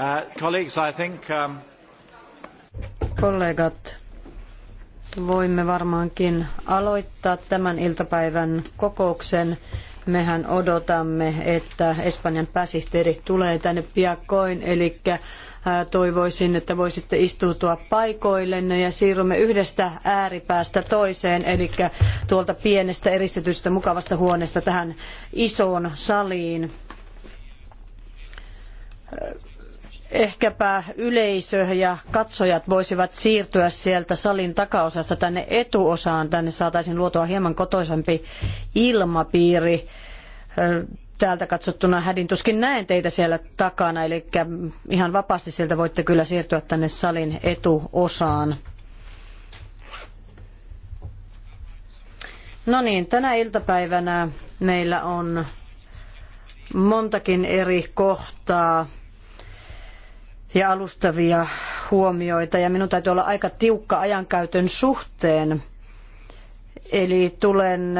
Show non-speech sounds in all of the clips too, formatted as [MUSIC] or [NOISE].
Uh, colleagues, I think, um... Kollegat, voimme varmaankin aloittaa tämän iltapäivän kokouksen. Mehän odotamme, että Espanjan pääsihteeri tulee tänne piakkoin, eli toivoisin, että voisitte istuutua paikoillenne ja siirrymme yhdestä ääripäästä toiseen, eli tuolta pienestä eristetystä mukavasta huoneesta tähän isoon saliin ehkäpä yleisö ja katsojat voisivat siirtyä sieltä salin takaosasta tänne etuosaan. Tänne saataisiin luotua hieman kotoisampi ilmapiiri. Täältä katsottuna hädin tuskin näen teitä siellä takana, eli ihan vapaasti sieltä voitte kyllä siirtyä tänne salin etuosaan. No niin, tänä iltapäivänä meillä on montakin eri kohtaa ja alustavia huomioita ja minun täytyy olla aika tiukka ajankäytön suhteen. Eli tulen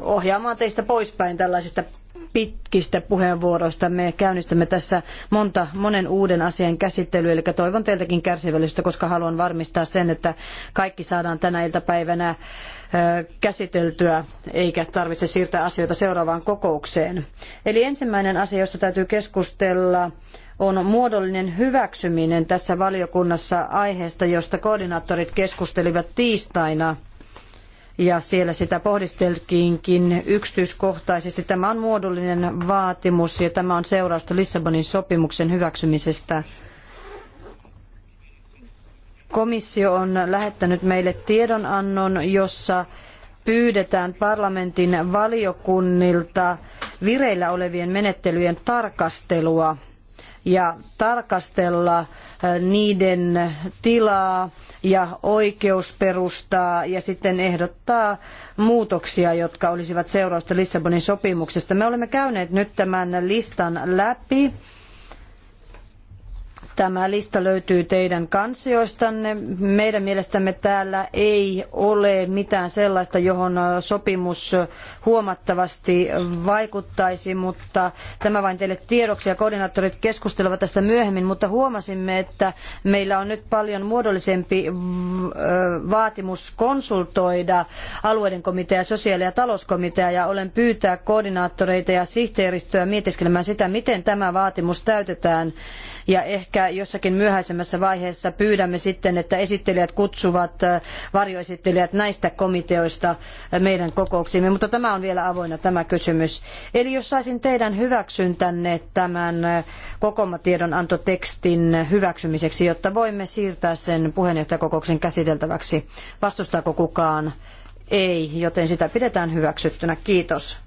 ohjaamaan teistä poispäin tällaisista pitkistä puheenvuoroista. Me käynnistämme tässä monta, monen uuden asian käsittelyä, eli toivon teiltäkin kärsivällisyyttä, koska haluan varmistaa sen, että kaikki saadaan tänä iltapäivänä käsiteltyä, eikä tarvitse siirtää asioita seuraavaan kokoukseen. Eli ensimmäinen asia, josta täytyy keskustella, on muodollinen hyväksyminen tässä valiokunnassa aiheesta, josta koordinaattorit keskustelivat tiistaina. Ja siellä sitä pohdisteltiinkin yksityiskohtaisesti. Tämä on muodollinen vaatimus ja tämä on seurausta Lissabonin sopimuksen hyväksymisestä. Komissio on lähettänyt meille tiedonannon, jossa pyydetään parlamentin valiokunnilta vireillä olevien menettelyjen tarkastelua ja tarkastella äh, niiden tilaa ja oikeusperustaa ja sitten ehdottaa muutoksia, jotka olisivat seurausta Lissabonin sopimuksesta. Me olemme käyneet nyt tämän listan läpi. Tämä lista löytyy teidän kansioistanne. Meidän mielestämme täällä ei ole mitään sellaista, johon sopimus huomattavasti vaikuttaisi, mutta tämä vain teille tiedoksi ja koordinaattorit keskustelevat tästä myöhemmin, mutta huomasimme, että meillä on nyt paljon muodollisempi äh, vaatimus konsultoida alueiden komitea, sosiaali- ja talouskomitea ja olen pyytää koordinaattoreita ja sihteeristöä mietiskelemään sitä, miten tämä vaatimus täytetään ja ehkä jossakin myöhäisemmässä vaiheessa pyydämme sitten, että esittelijät kutsuvat äh, varjoesittelijät näistä komiteoista äh, meidän kokouksiimme, mutta tämä on vielä avoinna tämä kysymys. Eli jos saisin teidän hyväksyntänne tämän äh, kokoomatiedonantotekstin hyväksymiseksi, jotta voimme siirtää sen puheenjohtajakokouksen käsiteltäväksi. Vastustaako kukaan? Ei, joten sitä pidetään hyväksyttynä. Kiitos.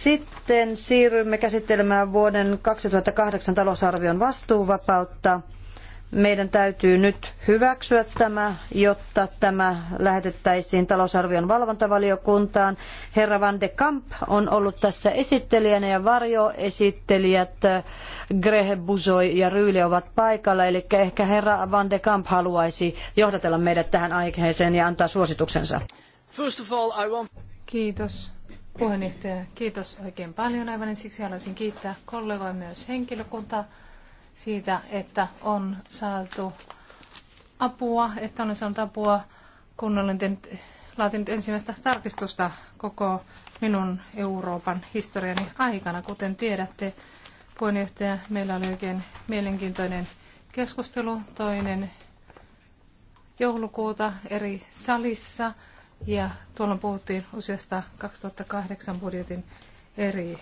Sitten siirrymme käsittelemään vuoden 2008 talousarvion vastuuvapautta. Meidän täytyy nyt hyväksyä tämä, jotta tämä lähetettäisiin talousarvion valvontavaliokuntaan. Herra Van de Kamp on ollut tässä esittelijänä ja varjoesittelijät äh, Grehe Buzoi ja Ryyli ovat paikalla. Eli ehkä herra Van de Kamp haluaisi johdatella meidät tähän aiheeseen ja antaa suosituksensa. First of all, I want... Kiitos. Puheenjohtaja, kiitos oikein paljon. Aivan ensiksi haluaisin kiittää kollegoja myös henkilökuntaa siitä, että on saatu apua, että on saanut apua, kun olen tehnyt, laatinut ensimmäistä tarkistusta koko minun Euroopan historiani aikana. Kuten tiedätte, puheenjohtaja, meillä oli oikein mielenkiintoinen keskustelu toinen joulukuuta eri salissa ja tuolla puhuttiin useasta 2008 budjetin eri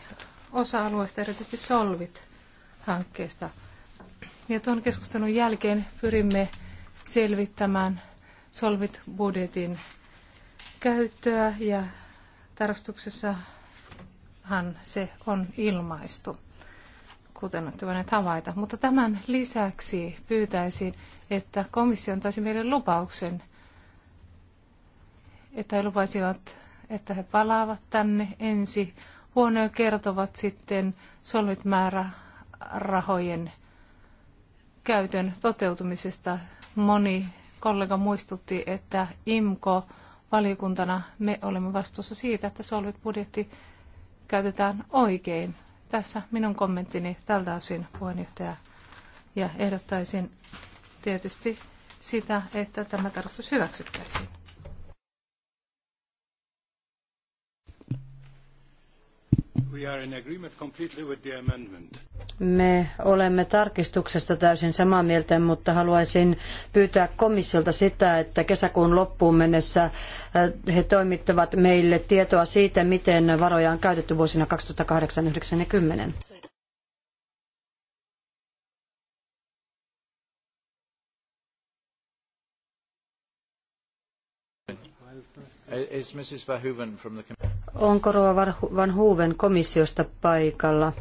osa-alueista, erityisesti Solvit-hankkeesta. Ja tuon keskustelun jälkeen pyrimme selvittämään Solvit-budjetin käyttöä ja tarkastuksessahan se on ilmaistu, kuten olette voineet havaita. Mutta tämän lisäksi pyytäisin, että komissio antaisi meille lupauksen – että he lupasivat, että he palaavat tänne ensi vuonna ja kertovat sitten solmit rahojen käytön toteutumisesta. Moni kollega muistutti, että IMKO valiokuntana me olemme vastuussa siitä, että solvit budjetti käytetään oikein. Tässä minun kommenttini tältä osin puheenjohtaja ja ehdottaisin tietysti sitä, että tämä tarkastus hyväksyttäisiin. Me olemme tarkistuksesta täysin samaa mieltä, mutta haluaisin pyytää komissiolta sitä, että kesäkuun loppuun mennessä eh, he toimittavat meille tietoa siitä, miten varoja on käytetty vuosina 2008-2010. Is Mrs. Verhoeven from the... Onko Rova Van Huven komissiosta paikalla?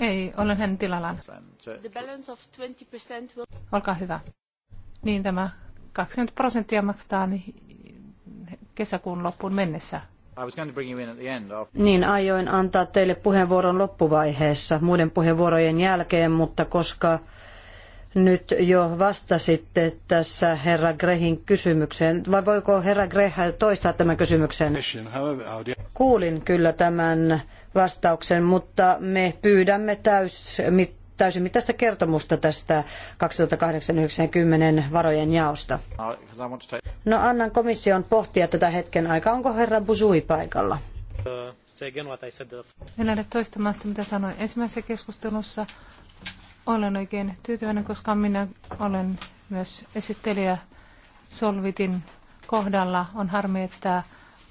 Ei, olen hänen tilallaan. Olkaa hyvä. Niin tämä 20 prosenttia maksetaan kesäkuun loppuun mennessä. Niin, aioin antaa teille puheenvuoron loppuvaiheessa muiden puheenvuorojen jälkeen, mutta koska nyt jo vastasitte tässä herra Grehin kysymykseen. Vai voiko herra Greh toistaa tämän kysymyksen? Kuulin kyllä tämän vastauksen, mutta me pyydämme täysmit, täysimittaista kertomusta tästä 2008-90 varojen jaosta. No annan komission pohtia tätä hetken aikaa. Onko herra Busui paikalla? En lähde toistamaan sitä, mitä sanoin ensimmäisessä keskustelussa olen oikein tyytyväinen, koska minä olen myös esittelijä Solvitin kohdalla. On harmi, että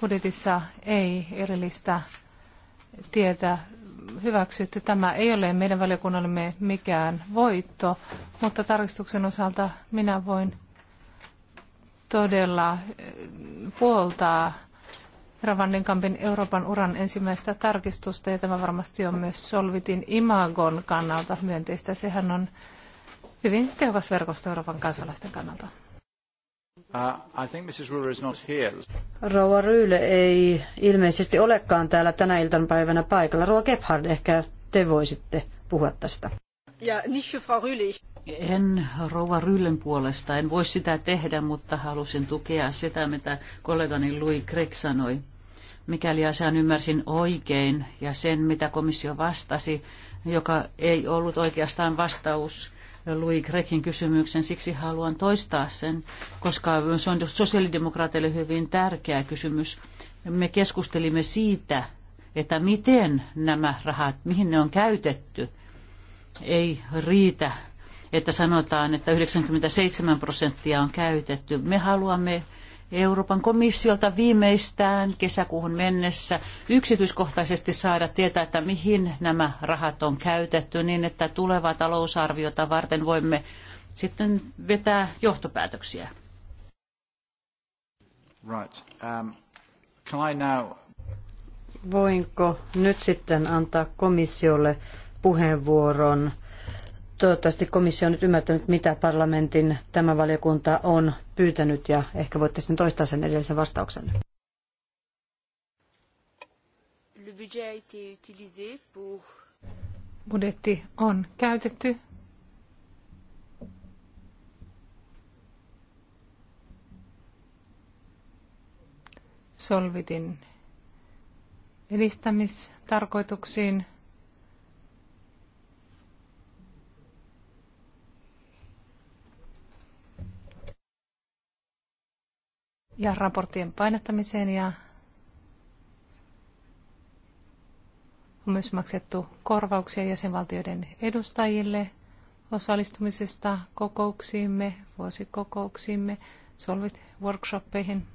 budjetissa ei erillistä tietä hyväksytty. Tämä ei ole meidän valiokunnallemme mikään voitto, mutta tarkistuksen osalta minä voin todella puoltaa Ravandenkampin Euroopan uran ensimmäistä tarkistusta, ja tämä varmasti on myös Solvitin imagon kannalta myönteistä. Sehän on hyvin tehokas verkosto Euroopan kansalaisten kannalta. Uh, Rouva Ryyle ei ilmeisesti olekaan täällä tänä iltapäivänä paikalla. Rouva Gebhard, ehkä te voisitte puhua tästä. Ja, nicht für Frau Rühle. En rouva Ryllen puolesta, en voi sitä tehdä, mutta halusin tukea sitä, mitä kollegani Louis Gregg sanoi. Mikäli asian ymmärsin oikein ja sen, mitä komissio vastasi, joka ei ollut oikeastaan vastaus Louis Grekin kysymyksen, siksi haluan toistaa sen, koska se on sosiaalidemokraateille hyvin tärkeä kysymys. Me keskustelimme siitä, että miten nämä rahat, mihin ne on käytetty, ei riitä että sanotaan, että 97 prosenttia on käytetty. Me haluamme Euroopan komissiolta viimeistään kesäkuuhun mennessä yksityiskohtaisesti saada tietää, että mihin nämä rahat on käytetty, niin että tulevaa talousarviota varten voimme sitten vetää johtopäätöksiä. Right. Um, can I now... Voinko nyt sitten antaa komissiolle puheenvuoron? Toivottavasti komissio on nyt ymmärtänyt, mitä parlamentin tämä valiokunta on pyytänyt ja ehkä voitte sitten toistaa sen edellisen vastauksen. Budjetti on käytetty solvitin edistämistarkoituksiin – ja raporttien painattamiseen ja on myös maksettu korvauksia jäsenvaltioiden edustajille osallistumisesta kokouksiimme, vuosikokouksiimme, solvit workshoppeihin.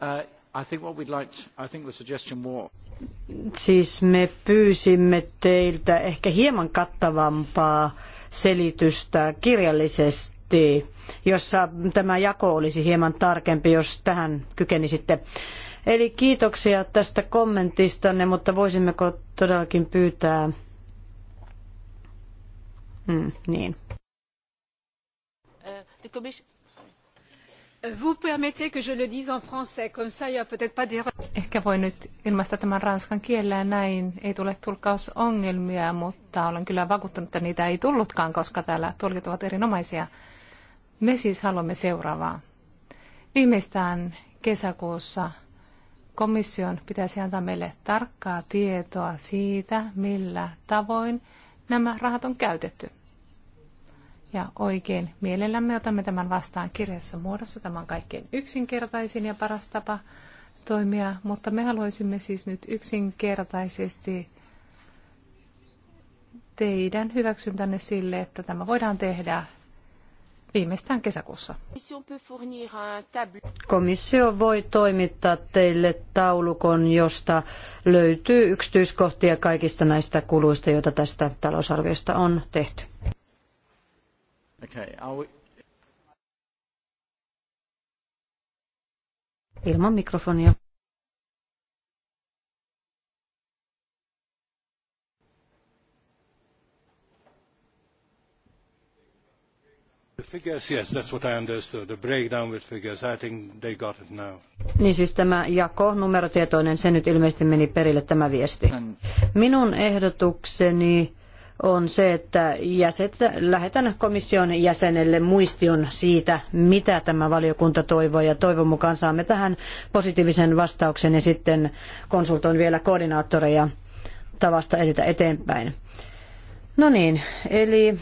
Uh, I think what we'd like to, I think the suggestion more. Siis me pyysimme teiltä ehkä hieman kattavampaa selitystä kirjallisesti, jossa tämä jako olisi hieman tarkempi, jos tähän kykenisitte. Eli kiitoksia tästä kommentistanne, mutta voisimmeko todellakin pyytää... Mm, niin. Uh, the commission... Vous permettez que je le dise en français, comme ça il a peut-être pas d'erreur. Ehkä voin nyt ilmaista tämän ranskan kielellä näin, ei tule tulkkausongelmia, mutta olen kyllä vakuuttunut, että niitä ei tullutkaan, koska täällä tulkit ovat erinomaisia. Me siis haluamme seuraavaa. Viimeistään kesäkuussa komission pitäisi antaa meille tarkkaa tietoa siitä, millä tavoin nämä rahat on käytetty. Ja oikein mielellämme otamme tämän vastaan kirjassa muodossa. Tämä on kaikkein yksinkertaisin ja paras tapa toimia, mutta me haluaisimme siis nyt yksinkertaisesti teidän hyväksyntänne sille, että tämä voidaan tehdä viimeistään kesäkuussa. Komissio voi toimittaa teille taulukon, josta löytyy yksityiskohtia kaikista näistä kuluista, joita tästä talousarviosta on tehty. Okay, are we... Ilman mikrofonia. Figures, yes, that's what I understood. The breakdown with figures, I think they got it now. Niin siis tämä jako, numerotietoinen, se nyt ilmeisesti meni perille tämä viesti. Minun ehdotukseni on se, että jäset, lähetän komission jäsenelle muistion siitä, mitä tämä valiokunta toivoo ja toivon mukaan saamme tähän positiivisen vastauksen ja sitten konsultoin vielä koordinaattoreja tavasta edetä eteenpäin. No niin, eli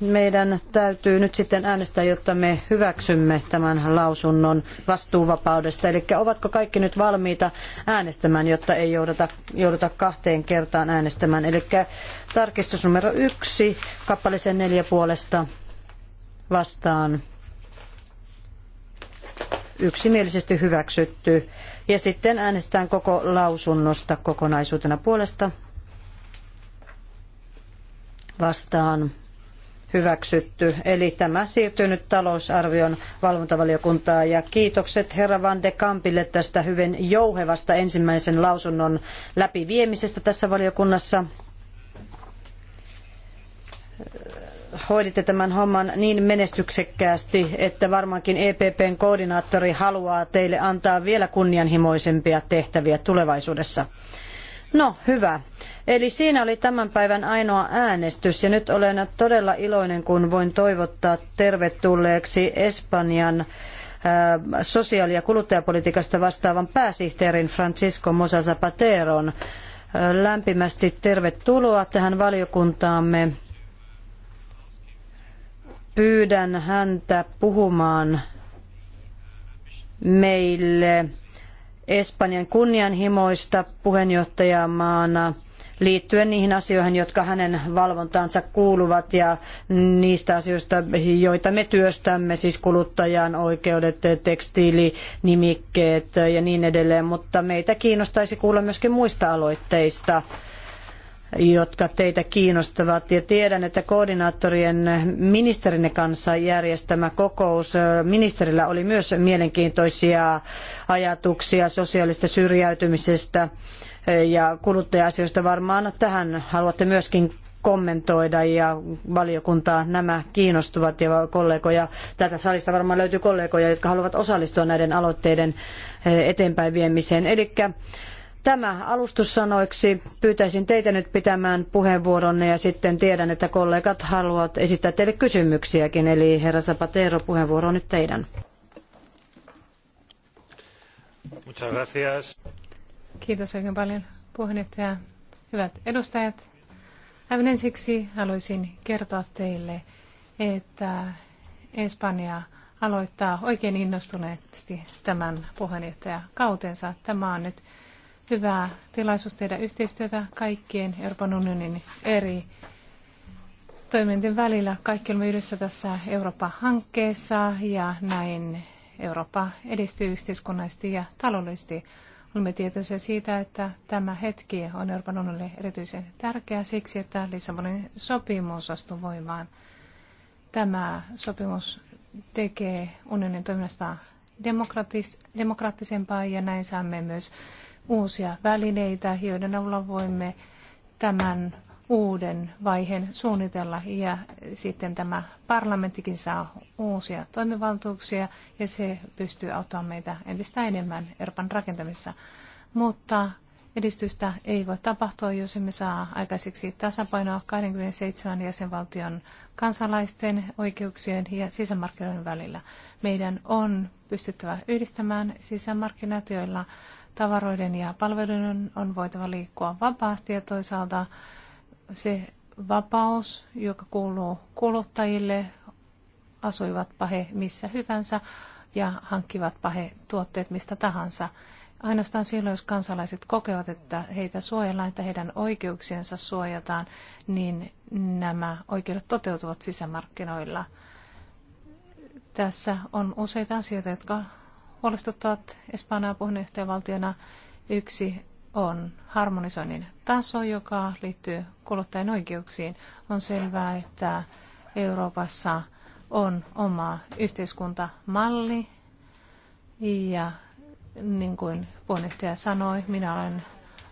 meidän täytyy nyt sitten äänestää, jotta me hyväksymme tämän lausunnon vastuuvapaudesta. Eli ovatko kaikki nyt valmiita äänestämään, jotta ei jouduta, jouduta kahteen kertaan äänestämään. Eli tarkistus numero yksi, kappaleeseen neljä puolesta vastaan yksimielisesti hyväksytty. Ja sitten äänestetään koko lausunnosta kokonaisuutena puolesta vastaan hyväksytty. Eli tämä siirtyy nyt talousarvion valvontavaliokuntaan. Ja kiitokset herra Van de Kampille tästä hyvin jouhevasta ensimmäisen lausunnon läpiviemisestä tässä valiokunnassa hoiditte tämän homman niin menestyksekkäästi, että varmaankin EPPn koordinaattori haluaa teille antaa vielä kunnianhimoisempia tehtäviä tulevaisuudessa. No, hyvä. Eli siinä oli tämän päivän ainoa äänestys ja nyt olen todella iloinen, kun voin toivottaa tervetulleeksi Espanjan äh, sosiaali- ja kuluttajapolitiikasta vastaavan pääsihteerin Francisco Mosa Zapateron. Äh, lämpimästi tervetuloa tähän valiokuntaamme. Pyydän häntä puhumaan meille Espanjan kunnianhimoista puheenjohtajamaana liittyen niihin asioihin, jotka hänen valvontaansa kuuluvat ja niistä asioista, joita me työstämme, siis kuluttajan oikeudet, tekstiilinimikkeet ja niin edelleen, mutta meitä kiinnostaisi kuulla myöskin muista aloitteista jotka teitä kiinnostavat. Ja tiedän, että koordinaattorien ministerinne kanssa järjestämä kokous, ministerillä oli myös mielenkiintoisia ajatuksia sosiaalista syrjäytymisestä ja kuluttaja-asioista varmaan tähän haluatte myöskin kommentoida ja valiokuntaa nämä kiinnostuvat ja kollegoja. Täältä salista varmaan löytyy kollegoja, jotka haluavat osallistua näiden aloitteiden eteenpäin viemiseen. Eli tämä alustussanoiksi. Pyytäisin teitä nyt pitämään puheenvuoronne ja sitten tiedän, että kollegat haluavat esittää teille kysymyksiäkin. Eli herra Zapatero, puheenvuoro on nyt teidän. Muchas gracias. Kiitos oikein paljon puheenjohtaja. Hyvät edustajat, aivan ensiksi haluaisin kertoa teille, että Espanja aloittaa oikein innostuneesti tämän puheenjohtajakautensa. Tämä on nyt hyvä tilaisuus tehdä yhteistyötä kaikkien Euroopan unionin eri toimijoiden välillä. Kaikki olemme yhdessä tässä Eurooppa-hankkeessa ja näin Eurooppa edistyy yhteiskunnallisesti ja taloudellisesti. Olemme tietoisia siitä, että tämä hetki on Euroopan unionille erityisen tärkeä siksi, että Lissabonin sopimus astuu voimaan. Tämä sopimus tekee unionin toiminnasta demokraattisempaa ja näin saamme myös uusia välineitä, joiden avulla voimme tämän uuden vaiheen suunnitella ja sitten tämä parlamenttikin saa uusia toimivaltuuksia ja se pystyy auttamaan meitä entistä enemmän Euroopan rakentamisessa. Mutta edistystä ei voi tapahtua, jos emme saa aikaiseksi tasapainoa 27 jäsenvaltion kansalaisten oikeuksien ja sisämarkkinoiden välillä. Meidän on pystyttävä yhdistämään sisämarkkinat, joilla tavaroiden ja palveluiden on voitava liikkua vapaasti ja toisaalta se vapaus, joka kuuluu kuluttajille, asuivatpa he missä hyvänsä ja hankkivatpa he tuotteet mistä tahansa. Ainoastaan silloin, jos kansalaiset kokevat, että heitä suojellaan, että heidän oikeuksiensa suojataan, niin nämä oikeudet toteutuvat sisämarkkinoilla. Tässä on useita asioita, jotka huolestuttavat Espanjaa puheenjohtajavaltiona. Yksi on harmonisoinnin taso, joka liittyy kuluttajan oikeuksiin. On selvää, että Euroopassa on oma yhteiskuntamalli ja niin kuin puheenjohtaja sanoi, minä olen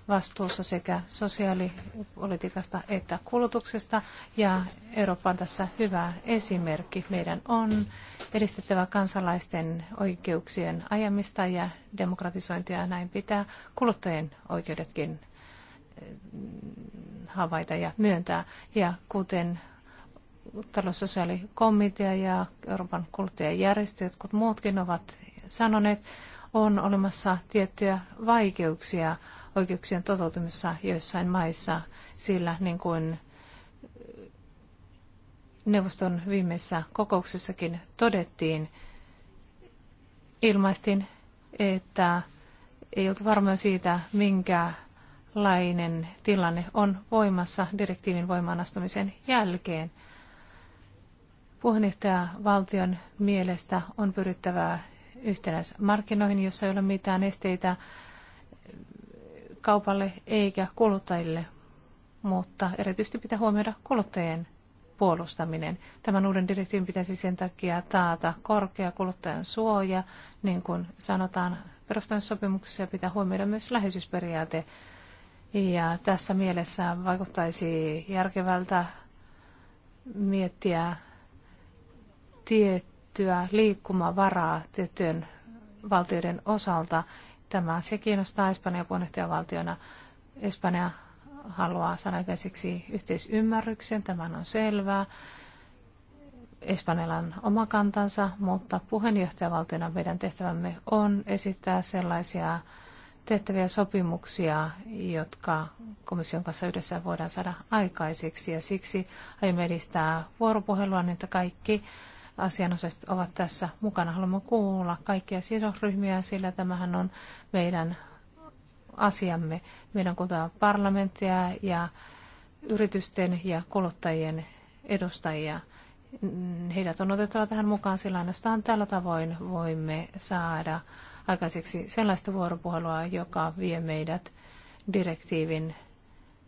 vastuussa sekä sosiaalipolitiikasta että kulutuksesta. Ja Eurooppa on tässä hyvä esimerkki. Meidän on edistettävä kansalaisten oikeuksien ajamista ja demokratisointia. Näin pitää kuluttajien oikeudetkin eh, havaita ja myöntää. Ja kuten taloussosiaalikomitea ja Euroopan kuluttajajärjestö, jotkut muutkin ovat sanoneet, on olemassa tiettyjä vaikeuksia oikeuksien toteutumisessa joissain maissa, sillä niin kuin neuvoston viimeisessä kokouksessakin todettiin, ilmaistiin, että ei oltu varmoja siitä, minkälainen tilanne on voimassa direktiivin voimaanastumisen jälkeen. Puheenjohtaja valtion mielestä on pyrittävää yhtenäismarkkinoihin, jossa ei ole mitään esteitä kaupalle eikä kuluttajille, mutta erityisesti pitää huomioida kuluttajien puolustaminen. Tämän uuden direktiivin pitäisi sen takia taata korkea kuluttajan suoja, niin kuin sanotaan perustamissopimuksessa pitää huomioida myös läheisyysperiaate. Ja tässä mielessä vaikuttaisi järkevältä miettiä tiettyä liikkumavaraa tiettyjen valtioiden osalta Tämä asia kiinnostaa Espanjan puheenjohtajavaltiona. Espanja haluaa saada aikaiseksi yhteisymmärryksen, tämän on selvää. Espanjalla on oma kantansa, mutta puheenjohtajavaltiona meidän tehtävämme on esittää sellaisia tehtäviä sopimuksia, jotka komission kanssa yhdessä voidaan saada aikaiseksi. Ja siksi aiomme edistää vuoropuhelua, niin että kaikki asianosaiset ovat tässä mukana. Haluamme kuulla kaikkia sidosryhmiä, sillä tämähän on meidän asiamme. Meidän kuultaan parlamenttia ja yritysten ja kuluttajien edustajia. Heidät on otettava tähän mukaan, sillä ainoastaan tällä tavoin voimme saada aikaiseksi sellaista vuoropuhelua, joka vie meidät direktiivin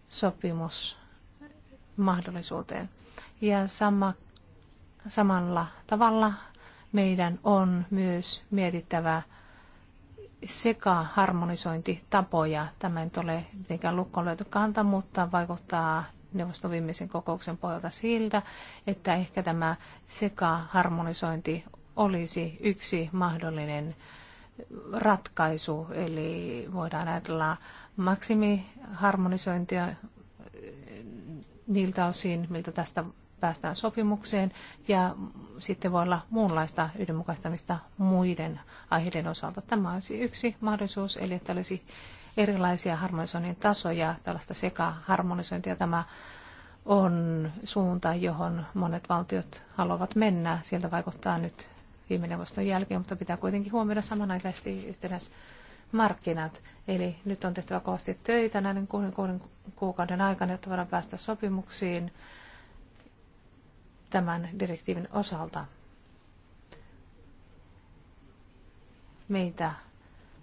sopimusmahdollisuuteen. Ja sama samalla tavalla meidän on myös mietittävä sekä harmonisointitapoja. Tämä ei ole mitenkään lukkoon löyty kanta, mutta vaikuttaa neuvoston viimeisen kokouksen pohjalta siltä, että ehkä tämä sekaharmonisointi olisi yksi mahdollinen ratkaisu, eli voidaan ajatella maksimiharmonisointia niiltä osin, miltä tästä päästään sopimukseen ja sitten voi olla muunlaista yhdenmukaistamista muiden aiheiden osalta. Tämä olisi yksi mahdollisuus, eli että olisi erilaisia harmonisoinnin tasoja, tällaista sekaharmonisointia. Tämä on suunta, johon monet valtiot haluavat mennä. Sieltä vaikuttaa nyt viime neuvoston jälkeen, mutta pitää kuitenkin huomioida samanaikaisesti yhtenäis markkinat. Eli nyt on tehtävä kovasti töitä näiden kuuden, kuuden kuukauden aikana, jotta voidaan päästä sopimuksiin tämän direktiivin osalta. Meitä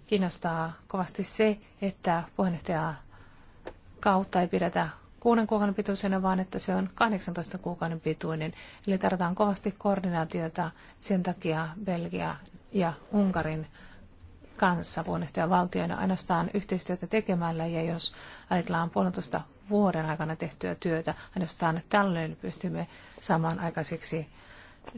kiinnostaa kovasti se, että puheenjohtajaa kautta ei pidetä kuuden kuukauden pituisena, vaan että se on 18 kuukauden pituinen. Eli tarvitaan kovasti koordinaatiota sen takia Belgia ja Unkarin kanssa puheenjohtajavaltioina ainoastaan yhteistyötä tekemällä. Ja jos ajatellaan puolentoista vuoden aikana tehtyä työtä. Ainoastaan tällöin pystymme saamaan aikaiseksi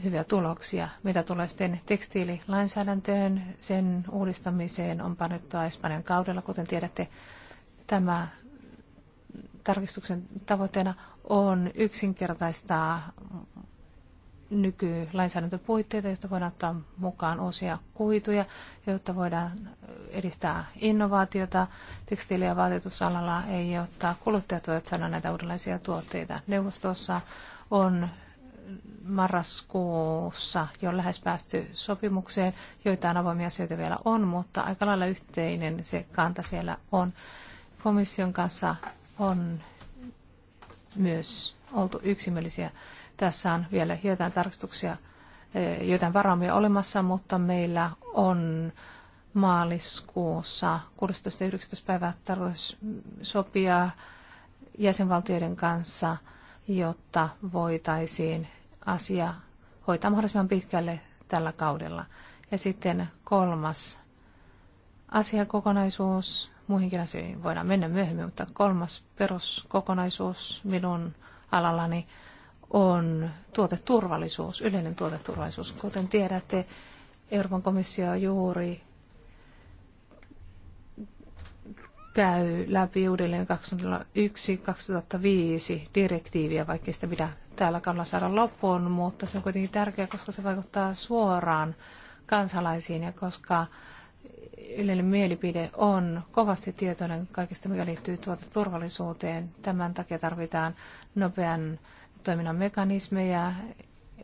hyviä tuloksia. Mitä tulee sitten tekstiililainsäädäntöön, sen uudistamiseen on panettua Espanjan kaudella, kuten tiedätte. Tämä tarkistuksen tavoitteena on yksinkertaistaa nykylainsäädäntöpuitteita, jotta voidaan ottaa mukaan uusia kuituja, jotta voidaan edistää innovaatiota. Tekstiili- ja vaatetusalalla ei, ottaa kuluttajat voivat saada näitä uudenlaisia tuotteita. Neuvostossa on marraskuussa jo lähes päästy sopimukseen. Joitain avoimia asioita vielä on, mutta aika lailla yhteinen se kanta siellä on. Komission kanssa on myös oltu yksimielisiä tässä on vielä joitain tarkistuksia, eh, joitain varaumia olemassa, mutta meillä on maaliskuussa 16. ja 19. tarkoitus sopia jäsenvaltioiden kanssa, jotta voitaisiin asia hoitaa mahdollisimman pitkälle tällä kaudella. Ja sitten kolmas asiakokonaisuus, muihinkin asioihin voidaan mennä myöhemmin, mutta kolmas peruskokonaisuus minun alallani on tuoteturvallisuus, yleinen tuoteturvallisuus. Kuten tiedätte, Euroopan komissio juuri käy läpi uudelleen 2001-2005 direktiiviä, vaikka sitä pidä täällä kannalla saada loppuun, mutta se on kuitenkin tärkeää, koska se vaikuttaa suoraan kansalaisiin ja koska yleinen mielipide on kovasti tietoinen kaikesta, mikä liittyy tuoteturvallisuuteen. Tämän takia tarvitaan nopean toiminnan mekanismeja,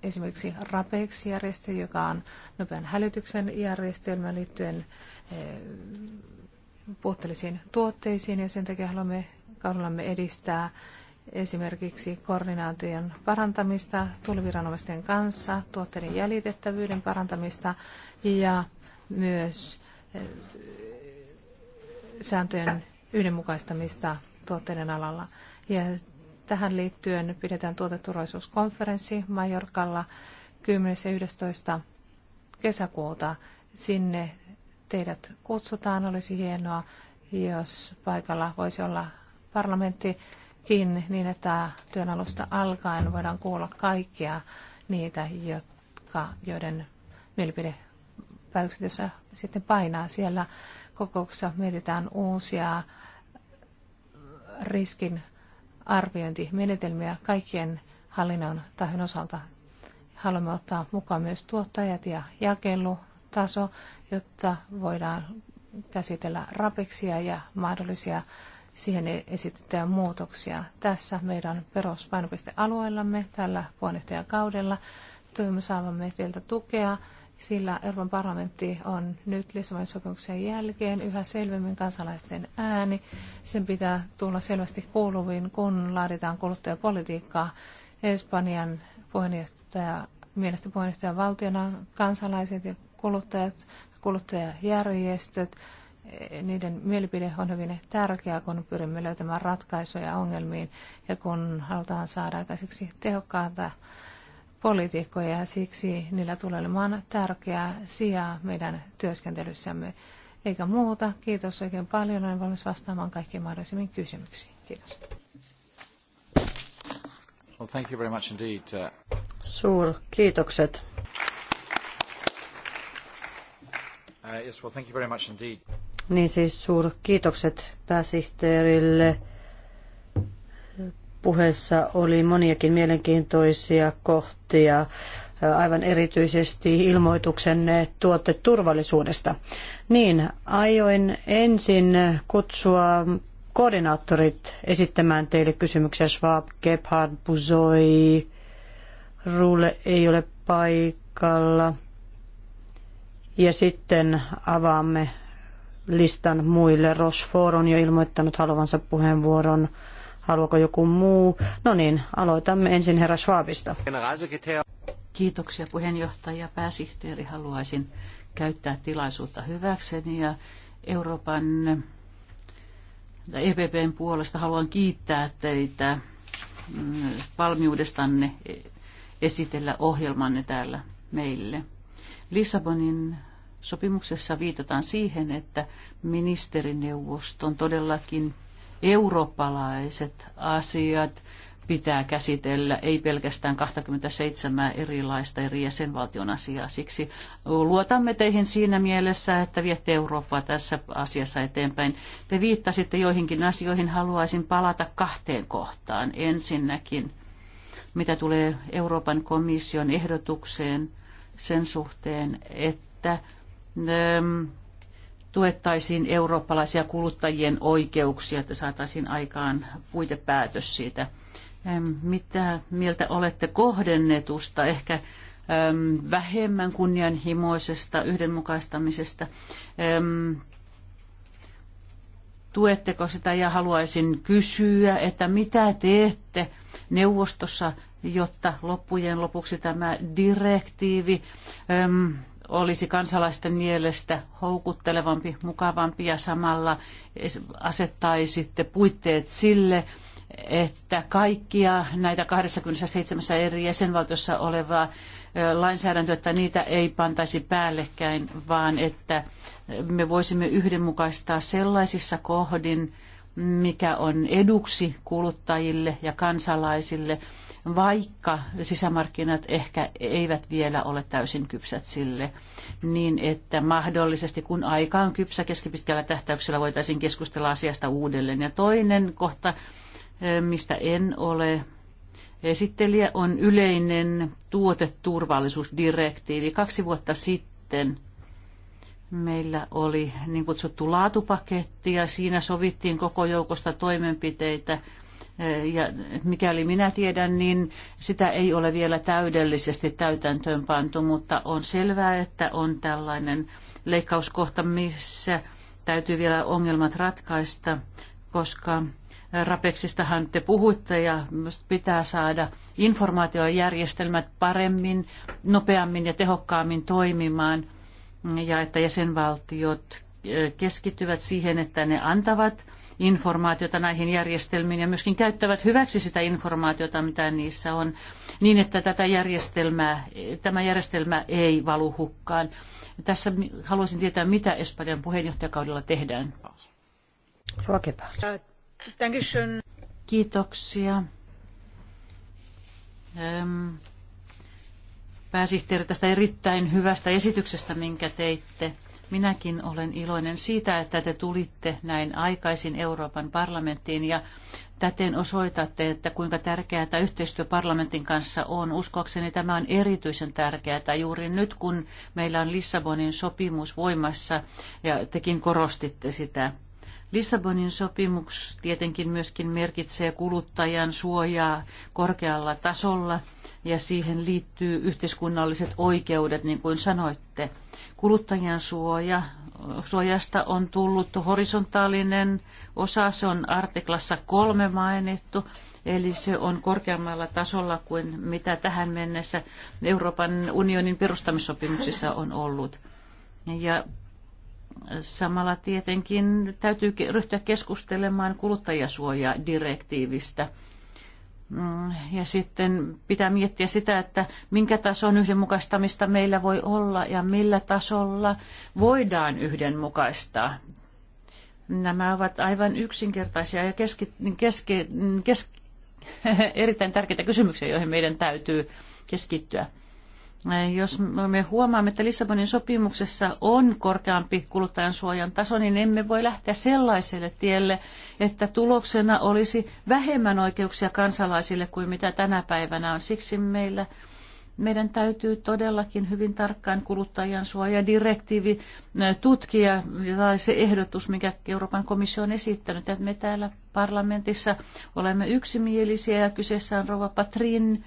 esimerkiksi RAPEX-järjestö, joka on nopean hälytyksen järjestelmä liittyen eh, puutteellisiin tuotteisiin ja sen takia haluamme kaudellamme edistää esimerkiksi koordinaation parantamista tuliviranomaisten kanssa, tuotteiden jäljitettävyyden parantamista ja myös eh, sääntöjen yhdenmukaistamista tuotteiden alalla. Ja Tähän liittyen pidetään tuoteturvallisuuskonferenssi Majorkalla 10. ja 11. kesäkuuta. Sinne teidät kutsutaan. Olisi hienoa, jos paikalla voisi olla parlamenttikin niin, että työn alusta alkaen voidaan kuulla kaikkia niitä, jotka, joiden mielipide päätöksessä sitten painaa siellä kokouksessa, mietitään uusia riskin arviointimenetelmiä kaikkien hallinnon tahojen osalta. Haluamme ottaa mukaan myös tuottajat ja jakelutaso, jotta voidaan käsitellä rapeksia ja mahdollisia siihen esitettyjä muutoksia. Tässä meidän peruspainopistealueellamme tällä puheenjohtajakaudella toivomme saavamme teiltä tukea sillä Euroopan parlamentti on nyt Lissabonin sopimuksen jälkeen yhä selvemmin kansalaisten ääni. Sen pitää tulla selvästi kuuluviin, kun laaditaan kuluttajapolitiikkaa. Espanjan puheenjohtaja, mielestä puheenjohtajan valtiona kansalaiset ja kuluttajat, kuluttajajärjestöt, niiden mielipide on hyvin tärkeää kun pyrimme löytämään ratkaisuja ongelmiin ja kun halutaan saada aikaiseksi tehokkaata poliitikkoja ja siksi niillä tulee olemaan tärkeää sijaa meidän työskentelyssämme. Eikä muuta. Kiitos oikein paljon. Olen valmis vastaamaan kaikkiin mahdollisimmin kysymyksiin. Kiitos. Well, thank you very much indeed. Uh, suur kiitokset. Uh, yes, well, thank you very much indeed. Niin siis suur kiitokset pääsihteerille puheessa oli moniakin mielenkiintoisia kohtia, aivan erityisesti ilmoituksenne tuoteturvallisuudesta. Niin, ajoin ensin kutsua koordinaattorit esittämään teille kysymyksiä. Schwab, Gebhard, Buzoi, Rule ei ole paikalla. Ja sitten avaamme listan muille. Rochefort on jo ilmoittanut haluavansa puheenvuoron. Haluaako joku muu? No niin, aloitamme ensin herra Schwabista. Kiitoksia puheenjohtaja. Pääsihteeri haluaisin käyttää tilaisuutta hyväkseni ja Euroopan EPPn puolesta haluan kiittää teitä mm, valmiudestanne esitellä ohjelmanne täällä meille. Lissabonin sopimuksessa viitataan siihen, että ministerineuvoston todellakin eurooppalaiset asiat pitää käsitellä, ei pelkästään 27 erilaista eri jäsenvaltion asiaa. Siksi luotamme teihin siinä mielessä, että viette Eurooppaa tässä asiassa eteenpäin. Te viittasitte joihinkin asioihin, haluaisin palata kahteen kohtaan. Ensinnäkin, mitä tulee Euroopan komission ehdotukseen sen suhteen, että ähm, tuettaisiin eurooppalaisia kuluttajien oikeuksia, että saataisiin aikaan puitepäätös siitä. Mitä mieltä olette kohdennetusta, ehkä vähemmän kunnianhimoisesta yhdenmukaistamisesta? Tuetteko sitä ja haluaisin kysyä, että mitä teette neuvostossa, jotta loppujen lopuksi tämä direktiivi olisi kansalaisten mielestä houkuttelevampi, mukavampi ja samalla asettaisitte puitteet sille, että kaikkia näitä 27 eri jäsenvaltiossa olevaa lainsäädäntöä, että niitä ei pantaisi päällekkäin, vaan että me voisimme yhdenmukaistaa sellaisissa kohdin, mikä on eduksi kuluttajille ja kansalaisille – vaikka sisämarkkinat ehkä eivät vielä ole täysin kypsät sille, niin että mahdollisesti kun aika on kypsä keskipitkällä tähtäyksellä voitaisiin keskustella asiasta uudelleen. Ja toinen kohta, eh, mistä en ole esittelijä, on yleinen tuoteturvallisuusdirektiivi. Kaksi vuotta sitten meillä oli niin kutsuttu laatupaketti ja siinä sovittiin koko joukosta toimenpiteitä – ja mikäli minä tiedän, niin sitä ei ole vielä täydellisesti täytäntöön pantu, mutta on selvää, että on tällainen leikkauskohta, missä täytyy vielä ongelmat ratkaista, koska Rapeksistahan te puhuitte ja pitää saada informaatiojärjestelmät paremmin, nopeammin ja tehokkaammin toimimaan ja että jäsenvaltiot eh, keskittyvät siihen, että ne antavat informaatiota näihin järjestelmiin ja myöskin käyttävät hyväksi sitä informaatiota, mitä niissä on, niin että tätä järjestelmää, tämä järjestelmä ei valu hukkaan. Tässä haluaisin tietää, mitä Espanjan puheenjohtajakaudella tehdään. Äh, Kiitoksia. pääsihteeri tästä erittäin hyvästä esityksestä, minkä teitte. Minäkin olen iloinen siitä, että te tulitte näin aikaisin Euroopan parlamenttiin ja täten osoitatte, että kuinka tärkeää tämä yhteistyö parlamentin kanssa on. Uskoakseni tämä on erityisen tärkeää juuri nyt, kun meillä on Lissabonin sopimus voimassa ja tekin korostitte sitä Lissabonin sopimus tietenkin myöskin merkitsee kuluttajan suojaa korkealla tasolla ja siihen liittyy yhteiskunnalliset oikeudet, niin kuin sanoitte. Kuluttajan suoja, suojasta on tullut horisontaalinen osa, se on artiklassa kolme mainittu, eli se on korkeammalla tasolla kuin mitä tähän mennessä Euroopan unionin perustamissopimuksissa on ollut. Ja Samalla tietenkin täytyy ryhtyä keskustelemaan kuluttajasuojadirektiivistä. Mm, ja sitten pitää miettiä sitä, että minkä tason yhdenmukaistamista meillä voi olla ja millä tasolla voidaan yhdenmukaistaa. Nämä ovat aivan yksinkertaisia ja keski, keski, keski, [LAUGHS] erittäin tärkeitä kysymyksiä, joihin meidän täytyy keskittyä. Jos me huomaamme, että Lissabonin sopimuksessa on korkeampi kuluttajan suojan taso, niin emme voi lähteä sellaiselle tielle, että tuloksena olisi vähemmän oikeuksia kansalaisille kuin mitä tänä päivänä on. Siksi meillä meidän täytyy todellakin hyvin tarkkaan kuluttajan suojadirektiivi tutkia, tai se ehdotus, mikä Euroopan komissio on esittänyt, että me täällä parlamentissa olemme yksimielisiä ja kyseessä on rouva Patrin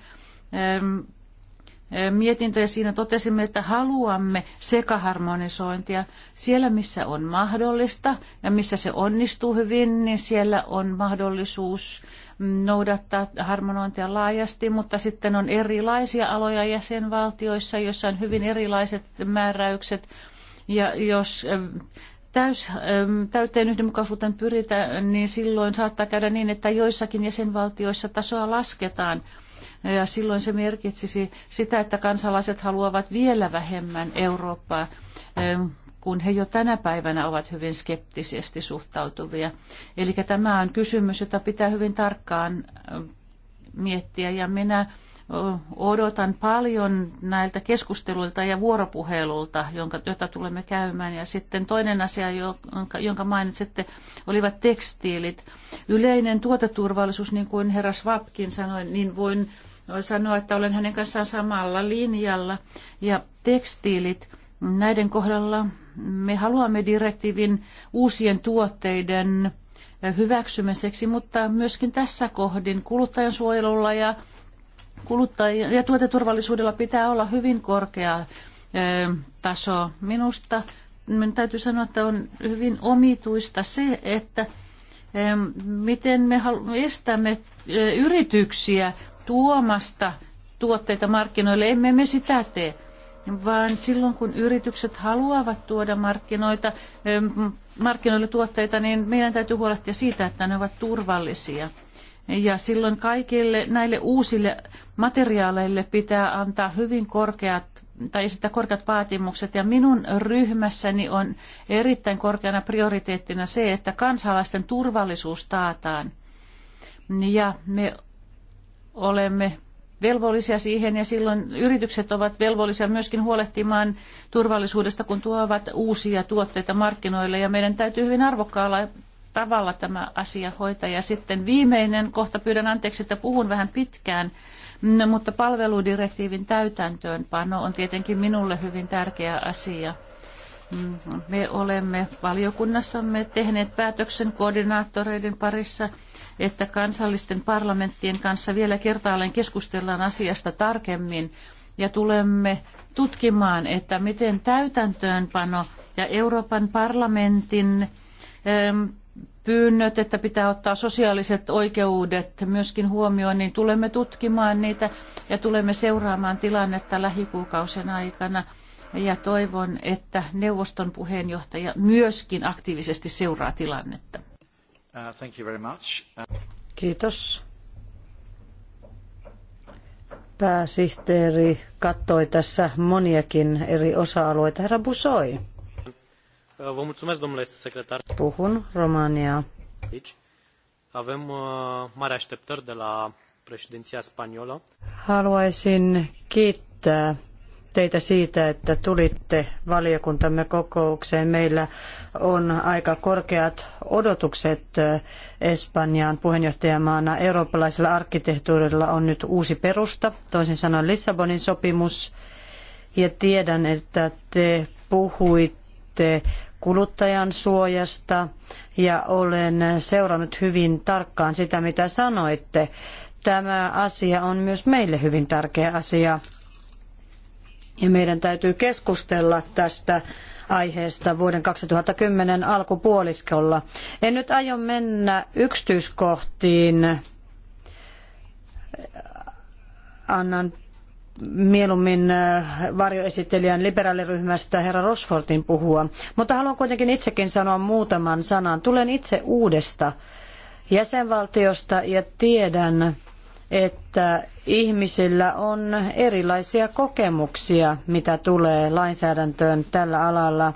mietintö ja siinä totesimme, että haluamme sekaharmonisointia. Siellä, missä on mahdollista ja missä se onnistuu hyvin, niin siellä on mahdollisuus noudattaa harmonointia laajasti, mutta sitten on erilaisia aloja jäsenvaltioissa, joissa on hyvin erilaiset määräykset. Ja jos täys, täyteen yhdenmukaisuuteen pyritään, niin silloin saattaa käydä niin, että joissakin jäsenvaltioissa tasoa lasketaan – ja silloin se merkitsisi sitä, että kansalaiset haluavat vielä vähemmän Eurooppaa, kun he jo tänä päivänä ovat hyvin skeptisesti suhtautuvia. Eli tämä on kysymys, jota pitää hyvin tarkkaan miettiä. Ja minä odotan paljon näiltä keskusteluilta ja vuoropuhelulta, jonka, jota tulemme käymään. Ja sitten toinen asia, jonka, jonka mainitsitte, olivat tekstiilit. Yleinen tuoteturvallisuus, niin kuin herra Swapkin sanoi, niin voin voi sanoa, että olen hänen kanssaan samalla linjalla. Ja tekstiilit, näiden kohdalla me haluamme direktiivin uusien tuotteiden hyväksymiseksi, mutta myöskin tässä kohdin kuluttajan suojelulla ja, kuluttaj- ja tuoteturvallisuudella pitää olla hyvin korkea taso. Minusta minun täytyy sanoa, että on hyvin omituista se, että miten me estämme yrityksiä tuomasta tuotteita markkinoille, emme me sitä tee vaan silloin kun yritykset haluavat tuoda markkinoita, markkinoille tuotteita, niin meidän täytyy huolehtia siitä, että ne ovat turvallisia. Ja silloin kaikille näille uusille materiaaleille pitää antaa hyvin korkeat tai esittää korkeat vaatimukset. Ja minun ryhmässäni on erittäin korkeana prioriteettina se, että kansalaisten turvallisuus taataan. Ja me olemme velvollisia siihen ja silloin yritykset ovat velvollisia myöskin huolehtimaan turvallisuudesta, kun tuovat uusia tuotteita markkinoille ja meidän täytyy hyvin arvokkaalla tavalla tämä asia hoitaa. Ja sitten viimeinen kohta, pyydän anteeksi, että puhun vähän pitkään, no, mutta palveludirektiivin täytäntöönpano on tietenkin minulle hyvin tärkeä asia. Mm, me olemme valiokunnassamme tehneet päätöksen koordinaattoreiden parissa – että kansallisten parlamenttien kanssa vielä kertaalleen keskustellaan asiasta tarkemmin ja tulemme tutkimaan, että miten täytäntöönpano ja Euroopan parlamentin ähm, pyynnöt, että pitää ottaa sosiaaliset oikeudet myöskin huomioon, niin tulemme tutkimaan niitä ja tulemme seuraamaan tilannetta lähikuukausien aikana. Ja toivon, että neuvoston puheenjohtaja myöskin aktiivisesti seuraa tilannetta. Uh, uh, Kiitos. Pääsihteeri kattoi tässä moniakin eri osa-alueita. Herra Busoi. Uh, vă mulțumesc, domnule secretar. Puhun Romania. Avem mari așteptări de la președinția spaniolă. Haluaisin kiittää teitä siitä, että tulitte valiokuntamme kokoukseen. Meillä on aika korkeat odotukset eh, Espanjaan puheenjohtajamaana. Eurooppalaisella arkkitehtuurilla on nyt uusi perusta, toisin sanoen Lissabonin sopimus. Ja tiedän, että te puhuitte kuluttajan suojasta ja olen seurannut hyvin tarkkaan sitä, mitä sanoitte. Tämä asia on myös meille hyvin tärkeä asia ja meidän täytyy keskustella tästä aiheesta vuoden 2010 alkupuoliskolla. En nyt aio mennä yksityiskohtiin. Annan mieluummin äh, varjoesittelijän liberaaliryhmästä herra Rosfortin puhua, mutta haluan kuitenkin itsekin sanoa muutaman sanan. Tulen itse uudesta jäsenvaltiosta ja tiedän, että ihmisillä on erilaisia kokemuksia, mitä tulee lainsäädäntöön tällä alalla.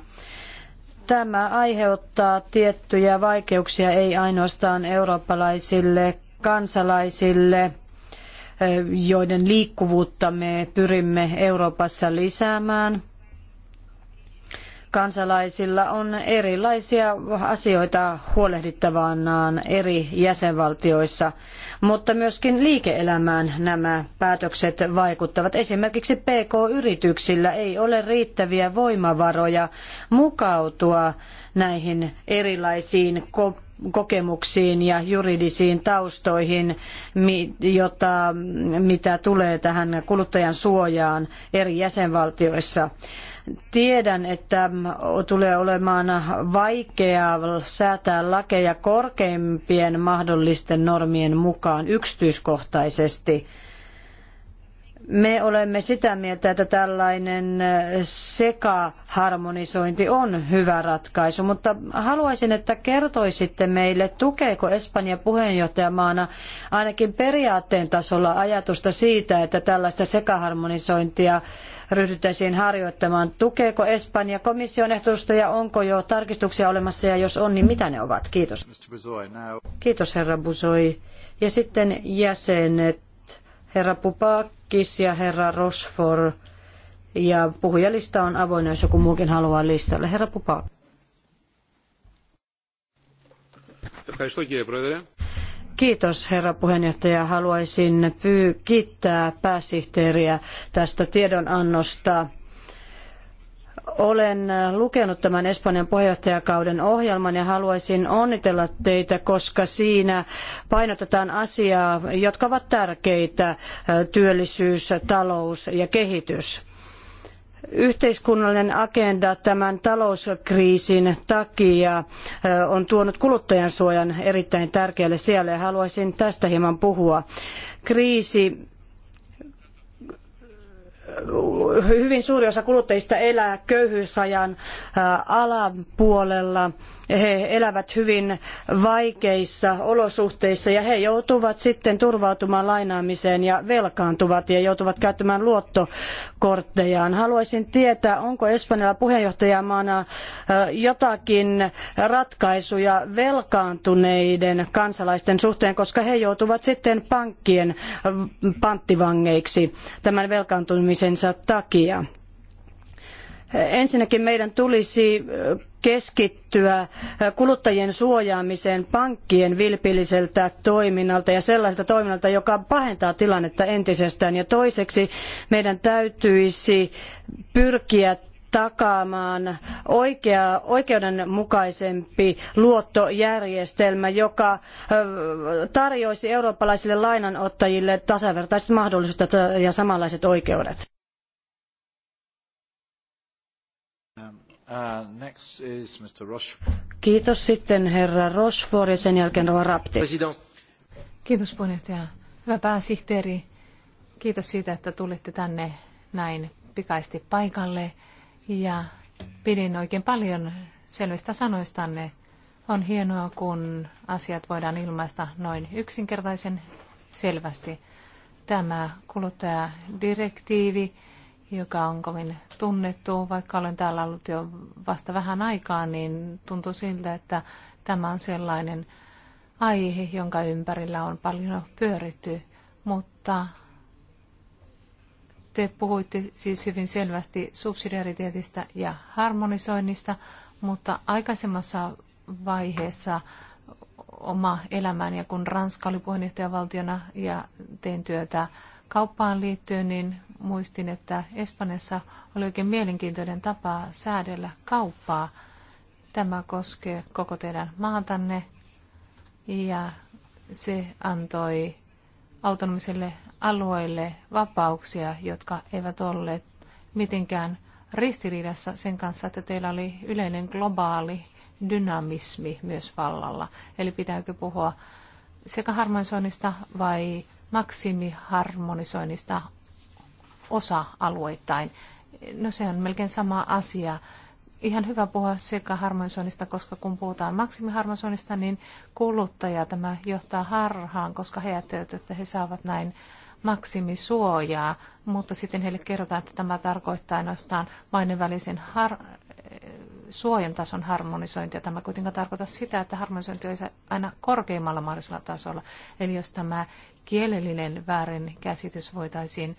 Tämä aiheuttaa tiettyjä vaikeuksia ei ainoastaan eurooppalaisille kansalaisille, joiden liikkuvuutta me pyrimme Euroopassa lisäämään – kansalaisilla on erilaisia asioita huolehdittavanaan eri jäsenvaltioissa, mutta myöskin liike-elämään nämä päätökset vaikuttavat. Esimerkiksi PK-yrityksillä ei ole riittäviä voimavaroja mukautua näihin erilaisiin kokemuksiin ja juridisiin taustoihin, jota, mitä tulee tähän kuluttajan suojaan eri jäsenvaltioissa. Tiedän, että tulee olemaan vaikeaa säätää lakeja korkeimpien mahdollisten normien mukaan yksityiskohtaisesti – me olemme sitä mieltä, että tällainen sekaharmonisointi on hyvä ratkaisu, mutta haluaisin, että kertoisitte meille, tukeeko Espanja puheenjohtajamaana ainakin periaatteen tasolla ajatusta siitä, että tällaista sekaharmonisointia ryhdyttäisiin harjoittamaan. Tukeeko Espanja komission ehdotusta ja onko jo tarkistuksia olemassa ja jos on, niin mitä ne ovat? Kiitos. Kiitos herra Busoi. Ja sitten jäsenet. Herra Pupak, Merkis ja herra Rosfor. Ja puhujalista on avoinna, jos joku muukin haluaa listalle. Herra Pupa. Kiitos herra puheenjohtaja. Haluaisin kiittää pääsihteeriä tästä tiedonannosta olen lukenut tämän Espanjan puheenjohtajakauden ohjelman ja haluaisin onnitella teitä, koska siinä painotetaan asiaa, jotka ovat tärkeitä, työllisyys, talous ja kehitys yhteiskunnallinen agenda tämän talouskriisin takia on tuonut kuluttajansuojan erittäin tärkeälle sijalle ja haluaisin tästä hieman puhua. Kriisi hyvin suuri osa kuluttajista elää köyhyysrajan alapuolella he elävät hyvin vaikeissa olosuhteissa ja he joutuvat sitten turvautumaan lainaamiseen ja velkaantuvat ja joutuvat käyttämään luottokorttejaan. Haluaisin tietää, onko Espanjalla puheenjohtajamaana jotakin ratkaisuja velkaantuneiden kansalaisten suhteen, koska he joutuvat sitten pankkien panttivangeiksi tämän velkaantumisensa takia. Ensinnäkin meidän tulisi keskittyä kuluttajien suojaamiseen pankkien vilpilliseltä toiminnalta ja sellaiselta toiminnalta, joka pahentaa tilannetta entisestään. Ja toiseksi meidän täytyisi pyrkiä takaamaan oikea, oikeudenmukaisempi luottojärjestelmä, joka tarjoaisi eurooppalaisille lainanottajille tasavertaiset mahdollisuudet ja samanlaiset oikeudet. Uh, kiitos sitten herra Rochefort ja sen jälkeen Rapti. Kiitos puheenjohtaja. Hyvä pääsihteeri, kiitos siitä, että tulitte tänne näin pikaisesti paikalle ja pidin oikein paljon selvistä sanoistanne. On hienoa, kun asiat voidaan ilmaista noin yksinkertaisen selvästi. Tämä kuluttajadirektiivi joka on kovin tunnettu. Vaikka olen täällä ollut jo vasta vähän aikaa, niin tuntuu siltä, että tämä on sellainen aihe, jonka ympärillä on paljon pyöritty. Mutta te puhuitte siis hyvin selvästi subsidiariteetista ja harmonisoinnista, mutta aikaisemmassa vaiheessa oma elämäni ja kun Ranska oli puheenjohtajavaltiona ja tein työtä kauppaan liittyen, niin muistin, että Espanjassa oli oikein mielenkiintoinen tapa säädellä kauppaa. Tämä koskee koko teidän maatanne ja se antoi autonomiselle alueille vapauksia, jotka eivät olleet mitenkään ristiriidassa sen kanssa, että teillä oli yleinen globaali dynamismi myös vallalla. Eli pitääkö puhua sekä harmonisoinnista vai maksimiharmonisoinnista osa-alueittain. No se on melkein sama asia. Ihan hyvä puhua sekä harmonisoinnista, koska kun puhutaan maksimiharmonisoinnista, niin kuluttaja tämä johtaa harhaan, koska he ajattelevat, että he saavat näin maksimisuojaa, mutta sitten heille kerrotaan, että tämä tarkoittaa ainoastaan maiden välisen har- suojan tason harmonisointia. Tämä kuitenkin tarkoittaa sitä, että harmonisointi olisi aina korkeimmalla mahdollisella tasolla. Eli jos tämä kielellinen väärinkäsitys voitaisiin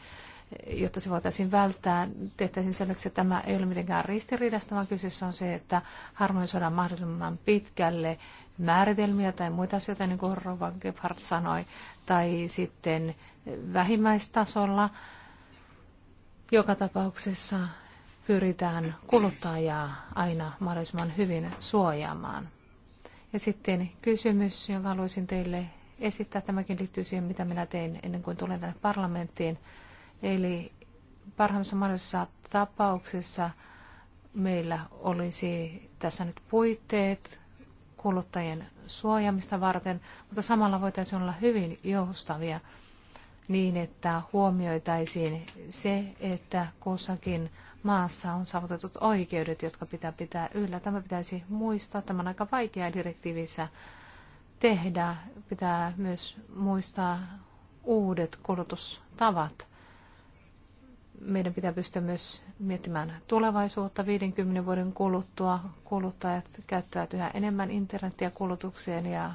jotta se voitaisiin välttää, tehtäisiin selväksi, että tämä ei ole mitenkään ristiriidasta, vaan kyseessä on se, että harmonisoidaan mahdollisimman pitkälle määritelmiä tai muita asioita, niin kuin Rova Gebhardt sanoi, tai sitten vähimmäistasolla. Joka tapauksessa pyritään kuluttajaa aina mahdollisimman hyvin suojaamaan. Ja sitten kysymys, jonka haluaisin teille esittää, tämäkin liittyy siihen, mitä minä tein ennen kuin tulen tänne parlamenttiin – Eli parhaimmassa mahdollisessa tapauksessa meillä olisi tässä nyt puitteet kuluttajien suojaamista varten, mutta samalla voitaisiin olla hyvin joustavia niin, että huomioitaisiin se, että kussakin maassa on saavutetut oikeudet, jotka pitää pitää yllä. Tämä pitäisi muistaa. Tämä on aika vaikea direktiivissä tehdä. Pitää myös muistaa uudet kulutustavat meidän pitää pystyä myös miettimään tulevaisuutta 50 vuoden kuluttua. Kuluttajat käyttävät yhä enemmän internetiä kulutukseen ja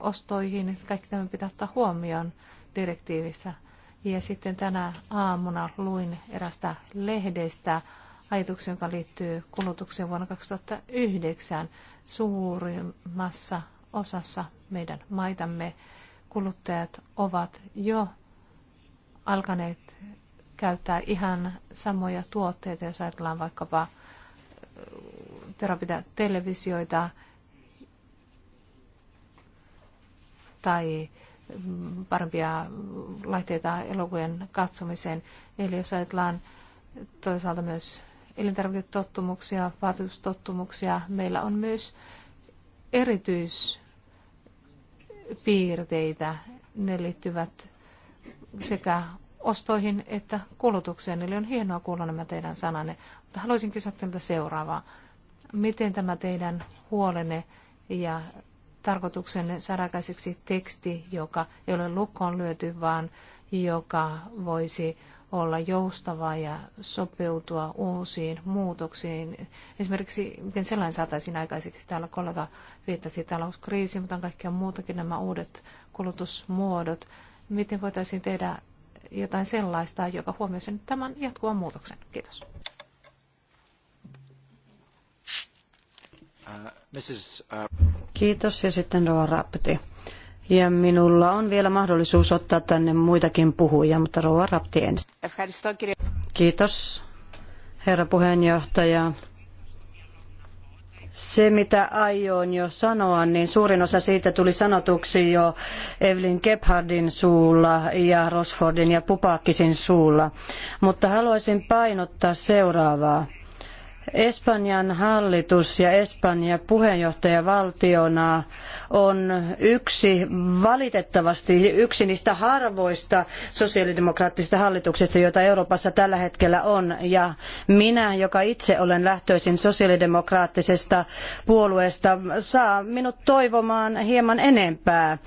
ostoihin. Kaikki tämä pitää ottaa huomioon direktiivissä. Ja sitten tänä aamuna luin erästä lehdestä ajatuksen, joka liittyy kulutukseen vuonna 2009 suurimmassa osassa meidän maitamme kuluttajat ovat jo alkaneet käyttää ihan samoja tuotteita, jos ajatellaan vaikkapa terapia televisioita tai mm, parempia laitteita elokuvien katsomiseen. Eli jos ajatellaan toisaalta myös elintarviketottumuksia, vaatetustottumuksia, meillä on myös erityispiirteitä. Ne liittyvät sekä ostoihin että kulutukseen. Eli on hienoa kuulla nämä teidän sananne. Mutta haluaisin kysyä teiltä seuraavaa. Miten tämä teidän huolenne ja tarkoituksenne sarakaiseksi teksti, joka ei ole lukkoon lyöty, vaan joka voisi olla joustava ja sopeutua uusiin muutoksiin. Esimerkiksi miten sellainen saataisiin aikaiseksi. Täällä kollega viittasi talouskriisiin, mutta on kaikkea muutakin nämä uudet kulutusmuodot. Miten voitaisiin tehdä jotain sellaista, joka huomioisi nyt tämän jatkuvan muutoksen. Kiitos. Uh, uh, Kiitos ja sitten Roa Rapti. Ja minulla on vielä mahdollisuus ottaa tänne muitakin puhujia, mutta Roa Rapti ensin. Kiitos herra puheenjohtaja se, mitä aion jo sanoa, niin suurin osa siitä tuli sanotuksi jo Evelyn Gebhardin suulla ja Rosfordin ja Pupaakkisin suulla. Mutta haluaisin painottaa seuraavaa. Espanjan hallitus ja Espanja puheenjohtajavaltiona on yksi, valitettavasti yksi niistä harvoista sosiaalidemokraattisista hallituksista, joita Euroopassa tällä hetkellä on. Ja minä, joka itse olen lähtöisin sosiaalidemokraattisesta puolueesta, saa minut toivomaan hieman enempää.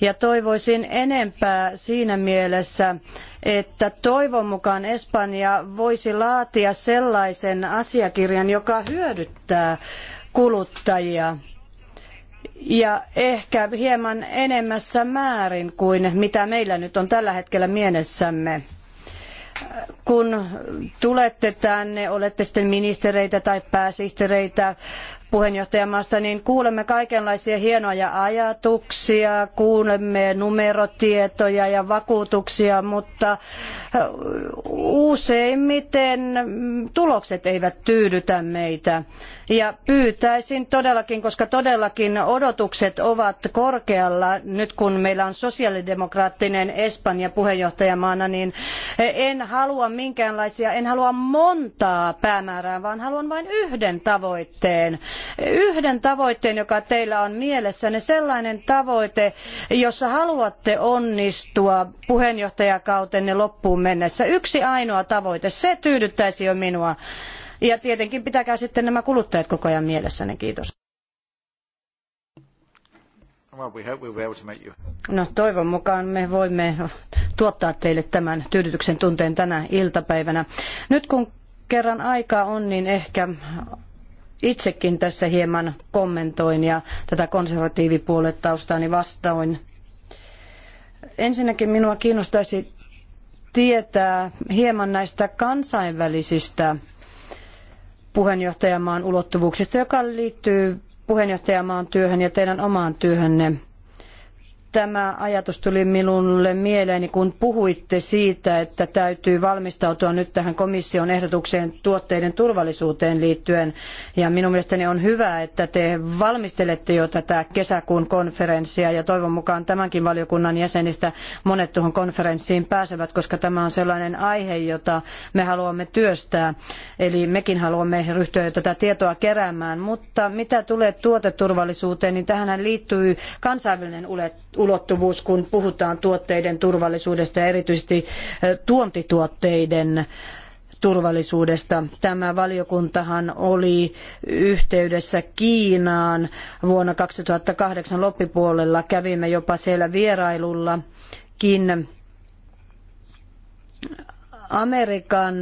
Ja toivoisin enempää siinä mielessä, että toivon mukaan Espanja voisi laatia sellaisen asiakirjan, joka hyödyttää kuluttajia ja ehkä hieman enemmässä määrin kuin mitä meillä nyt on tällä hetkellä mielessämme. Kun tulette tänne, olette sitten ministereitä tai pääsihteereitä, puheenjohtajamaasta, niin kuulemme kaikenlaisia hienoja ajatuksia, kuulemme numerotietoja ja vakuutuksia, mutta äh, useimmiten tulokset eivät tyydytä meitä. Ja pyytäisin todellakin, koska todellakin odotukset ovat korkealla nyt kun meillä on sosiaalidemokraattinen Espanja puheenjohtajamaana, niin en halua minkäänlaisia, en halua montaa päämäärää, vaan haluan vain yhden tavoitteen yhden tavoitteen, joka teillä on mielessänne, niin sellainen tavoite, jossa haluatte onnistua puheenjohtajakautenne loppuun mennessä. Yksi ainoa tavoite, se tyydyttäisi jo minua. Ja tietenkin pitäkää sitten nämä kuluttajat koko ajan mielessänne. Kiitos. No toivon mukaan me voimme tuottaa teille tämän tyydytyksen tunteen tänä iltapäivänä. Nyt kun kerran aikaa on, niin ehkä itsekin tässä hieman kommentoin ja tätä konservatiivipuoletaustaani vastoin. Ensinnäkin minua kiinnostaisi tietää hieman näistä kansainvälisistä puheenjohtajamaan ulottuvuuksista, joka liittyy puheenjohtajamaan työhön ja teidän omaan työhönne. Tämä ajatus tuli minulle mieleeni, kun puhuitte siitä, että täytyy valmistautua nyt tähän komission ehdotukseen tuotteiden turvallisuuteen liittyen. Ja minun mielestäni on hyvä, että te valmistelette jo tätä kesäkuun konferenssia ja toivon mukaan tämänkin valiokunnan jäsenistä monet tuohon konferenssiin pääsevät, koska tämä on sellainen aihe, jota me haluamme työstää. Eli mekin haluamme ryhtyä jo tätä tietoa keräämään. Mutta mitä tulee tuoteturvallisuuteen, niin tähän liittyy kansainvälinen ulottuvuus ulottuvuus, kun puhutaan tuotteiden turvallisuudesta ja erityisesti tuontituotteiden turvallisuudesta. Tämä valiokuntahan oli yhteydessä Kiinaan vuonna 2008 loppipuolella. Kävimme jopa siellä vierailullakin Amerikan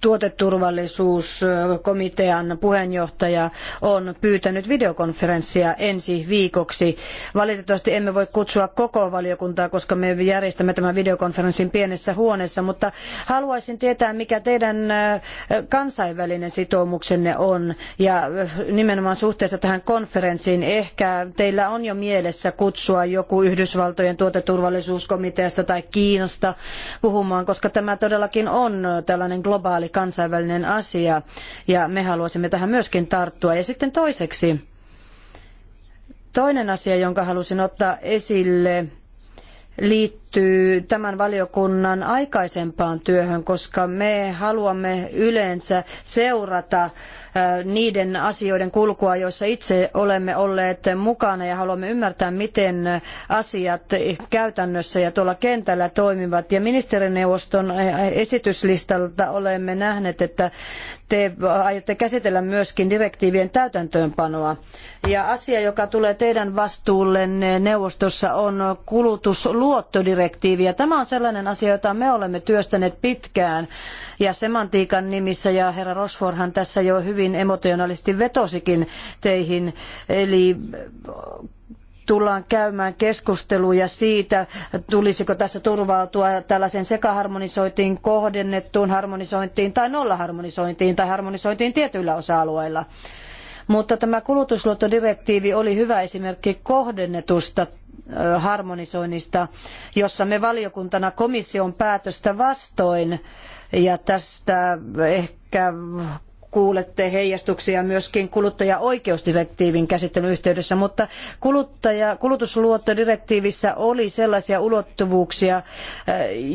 tuoteturvallisuuskomitean puheenjohtaja on pyytänyt videokonferenssia ensi viikoksi. Valitettavasti emme voi kutsua koko valiokuntaa, koska me järjestämme tämän videokonferenssin pienessä huoneessa, mutta haluaisin tietää, mikä teidän eh, kansainvälinen sitoumuksenne on ja eh, nimenomaan suhteessa tähän konferenssiin. Ehkä teillä on jo mielessä kutsua joku Yhdysvaltojen tuoteturvallisuuskomiteasta tai Kiinasta puhumaan, koska tämä todellakin on tällainen globaali kansainvälinen asia ja me haluaisimme tähän myöskin tarttua. Ja sitten toiseksi, toinen asia, jonka halusin ottaa esille, liittyy liittyy tämän valiokunnan aikaisempaan työhön, koska me haluamme yleensä seurata äh, niiden asioiden kulkua, joissa itse olemme olleet mukana ja haluamme ymmärtää, miten asiat käytännössä ja tuolla kentällä toimivat. Ja ministerineuvoston äh, esityslistalta olemme nähneet, että te aiotte käsitellä myöskin direktiivien täytäntöönpanoa. Ja asia, joka tulee teidän vastuullenne neuvostossa, on kulutusluottodirektiivi direktiivi. Ja tämä on sellainen asia, jota me olemme työstäneet pitkään ja semantiikan nimissä, ja herra Rosforhan tässä jo hyvin emotionaalisesti vetosikin teihin, eli tullaan käymään keskusteluja siitä, tulisiko tässä turvautua tällaiseen sekaharmonisointiin, kohdennettuun harmonisointiin tai nollaharmonisointiin tai harmonisointiin tietyillä osa-alueilla. Mutta tämä kulutusluottodirektiivi oli hyvä esimerkki kohdennetusta harmonisoinnista, jossa me valiokuntana komission päätöstä vastoin ja tästä ehkä kuulette heijastuksia myöskin kuluttajaoikeusdirektiivin käsittelyn yhteydessä, mutta kuluttaja, kulutusluottodirektiivissä oli sellaisia ulottuvuuksia, äh,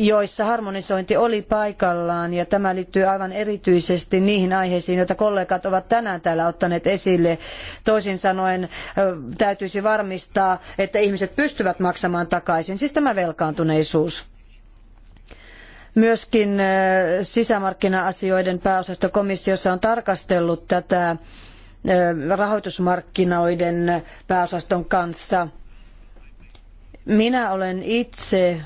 joissa harmonisointi oli paikallaan ja tämä liittyy aivan erityisesti niihin aiheisiin, joita kollegat ovat tänään täällä ottaneet esille. Toisin sanoen äh, täytyisi varmistaa, että ihmiset pystyvät maksamaan takaisin, siis tämä velkaantuneisuus. Myöskin äh, sisämarkkina-asioiden pääosasto komissiossa on tarkastellut tätä äh, rahoitusmarkkinoiden pääosaston kanssa. Minä olen itse,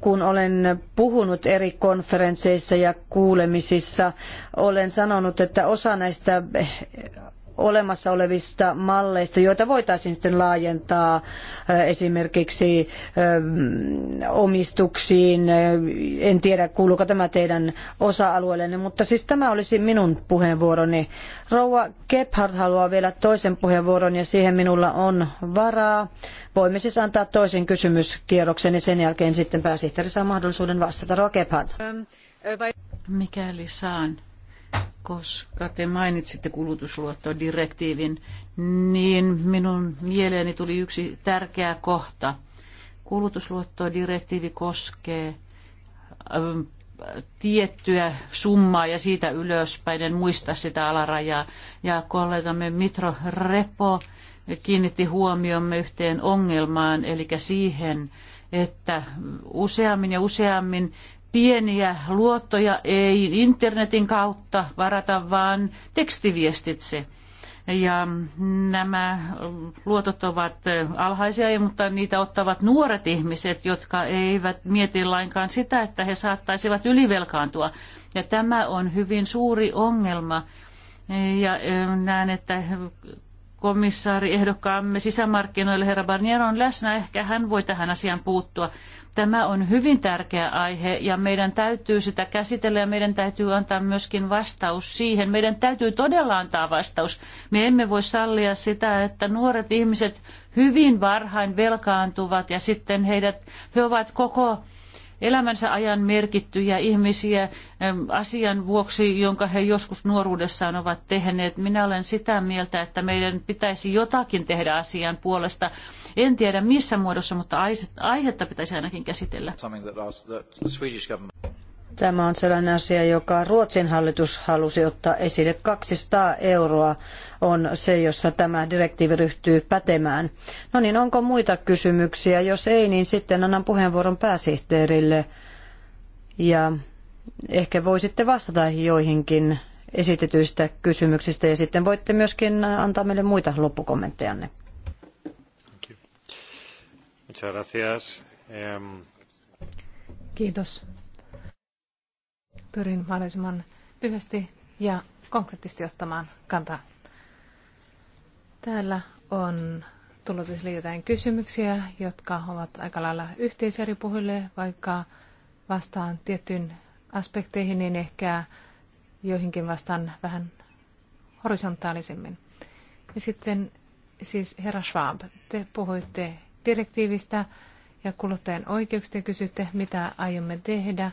kun olen puhunut eri konferensseissa ja kuulemisissa, olen sanonut, että osa näistä olemassa olevista malleista, joita voitaisiin sitten laajentaa äh, esimerkiksi äh, omistuksiin. En tiedä, kuuluuko tämä teidän osa-alueellenne, mutta siis tämä olisi minun puheenvuoroni. Rouva Gebhardt haluaa vielä toisen puheenvuoron ja siihen minulla on varaa. Voimme siis antaa toisen kysymyskierroksen ja sen jälkeen sitten pääsihteeri saa mahdollisuuden vastata. Rouva Gebhardt. Ähm, äh, Mikäli saan koska te mainitsitte kulutusluottodirektiivin, niin minun mieleeni tuli yksi tärkeä kohta. Kulutusluottodirektiivi koskee ähm, tiettyä summaa ja siitä ylöspäin, en muista sitä alarajaa. Ja kollegamme Mitro Repo kiinnitti huomiomme yhteen ongelmaan, eli siihen, että useammin ja useammin pieniä luottoja ei internetin kautta varata, vaan tekstiviestitse. Ja nämä luotot ovat alhaisia, mutta niitä ottavat nuoret ihmiset, jotka eivät mieti lainkaan sitä, että he saattaisivat ylivelkaantua. Ja tämä on hyvin suuri ongelma. Ja eh, näen, että komissaari ehdokkaamme sisämarkkinoille herra Barnier on läsnä. Ehkä hän voi tähän asiaan puuttua. Tämä on hyvin tärkeä aihe ja meidän täytyy sitä käsitellä ja meidän täytyy antaa myöskin vastaus siihen. Meidän täytyy todella antaa vastaus. Me emme voi sallia sitä, että nuoret ihmiset hyvin varhain velkaantuvat ja sitten heidät, he ovat koko elämänsä ajan merkittyjä ihmisiä asian vuoksi, jonka he joskus nuoruudessaan ovat tehneet. Minä olen sitä mieltä, että meidän pitäisi jotakin tehdä asian puolesta. En tiedä missä muodossa, mutta aihetta pitäisi ainakin käsitellä. Tämä on sellainen asia, joka Ruotsin hallitus halusi ottaa esille. 200 euroa on se, jossa tämä direktiivi ryhtyy pätemään. No niin, onko muita kysymyksiä? Jos ei, niin sitten annan puheenvuoron pääsihteerille. Ja ehkä voisitte vastata joihinkin esitetyistä kysymyksistä ja sitten voitte myöskin antaa meille muita loppukommenttejanne. Muchas gracias. Kiitos. Pyrin mahdollisimman lyhyesti ja konkreettisesti ottamaan kantaa. Täällä on tullut esille jotain kysymyksiä, jotka ovat aika lailla yhteisiä eri puhille, vaikka vastaan tiettyyn aspekteihin, niin ehkä joihinkin vastaan vähän horisontaalisemmin. Ja sitten siis herra Schwab, te puhuitte direktiivistä ja kuluttajan oikeuksista ja kysytte, mitä aiomme tehdä.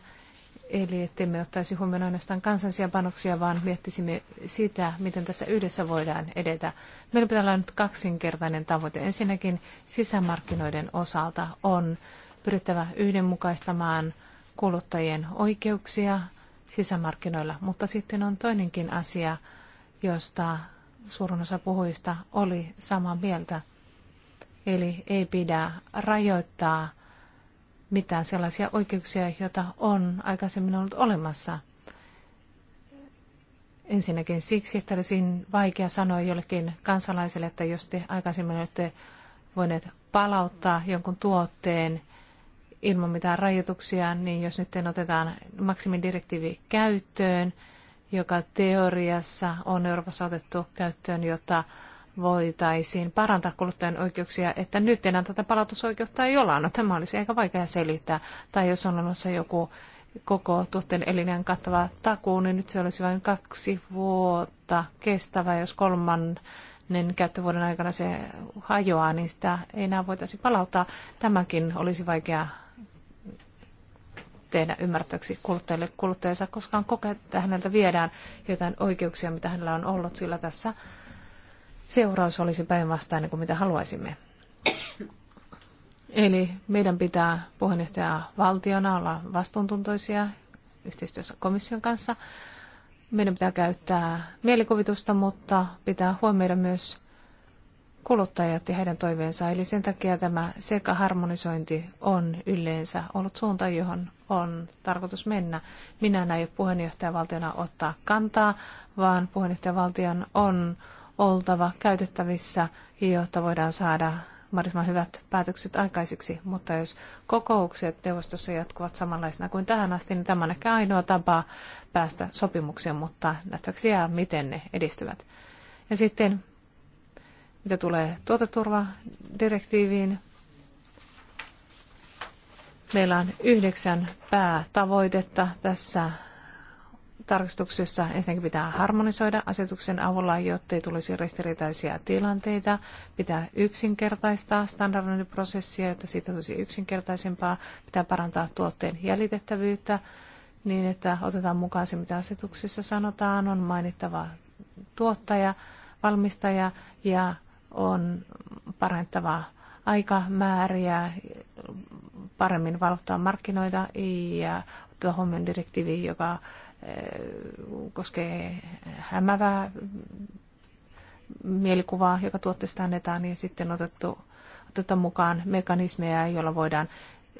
Eli ettemme ottaisi huomioon ainoastaan kansallisia panoksia, vaan miettisimme sitä, miten tässä yhdessä voidaan edetä. Meillä pitää olla nyt kaksinkertainen tavoite. Ensinnäkin sisämarkkinoiden osalta on pyrittävä yhdenmukaistamaan kuluttajien oikeuksia sisämarkkinoilla, mutta sitten on toinenkin asia, josta suurin osa puhujista oli samaa mieltä. Eli ei pidä rajoittaa mitään sellaisia oikeuksia, joita on aikaisemmin ollut olemassa. Ensinnäkin siksi, että olisi vaikea sanoa jollekin kansalaiselle, että jos te aikaisemmin olette voineet palauttaa jonkun tuotteen ilman mitään rajoituksia, niin jos nyt otetaan maksimidirektiivi käyttöön, joka teoriassa on Euroopassa otettu käyttöön, jotta voitaisiin parantaa kuluttajan oikeuksia, että nyt enää tätä palautusoikeutta ei ole. No tämä olisi aika vaikea selittää. Tai jos on olemassa joku koko tuotteen elinjään kattava takuu, niin nyt se olisi vain kaksi vuotta kestävä, jos kolmannen käyttövuoden aikana se hajoaa, niin sitä ei enää voitaisi palauttaa. Tämäkin olisi vaikea tehdä ymmärtäväksi kuluttajille. Kuluttaja saa koskaan kokea, että häneltä viedään jotain oikeuksia, mitä hänellä on ollut, sillä tässä seuraus olisi päinvastainen kuin mitä haluaisimme. Eli meidän pitää puheenjohtaja valtiona olla vastuuntuntoisia yhteistyössä komission kanssa. Meidän pitää käyttää mielikuvitusta, mutta pitää huomioida myös kuluttajat ja heidän toiveensa. Eli sen takia tämä sekaharmonisointi on yleensä ollut suunta, johon on tarkoitus mennä. Minä en aio puheenjohtajavaltiona ottaa kantaa, vaan puheenjohtajavaltion on oltava käytettävissä, jotta voidaan saada mahdollisimman hyvät päätökset aikaiseksi, mutta jos kokoukset neuvostossa jatkuvat samanlaisena kuin tähän asti, niin tämä on ehkä ainoa tapa päästä sopimukseen, mutta nähtäväksi jää, miten ne edistyvät. Ja sitten, mitä tulee tuotaturvadirektiiviin, meillä on yhdeksän päätavoitetta tässä tarkistuksessa ensinnäkin pitää harmonisoida asetuksen avulla, jottei tulisi ristiriitaisia tilanteita. Pitää yksinkertaistaa standardointiprosessia, jotta siitä tulisi yksinkertaisempaa. Pitää parantaa tuotteen jäljitettävyyttä niin, että otetaan mukaan se, mitä asetuksessa sanotaan. On mainittava tuottaja, valmistaja ja on parantava aikamääriä, paremmin valvottaa markkinoita ja ottaa huomioon direktiivi, joka Äh, koskee hämävää mielikuvaa, joka tuotteesta annetaan, niin sitten otettu, otetaan mukaan mekanismeja, joilla voidaan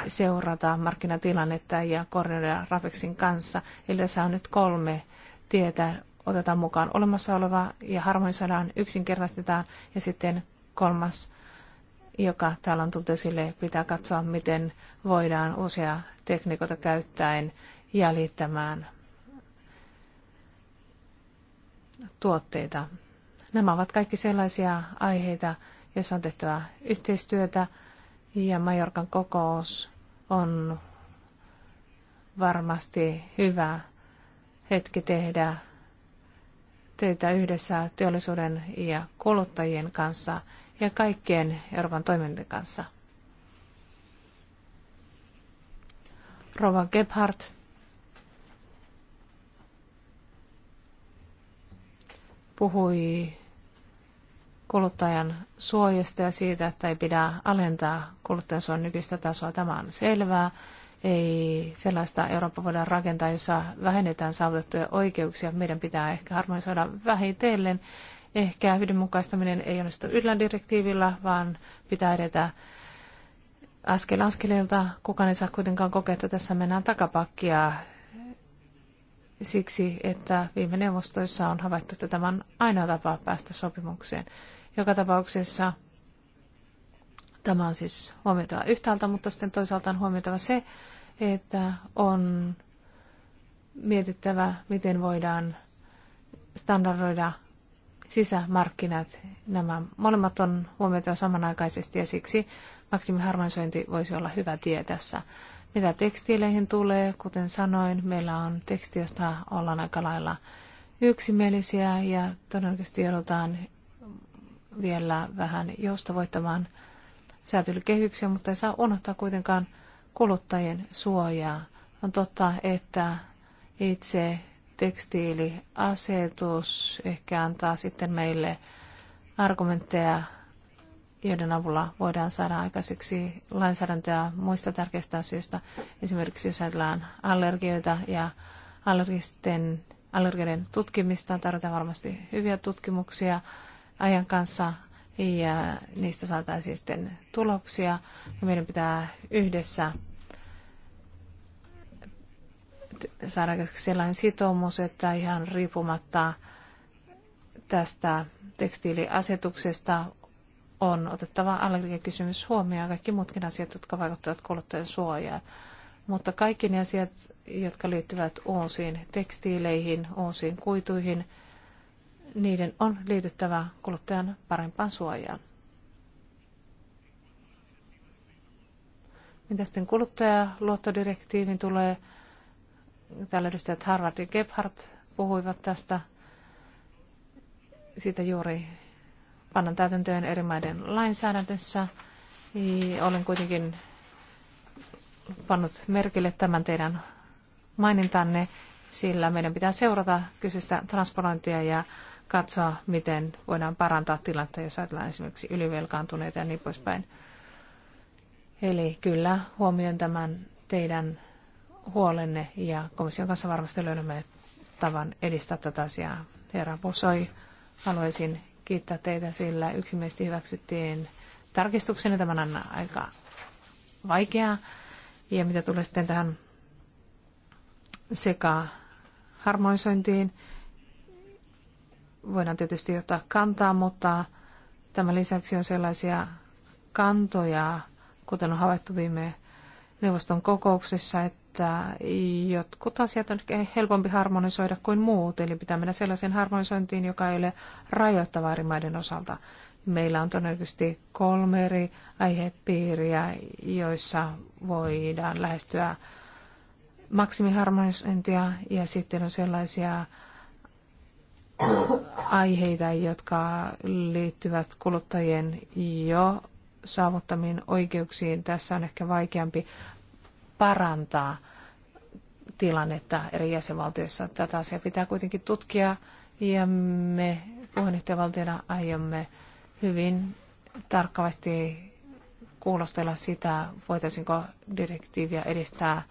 seurata markkinatilannetta ja koordinoida Rafexin kanssa. Eli tässä on nyt kolme tietä. Otetaan mukaan olemassa oleva ja harmonisoidaan, yksinkertaistetaan ja sitten kolmas joka täällä on tullut esille, pitää katsoa, miten voidaan uusia tekniikoita käyttäen jäljittämään tuotteita. Nämä ovat kaikki sellaisia aiheita, joissa on tehtävä yhteistyötä ja Majorkan kokous on varmasti hyvä hetki tehdä töitä yhdessä teollisuuden ja kuluttajien kanssa ja kaikkien Euroopan toimintojen kanssa. Rova Gebhardt puhui kuluttajan suojasta ja siitä, että ei pidä alentaa kuluttajan suojan nykyistä tasoa. Tämä on selvää. Ei sellaista Eurooppa voida rakentaa, jossa vähennetään saavutettuja oikeuksia. Meidän pitää ehkä harmonisoida vähitellen. Ehkä yhdenmukaistaminen ei onnistu yllä direktiivillä, vaan pitää edetä askel askeleilta. Kukaan ei saa kuitenkaan kokea, että tässä mennään takapakkia siksi, että viime neuvostoissa on havaittu, että tämä on ainoa tapa päästä sopimukseen. Joka tapauksessa tämä on siis huomioitava yhtäältä, mutta sitten toisaalta on huomioitava se, että on mietittävä, miten voidaan standardoida sisämarkkinat. Nämä molemmat on huomioitava samanaikaisesti ja siksi maksimiharmonisointi voisi olla hyvä tie tässä. Mitä tekstiileihin tulee, kuten sanoin, meillä on teksti, josta ollaan aika lailla yksimielisiä ja todennäköisesti joudutaan vielä vähän joustavoittamaan säätelykehyksiä, mutta ei saa unohtaa kuitenkaan kuluttajien suojaa. On totta, että itse tekstiiliasetus ehkä antaa sitten meille argumentteja joiden avulla voidaan saada aikaiseksi lainsäädäntöä muista tärkeistä asioista. Esimerkiksi jos ajatellaan allergioita ja allergisten, allergioiden tutkimista, tarvitaan varmasti hyviä tutkimuksia ajan kanssa ja niistä saataisiin sitten tuloksia. Ja meidän pitää yhdessä saada aikaiseksi sellainen sitoumus, että ihan riippumatta tästä tekstiiliasetuksesta on otettava allergiakysymys huomioon ja kaikki muutkin asiat, jotka vaikuttavat kuluttajan suojaan. Mutta kaikki ne asiat, jotka liittyvät uusiin tekstiileihin, uusiin kuituihin, niiden on liityttävä kuluttajan parempaan suojaan. Mitä sitten kuluttajaluottodirektiivin tulee, täällä edustajat Harvard ja Gebhardt puhuivat tästä, siitä juuri pannan täytäntöön eri maiden lainsäädäntössä. Olen kuitenkin pannut merkille tämän teidän mainintanne, sillä meidän pitää seurata kyseistä transparointia ja katsoa, miten voidaan parantaa tilannetta, jos ajatellaan esimerkiksi ylivelkaantuneita ja niin poispäin. Eli kyllä huomioin tämän teidän huolenne ja komission kanssa varmasti löydämme tavan edistää tätä asiaa. Herra Bosoi, haluaisin kiittää teitä, sillä yksimielisesti hyväksyttiin tarkistuksena. Tämä on aika vaikeaa. Ja mitä tulee sitten tähän sekä harmonisointiin, voidaan tietysti ottaa kantaa, mutta tämän lisäksi on sellaisia kantoja, kuten on havaittu viime neuvoston kokouksessa, että että jotkut asiat on helpompi harmonisoida kuin muut, eli pitää mennä sellaiseen harmonisointiin, joka ei ole rajoittava eri maiden osalta. Meillä on todennäköisesti kolme eri aihepiiriä, joissa voidaan lähestyä maksimiharmonisointia ja sitten on sellaisia aiheita, jotka liittyvät kuluttajien jo saavuttamiin oikeuksiin. Tässä on ehkä vaikeampi parantaa tilannetta eri jäsenvaltioissa. Tätä asiaa pitää kuitenkin tutkia ja me puheenjohtajavaltiona aiomme hyvin tarkkaavasti kuulostella sitä, voitaisiinko direktiiviä edistää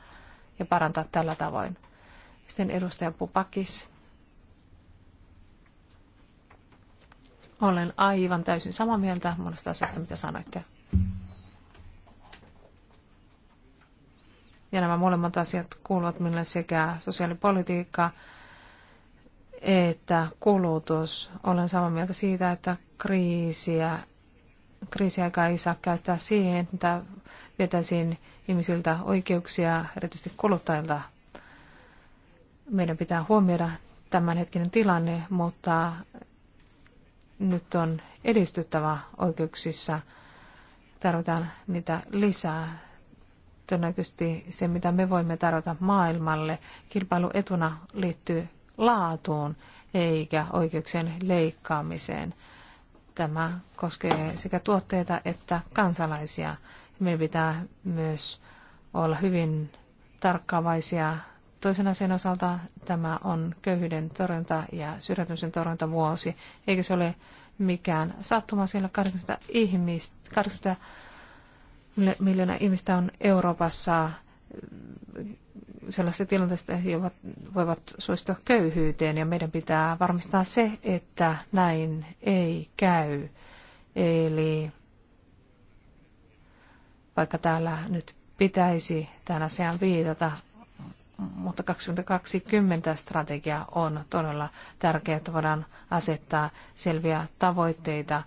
ja parantaa tällä tavoin. Sitten edustaja Pupakis. Olen aivan täysin samaa mieltä monesta asiasta, mitä sanoitte. Ja nämä molemmat asiat kuuluvat minulle sekä sosiaalipolitiikka että kulutus. Olen samaa mieltä siitä, että kriisiä, kriisiaikaa ei saa käyttää siihen, että vietäisiin ihmisiltä oikeuksia, erityisesti kuluttajilta. Meidän pitää huomioida tämänhetkinen tilanne, mutta nyt on edistyttävä oikeuksissa. Tarvitaan niitä lisää todennäköisesti se, mitä me voimme tarjota maailmalle. Kilpailuetuna liittyy laatuun eikä oikeuksien leikkaamiseen. Tämä koskee sekä tuotteita että kansalaisia. Meidän pitää myös olla hyvin tarkkaavaisia toisen asian osalta. Tämä on köyhyyden torjunta ja syrjäytymisen torjunta vuosi eikä se ole mikään sattuma, siellä 80 ihmistä, 80 miljoonaa ihmistä on Euroopassa äh, sellaisessa tilanteessa, he voivat suistua köyhyyteen ja meidän pitää varmistaa se, että näin ei käy. Eli vaikka täällä nyt pitäisi tähän asiaan viitata, mutta 2020 strategia on todella tärkeä, että voidaan asettaa selviä tavoitteita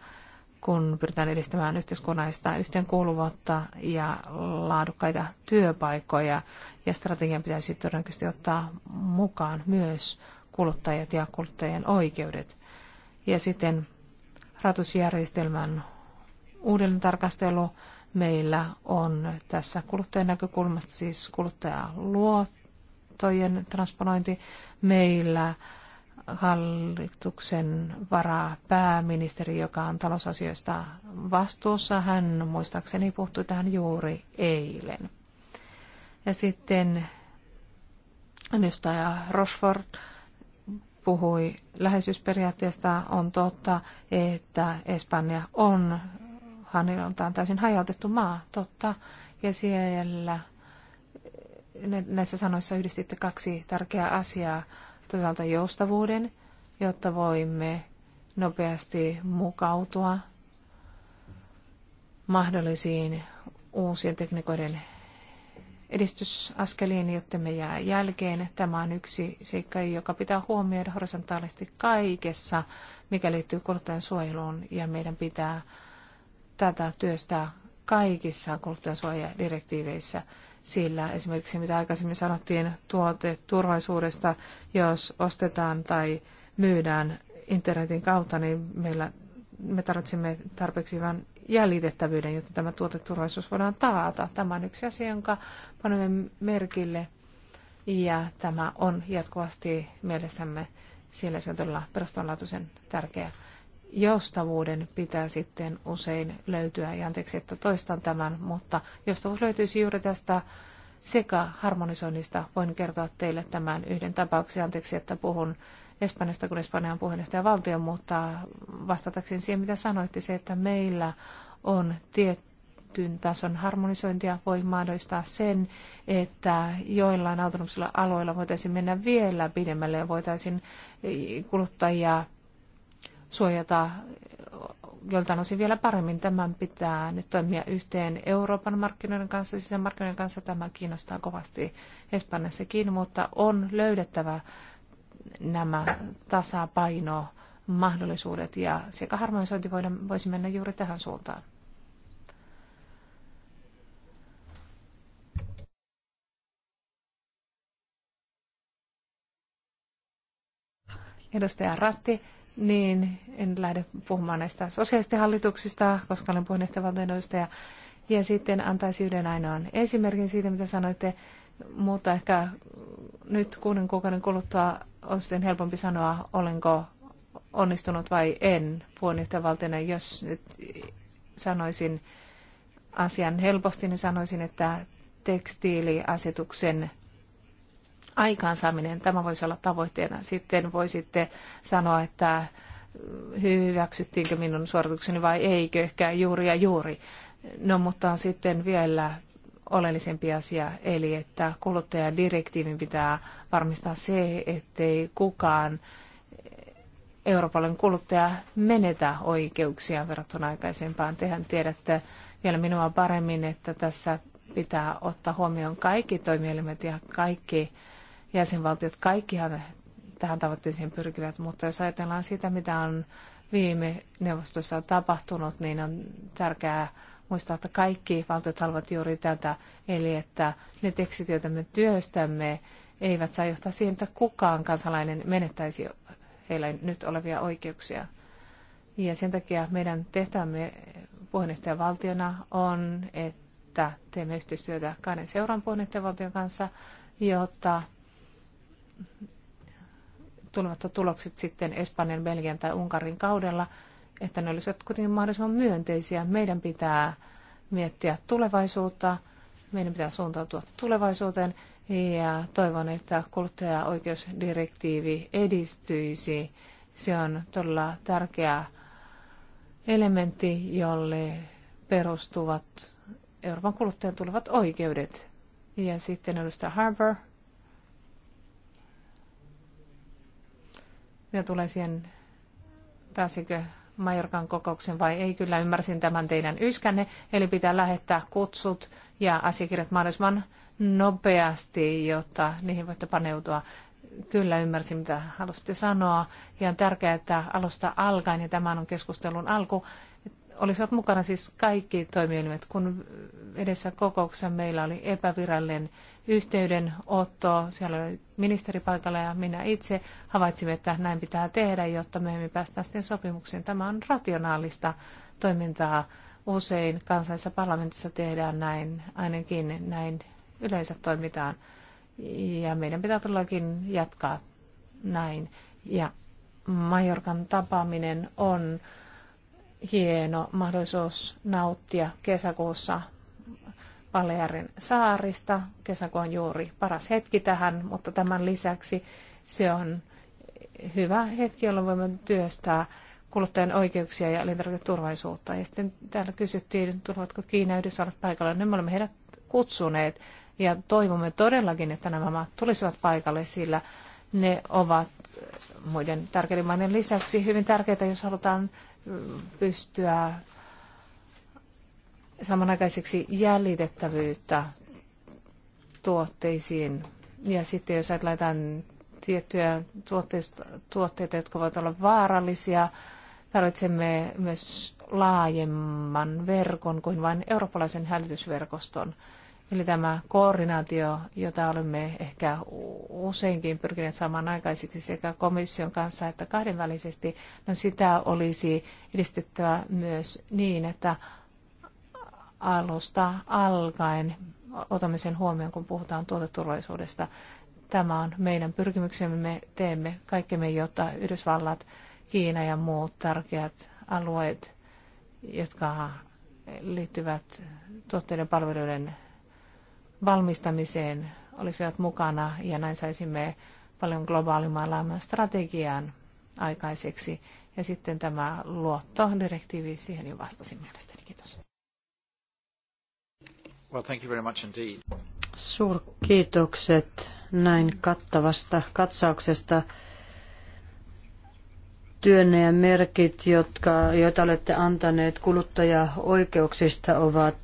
kun pyritään edistämään yhteiskunnallista yhteenkuuluvuutta ja laadukkaita työpaikkoja. Ja strategian pitäisi todennäköisesti ottaa mukaan myös kuluttajat ja kuluttajien oikeudet. Ja sitten ratusjärjestelmän uudelleen tarkastelu meillä on tässä kuluttajan näkökulmasta, siis kuluttajaluottojen transponointi. Meillä hallituksen varapääministeri, joka on talousasioista vastuussa. Hän muistaakseni puhtui tähän juuri eilen. Ja sitten edustaja Rochford puhui läheisyysperiaatteesta. On totta, että Espanja on Hanilontaan täysin hajautettu maa, totta. Ja siellä näissä sanoissa yhdistitte kaksi tärkeää asiaa toisaalta joustavuuden, jotta voimme nopeasti mukautua mahdollisiin uusien tekniikoiden edistysaskeliin, jotta me jää jälkeen. Tämä on yksi seikka, joka pitää huomioida horisontaalisesti kaikessa, mikä liittyy kuluttajan suojeluun, ja meidän pitää tätä työstää kaikissa kuluttajansuojadirektiiveissä sillä esimerkiksi mitä aikaisemmin sanottiin tuoteturvallisuudesta, jos ostetaan tai myydään internetin kautta, niin meillä, me tarvitsemme tarpeeksi hyvän jäljitettävyyden, jotta tämä tuoteturvallisuus voidaan taata. Tämä on yksi asia, jonka panemme merkille ja tämä on jatkuvasti mielessämme, sillä se on todella perustavanlaatuisen tärkeä joustavuuden pitää sitten usein löytyä, ja anteeksi, että toistan tämän, mutta joustavuus löytyisi juuri tästä sekä harmonisoinnista. Voin kertoa teille tämän yhden tapauksen. Anteeksi, että puhun Espanjasta, kun Espanja on puheenjohtaja valtio, mutta vastatakseni siihen, mitä sanoitte, se, että meillä on tietty tason harmonisointia, voi mahdollistaa sen, että joillain autonomisilla aloilla voitaisiin mennä vielä pidemmälle ja voitaisiin kuluttajia suojata joltain osin vielä paremmin. Tämän pitää nyt toimia yhteen Euroopan markkinoiden kanssa, sisämarkkinoiden kanssa. Tämä kiinnostaa kovasti Espanjassakin, mutta on löydettävä nämä tasapaino mahdollisuudet ja sekä harmonisointi voisi mennä juuri tähän suuntaan. Edustaja Ratti, niin en lähde puhumaan näistä hallituksista, koska olen puheenjohtajavaltion edustaja. Ja sitten antaisin yhden ainoan esimerkin siitä, mitä sanoitte, mutta ehkä nyt kuuden kuukauden kuluttua on sitten helpompi sanoa, olenko onnistunut vai en puheenjohtajavaltiona. Jos nyt sanoisin asian helposti, niin sanoisin, että tekstiiliasetuksen aikaansaaminen, tämä voisi olla tavoitteena. Sitten voisitte sanoa, että hyväksyttiinkö minun suoritukseni vai eikö, ehkä juuri ja juuri. No mutta on sitten vielä oleellisempi asia, eli että kuluttajadirektiivin pitää varmistaa se, ettei kukaan Euroopan kuluttaja menetä oikeuksia verrattuna aikaisempaan. Tehän tiedätte vielä minua paremmin, että tässä pitää ottaa huomioon kaikki toimielimet ja kaikki jäsenvaltiot, kaikkihan tähän tavoitteeseen pyrkivät, mutta jos ajatellaan sitä, mitä on viime neuvostossa on tapahtunut, niin on tärkeää muistaa, että kaikki valtiot haluavat juuri tätä, eli että ne tekstit, joita me työstämme, eivät saa johtaa siihen, että kukaan kansalainen menettäisi heillä nyt olevia oikeuksia. Ja sen takia meidän tehtävämme puheenjohtajavaltiona on, että teemme yhteistyötä kahden seuran puheenjohtajavaltion kanssa, jotta tulevat tulokset sitten Espanjan, Belgian tai Unkarin kaudella, että ne olisivat kuitenkin mahdollisimman myönteisiä. Meidän pitää miettiä tulevaisuutta, meidän pitää suuntautua tulevaisuuteen ja toivon, että kuluttajaoikeusdirektiivi edistyisi. Se on todella tärkeä elementti, jolle perustuvat Euroopan kuluttajan tulevat oikeudet. Ja sitten edustaja Harbour mitä tulee siihen, pääsikö Majorkan kokouksen vai ei. Kyllä ymmärsin tämän teidän yskänne, eli pitää lähettää kutsut ja asiakirjat mahdollisimman nopeasti, jotta niihin voitte paneutua. Kyllä ymmärsin, mitä halusitte sanoa. Ja on tärkeää, että alusta alkaen, ja tämä on keskustelun alku, olisivat mukana siis kaikki toimielimet. Kun edessä kokouksessa meillä oli epävirallinen yhteydenotto. Siellä oli ministeri paikalla ja minä itse havaitsimme, että näin pitää tehdä, jotta emme päästä sitten sopimukseen. Tämä on rationaalista toimintaa. Usein kansallisessa parlamentissa tehdään näin, ainakin näin yleensä toimitaan. Ja meidän pitää todellakin jatkaa näin. Ja Majorkan tapaaminen on hieno mahdollisuus nauttia kesäkuussa Balearin saarista. Kesäkuu on juuri paras hetki tähän, mutta tämän lisäksi se on hyvä hetki, jolloin voimme työstää kuluttajan oikeuksia ja elintarviketurvallisuutta. Ja sitten täällä kysyttiin, tulevatko Kiina ja Yhdysvallat paikalle. Nyt no, me olemme heidät kutsuneet ja toivomme todellakin, että nämä maat tulisivat paikalle, sillä ne ovat muiden tärkeiden maiden lisäksi hyvin tärkeitä, jos halutaan mm, pystyä samanaikaiseksi jäljitettävyyttä tuotteisiin. Ja sitten jos ajatellaan tiettyjä tuotteita, jotka voivat olla vaarallisia, tarvitsemme myös laajemman verkon kuin vain eurooppalaisen hälytysverkoston. Eli tämä koordinaatio, jota olemme ehkä useinkin pyrkineet saamaan aikaiseksi sekä komission kanssa että kahdenvälisesti, no sitä olisi edistettävä myös niin, että alusta alkaen. Otamme sen huomioon, kun puhutaan tuoteturvallisuudesta. Tämä on meidän pyrkimyksemme. Me teemme kaikkemme, jotta Yhdysvallat, Kiina ja muut tärkeät alueet, jotka liittyvät tuotteiden palveluiden valmistamiseen, olisivat mukana ja näin saisimme paljon globaalimman strategian aikaiseksi. Ja sitten tämä luottodirektiivi, siihen jo vastasin mielestäni. Kiitos. Well, thank you very much indeed. Suurkiitokset näin kattavasta katsauksesta työnne ja merkit, jotka, joita olette antaneet kuluttajaoikeuksista, ovat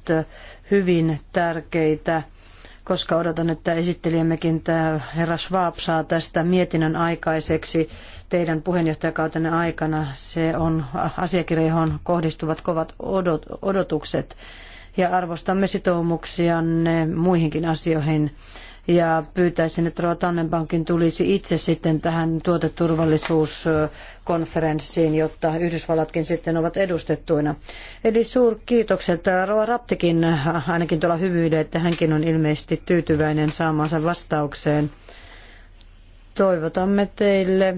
hyvin tärkeitä, koska odotan, että esittelijämmekin tämä herra Schwab saa tästä mietinnön aikaiseksi teidän puheenjohtajakautenne aikana. Se on asiakirja, johon kohdistuvat kovat odot, odotukset ja arvostamme sitoumuksianne muihinkin asioihin ja pyytäisin, että Roa Tannenbankin tulisi itse sitten tähän tuoteturvallisuuskonferenssiin, jotta Yhdysvallatkin sitten ovat edustettuina. Eli suurkiitokset Roa Raptikin ainakin tuolla hyvyyden, että hänkin on ilmeisesti tyytyväinen saamaansa vastaukseen. Toivotamme teille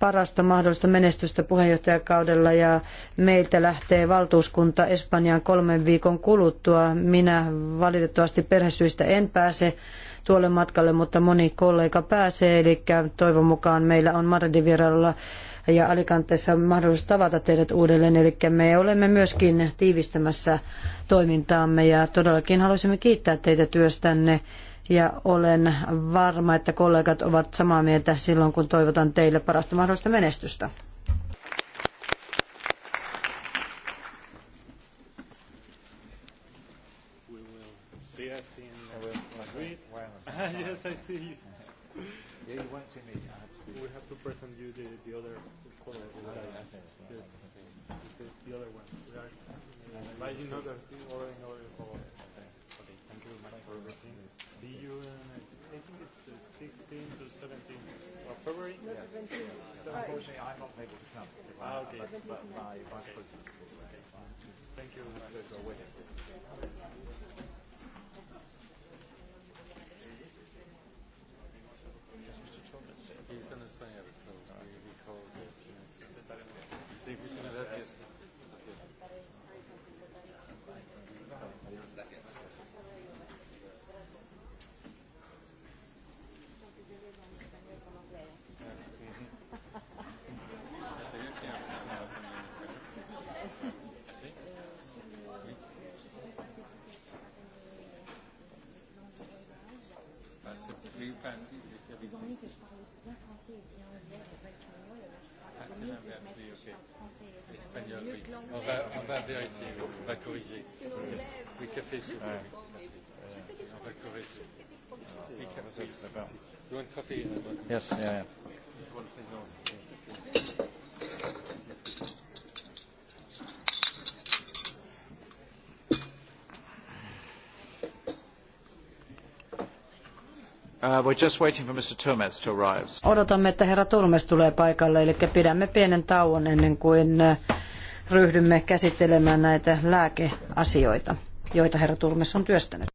parasta mahdollista menestystä puheenjohtajakaudella ja meiltä lähtee valtuuskunta Espanjaan kolmen viikon kuluttua. Minä valitettavasti perhesyistä en pääse tuolle matkalle, mutta moni kollega pääsee, eli toivon mukaan meillä on Madridin vierailulla ja Alicanteessa mahdollisuus tavata teidät uudelleen, eli me olemme myöskin tiivistämässä toimintaamme ja todellakin haluaisimme kiittää teitä työstänne ja olen varma, että kollegat ovat samaa mieltä silloin, kun toivotan teille parasta mahdollista menestystä. [LAUGHS] yes, I see you. Ah, okay. By, by Vice President. Okay. Thank you. c'est oui, On va, on va vérifier, oui. on va corriger. Oui, On va corriger. café. Yes, yeah. Uh, we're just waiting for Mr. Turmes to arrive. Odotamme, että herra Turmes tulee paikalle, eli pidämme pienen tauon ennen kuin uh, ryhdymme käsittelemään näitä lääkeasioita, joita herra Turmes on työstänyt.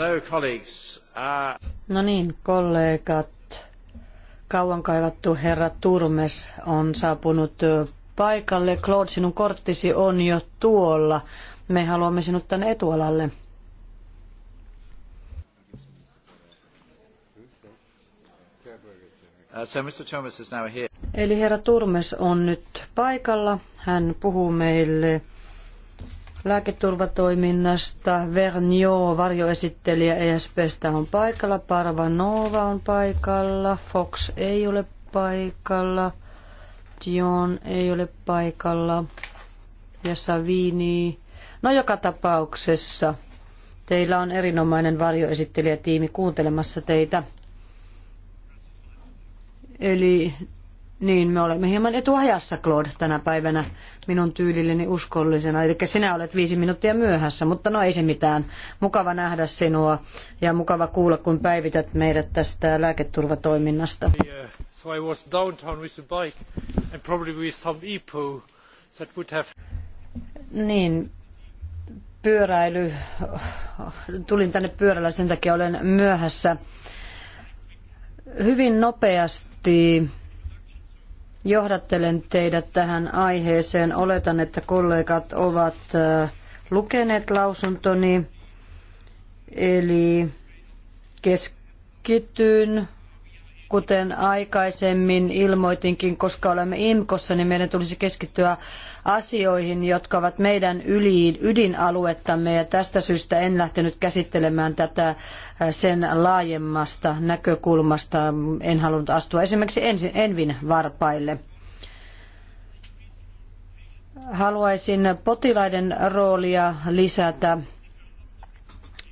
So, colleagues, uh... No niin, kollegat. Kauan kaivattu herra Turmes on saapunut paikalle. Claude, sinun korttisi on jo tuolla. Me haluamme sinut tänne etualalle. Uh, so Mr. Thomas is now here. Eli herra Turmes on nyt paikalla. Hän puhuu meille lääketurvatoiminnasta. Vernio, varjoesittelijä ESPstä on paikalla. Parva Nova on paikalla. Fox ei ole paikalla. Dion ei ole paikalla. Ja Savini. No joka tapauksessa teillä on erinomainen varjoesittelijätiimi kuuntelemassa teitä. Eli niin, me olemme hieman etuajassa, Claude, tänä päivänä minun tyylilleni uskollisena. Eli sinä olet viisi minuuttia myöhässä, mutta no ei se mitään. Mukava nähdä sinua ja mukava kuulla, kun päivität meidät tästä lääketurvatoiminnasta. Uh, e niin, pyöräily. Tulin tänne pyörällä, sen takia olen myöhässä. Hyvin nopeasti johdattelen teidät tähän aiheeseen. Oletan, että kollegat ovat lukeneet lausuntoni, eli keskityn Kuten aikaisemmin ilmoitinkin, koska olemme IMKossa, niin meidän tulisi keskittyä asioihin, jotka ovat meidän yli, ydinaluettamme. Ja tästä syystä en lähtenyt käsittelemään tätä äh, sen laajemmasta näkökulmasta. En halunnut astua esimerkiksi Envin varpaille haluaisin potilaiden roolia lisätä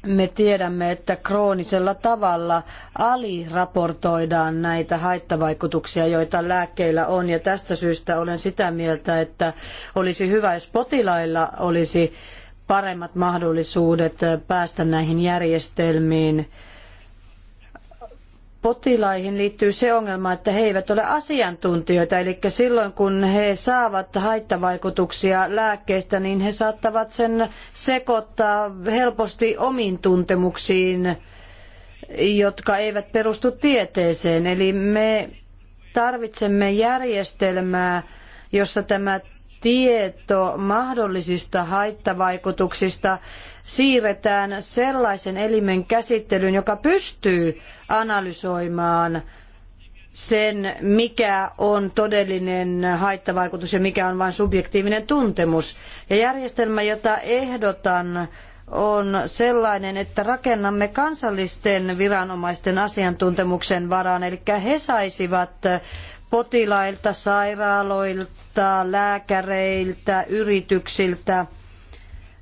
me tiedämme, että kroonisella tavalla aliraportoidaan näitä haittavaikutuksia, joita lääkkeillä on. Ja tästä syystä olen sitä mieltä, että olisi hyvä, jos potilailla olisi paremmat mahdollisuudet päästä näihin järjestelmiin potilaihin liittyy se ongelma, että he eivät ole asiantuntijoita, eli silloin kun he saavat haittavaikutuksia lääkkeistä, niin he saattavat sen sekoittaa helposti omiin tuntemuksiin, jotka eivät perustu tieteeseen. Eli me tarvitsemme järjestelmää, jossa tämä tieto mahdollisista haittavaikutuksista siirretään sellaisen elimen käsittelyyn, joka pystyy analysoimaan sen, mikä on todellinen haittavaikutus ja mikä on vain subjektiivinen tuntemus. Ja järjestelmä, jota ehdotan, on sellainen, että rakennamme kansallisten viranomaisten asiantuntemuksen varaan, eli he saisivat potilailta, sairaaloilta, lääkäreiltä, yrityksiltä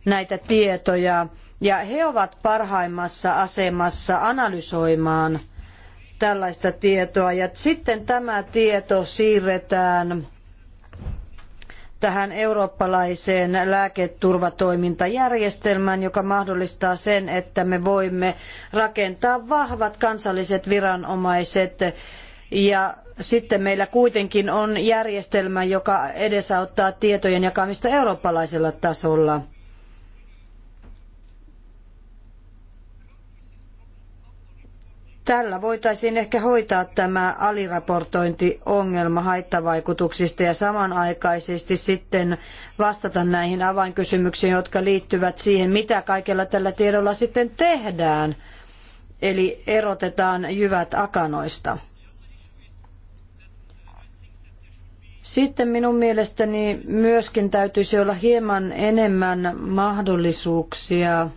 näitä tietoja ja he ovat parhaimmassa asemassa analysoimaan tällaista tietoa ja sitten tämä tieto siirretään tähän eurooppalaiseen lääketurvatoimintajärjestelmään, joka mahdollistaa sen, että me voimme rakentaa vahvat kansalliset viranomaiset ja sitten meillä kuitenkin on järjestelmä, joka edesauttaa tietojen jakamista eurooppalaisella tasolla. Tällä voitaisiin ehkä hoitaa tämä aliraportointiongelma haittavaikutuksista ja samanaikaisesti sitten vastata näihin avainkysymyksiin, jotka liittyvät siihen, mitä kaikella tällä tiedolla sitten tehdään. Eli erotetaan jyvät akanoista. Sitten minun mielestäni myöskin täytyisi olla hieman enemmän mahdollisuuksia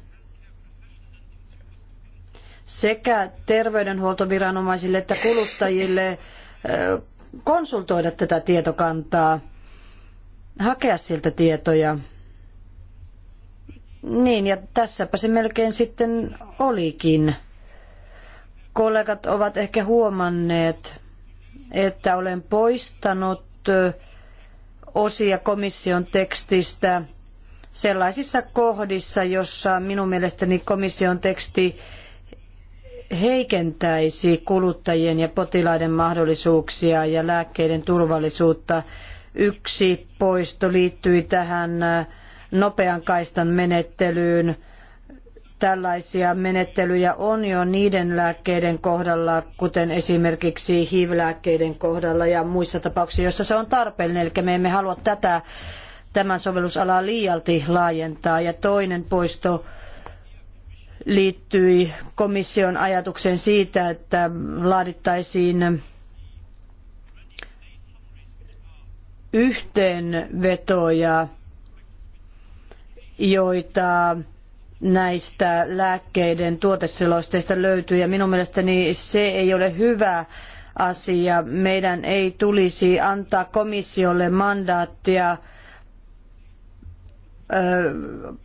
sekä terveydenhuoltoviranomaisille että kuluttajille konsultoida tätä tietokantaa, hakea siltä tietoja. Niin, ja tässäpä se melkein sitten olikin. Kollegat ovat ehkä huomanneet, että olen poistanut osia komission tekstistä sellaisissa kohdissa, jossa minun mielestäni komission teksti heikentäisi kuluttajien ja potilaiden mahdollisuuksia ja lääkkeiden turvallisuutta. Yksi poisto liittyi tähän äh, nopean kaistan menettelyyn. Tällaisia menettelyjä on jo niiden lääkkeiden kohdalla, kuten esimerkiksi HIV-lääkkeiden kohdalla ja muissa tapauksissa, joissa se on tarpeellinen. Eli me emme halua tätä, tämän sovellusalaa liialti laajentaa. Ja toinen poisto liittyi komission ajatukseen siitä, että laadittaisiin yhteenvetoja, joita näistä lääkkeiden tuoteselosteista löytyy. Ja minun mielestäni se ei ole hyvä asia. Meidän ei tulisi antaa komissiolle mandaattia ö,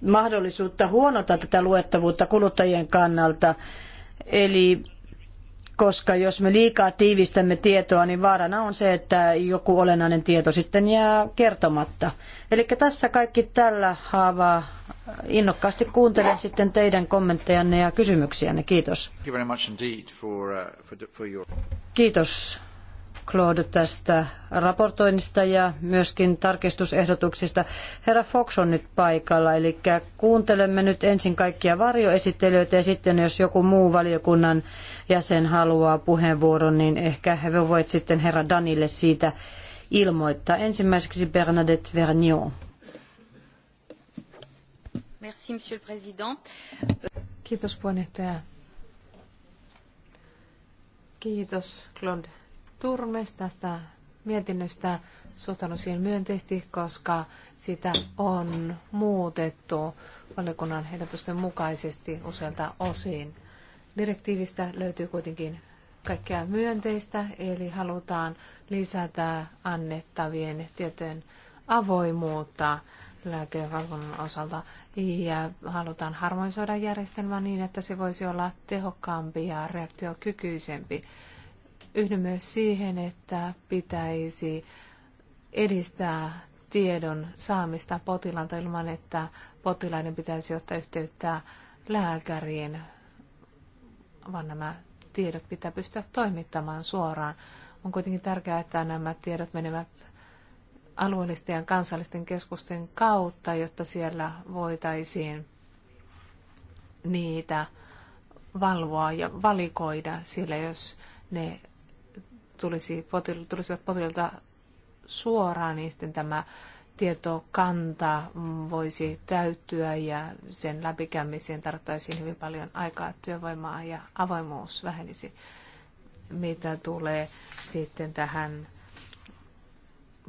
mahdollisuutta huonota tätä luettavuutta kuluttajien kannalta. Eli koska jos me liikaa tiivistämme tietoa, niin vaarana on se, että joku olennainen tieto sitten jää kertomatta. Eli tässä kaikki tällä haavaa. Innokkaasti kuuntelen sitten teidän kommenttejanne ja kysymyksiänne. Kiitos. Uh, Kiitos Claude tästä raportoinnista ja myöskin tarkistusehdotuksista. Herra Fox on nyt paikalla, eli kuuntelemme nyt ensin kaikkia varjoesittelijöitä ja sitten jos joku muu valiokunnan jäsen haluaa puheenvuoron, niin ehkä he voit sitten herra Danille siitä ilmoittaa. Ensimmäiseksi Bernadette Vernion. Merci, monsieur le président. Kiitos puheenjohtaja. Kiitos Claude Turmes tästä mietinnöstä. Suhtaudun siihen myönteisesti, koska sitä on muutettu valiokunnan ehdotusten mukaisesti useilta osin. Direktiivistä löytyy kuitenkin kaikkea myönteistä, eli halutaan lisätä annettavien tietojen avoimuutta lääkevalvonnan osalta ja halutaan harmonisoida järjestelmä niin, että se voisi olla tehokkaampi ja reaktiokykyisempi. Yhdyn myös siihen, että pitäisi edistää tiedon saamista potilaalta ilman, että potilaiden pitäisi ottaa yhteyttä lääkäriin, vaan nämä tiedot pitää pystyä toimittamaan suoraan. On kuitenkin tärkeää, että nämä tiedot menevät alueellisten ja kansallisten keskusten kautta, jotta siellä voitaisiin niitä valvoa ja valikoida, sillä jos ne tulisi potil- tulisivat potilailta suoraan, niin sitten tämä tietokanta voisi täyttyä ja sen läpikäymiseen tarvittaisiin hyvin paljon aikaa, työvoimaa ja avoimuus vähenisi. Mitä tulee sitten tähän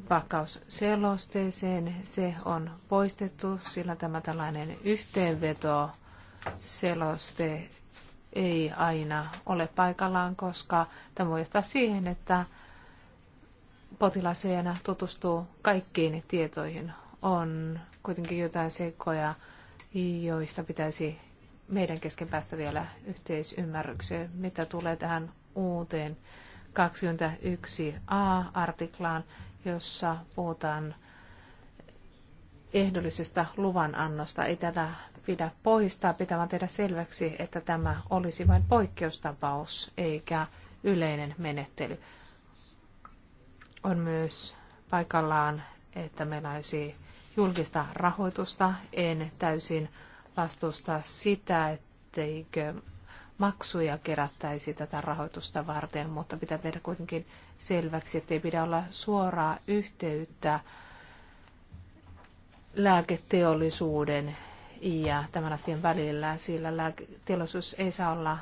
pakkausselosteeseen, se on poistettu, sillä tämä tällainen yhteenveto seloste ei aina ole paikallaan, koska tämä voi johtaa siihen, että potilas ei aina tutustuu kaikkiin tietoihin. On kuitenkin jotain sekoja, joista pitäisi meidän kesken päästä vielä yhteisymmärrykseen, mitä tulee tähän uuteen 21a-artiklaan, jossa puhutaan ehdollisesta luvanannosta. Ei tätä pidä poistaa, pitää vaan tehdä selväksi, että tämä olisi vain poikkeustapaus eikä yleinen menettely. On myös paikallaan, että meillä olisi julkista rahoitusta. En täysin vastusta sitä, etteikö maksuja kerättäisi tätä rahoitusta varten, mutta pitää tehdä kuitenkin selväksi, että ei pidä olla suoraa yhteyttä lääketeollisuuden ja tämän asian välillä, sillä lääketeollisuus ei saa olla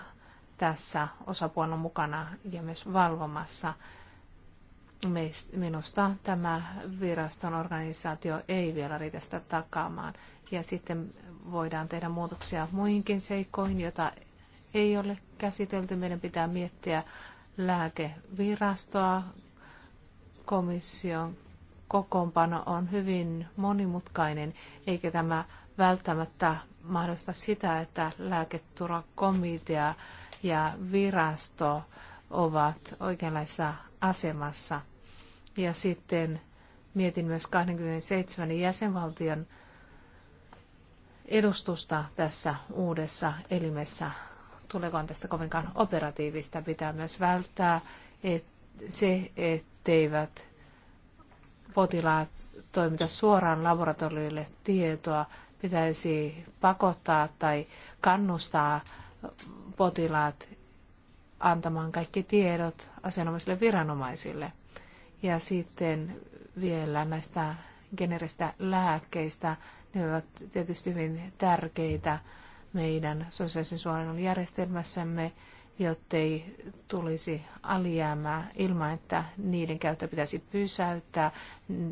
tässä osapuolena mukana ja myös valvomassa. Minusta tämä viraston organisaatio ei vielä riitä sitä takaamaan. Ja sitten voidaan tehdä muutoksia muihinkin seikkoihin, joita ei ole käsitelty. Meidän pitää miettiä lääkevirastoa. Komission kokoonpano on hyvin monimutkainen, eikä tämä välttämättä mahdollista sitä, että lääketurvakomitea ja virasto ovat oikeanlaisessa asemassa. Ja sitten mietin myös 27 jäsenvaltion edustusta tässä uudessa elimessä. Tuleeko tästä kovinkaan operatiivista? Pitää myös välttää et, se, etteivät potilaat toimita suoraan laboratorioille tietoa pitäisi pakottaa tai kannustaa potilaat antamaan kaikki tiedot asianomaisille viranomaisille. Ja sitten vielä näistä generistä lääkkeistä. Ne ovat tietysti hyvin tärkeitä meidän sosiaalisen suojelun järjestelmässämme jottei tulisi alijäämää ilman, että niiden käyttö pitäisi pysäyttää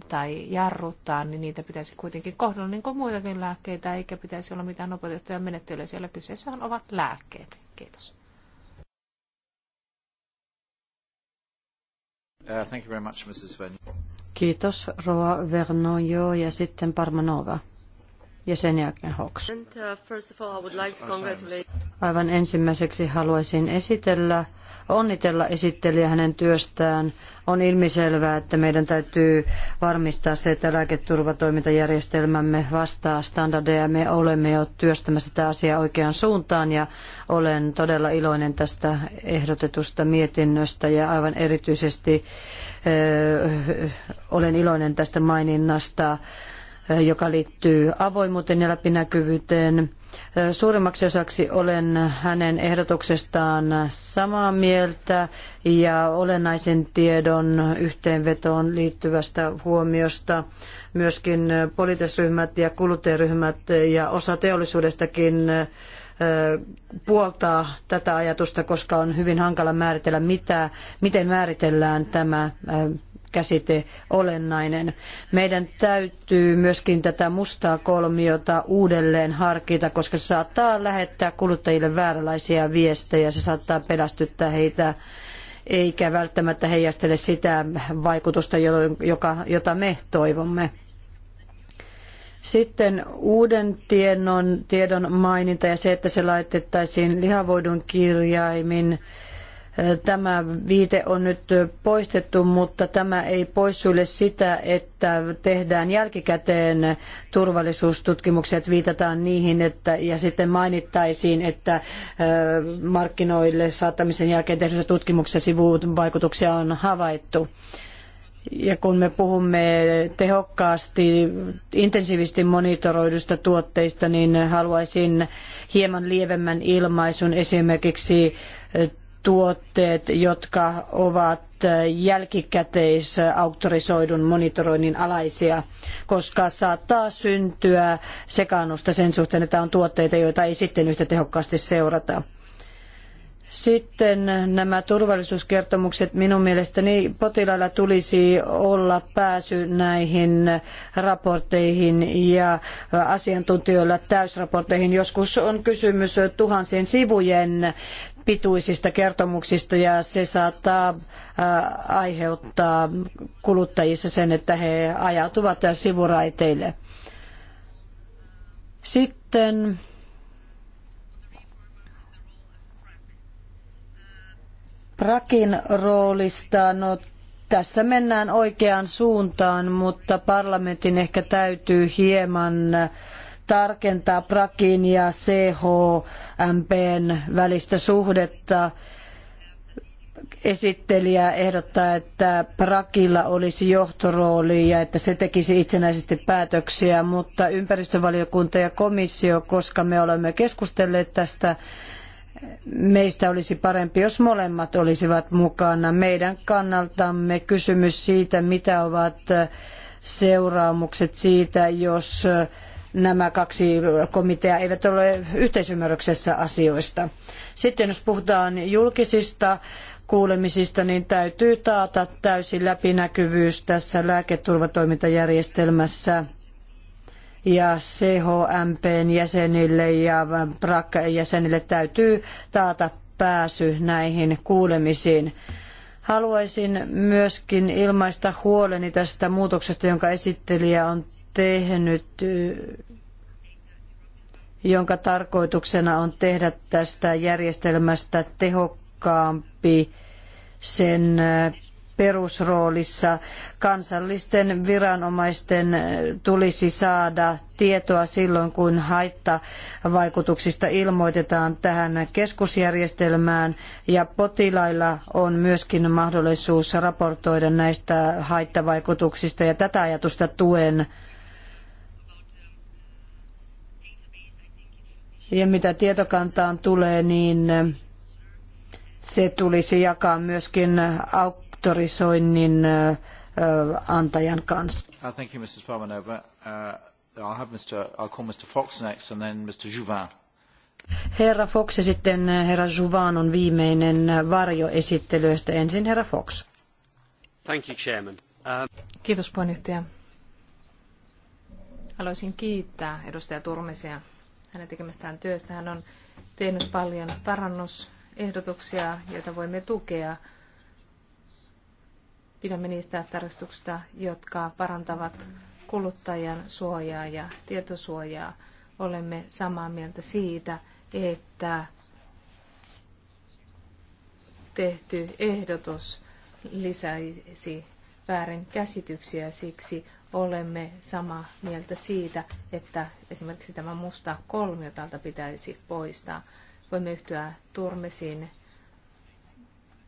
tai jarruttaa, niin niitä pitäisi kuitenkin kohdella niin kuin muitakin lääkkeitä, eikä pitäisi olla mitään nopeutettuja menettelyjä. Siellä kyseessä ovat lääkkeet. Kiitos. Uh, thank you very much, Mrs. Kiitos, Roa Vernojo ja sitten Parmanova. Ja sen jälkeen Hawks. And, uh, first of all, I would like to oh, congratulate... Aivan ensimmäiseksi haluaisin esitellä, onnitella esittelijä hänen työstään. On ilmiselvää, että meidän täytyy varmistaa se, että lääketurvatoimintajärjestelmämme vastaa standardeja. Me olemme jo työstämässä tätä asiaa oikeaan suuntaan ja olen todella iloinen tästä ehdotetusta mietinnöstä ja aivan erityisesti ö, eh, olen iloinen tästä maininnasta, eh, joka liittyy avoimuuteen ja läpinäkyvyyteen Suurimmaksi osaksi olen hänen ehdotuksestaan samaa mieltä ja olennaisen tiedon yhteenvetoon liittyvästä huomiosta. Myöskin poliitisryhmät ja kuluttajaryhmät ja osa teollisuudestakin puoltaa tätä ajatusta, koska on hyvin hankala määritellä, mitä, miten määritellään tämä käsite olennainen. Meidän täytyy myöskin tätä mustaa kolmiota uudelleen harkita, koska se saattaa lähettää kuluttajille vääränlaisia viestejä, se saattaa pelästyttää heitä eikä välttämättä heijastele sitä vaikutusta, jota me toivomme. Sitten uuden tiedon, tiedon maininta ja se, että se laitettaisiin lihavoidun kirjaimin Tämä viite on nyt poistettu, mutta tämä ei poissulje sitä, että tehdään jälkikäteen turvallisuustutkimukset, viitataan niihin että, ja sitten mainittaisiin, että markkinoille saattamisen jälkeen tehdyissä tutkimuksessa sivuvaikutuksia on havaittu. Ja kun me puhumme tehokkaasti, intensiivisesti monitoroidusta tuotteista, niin haluaisin hieman lievemmän ilmaisun esimerkiksi tuotteet, jotka ovat jälkikäteisauktorisoidun monitoroinnin alaisia, koska saattaa syntyä sekaannusta sen suhteen, että on tuotteita, joita ei sitten yhtä tehokkaasti seurata. Sitten nämä turvallisuuskertomukset. Minun mielestäni potilailla tulisi olla pääsy näihin raportteihin ja asiantuntijoilla täysraportteihin. Joskus on kysymys tuhansien sivujen pituisista kertomuksista ja se saattaa äh, aiheuttaa kuluttajissa sen, että he ajautuvat sivuraiteille. Sitten Prakin roolista, no tässä mennään oikeaan suuntaan, mutta parlamentin ehkä täytyy hieman tarkentaa Prakin ja CH MPn välistä suhdetta. Esittelijä ehdottaa, että Prakilla olisi johtorooli ja että se tekisi itsenäisesti päätöksiä, mutta ympäristövaliokunta ja komissio, koska me olemme keskustelleet tästä meistä olisi parempi, jos molemmat olisivat mukana. Meidän kannaltamme kysymys siitä, mitä ovat seuraamukset siitä, jos nämä kaksi komiteaa eivät ole yhteisymmärryksessä asioista. Sitten jos puhutaan julkisista kuulemisista, niin täytyy taata täysi läpinäkyvyys tässä lääketurvatoimintajärjestelmässä ja CHMPn jäsenille ja BRAC-jäsenille täytyy taata pääsy näihin kuulemisiin. Haluaisin myöskin ilmaista huoleni tästä muutoksesta, jonka esittelijä on tehnyt, jonka tarkoituksena on tehdä tästä järjestelmästä tehokkaampi sen perusroolissa. Kansallisten viranomaisten tulisi saada tietoa silloin, kun haittavaikutuksista ilmoitetaan tähän keskusjärjestelmään ja potilailla on myöskin mahdollisuus raportoida näistä haittavaikutuksista ja tätä ajatusta tuen Ja mitä tietokantaan tulee, niin se tulisi jakaa myöskin auktorisoinnin antajan kanssa. Uh, thank you, Mrs. Palmanova. Uh, I'll have Mr. I'll call Mr. Fox next and then Mr. Juvin. Herra Fox ja sitten uh, herra Juvan on viimeinen varjoesittelyistä. Ensin herra Fox. Thank you, Chairman. Um... Kiitos puheenjohtaja. Haluaisin kiittää edustaja Turmisia hänen tekemästään työstä. Hän on tehnyt paljon parannusehdotuksia, joita voimme tukea. Pidämme niistä tarkastuksista, jotka parantavat kuluttajan suojaa ja tietosuojaa. Olemme samaa mieltä siitä, että tehty ehdotus lisäisi väärin käsityksiä, siksi olemme samaa mieltä siitä, että esimerkiksi tämä musta kolmio täältä pitäisi poistaa. Voimme yhtyä Turmesin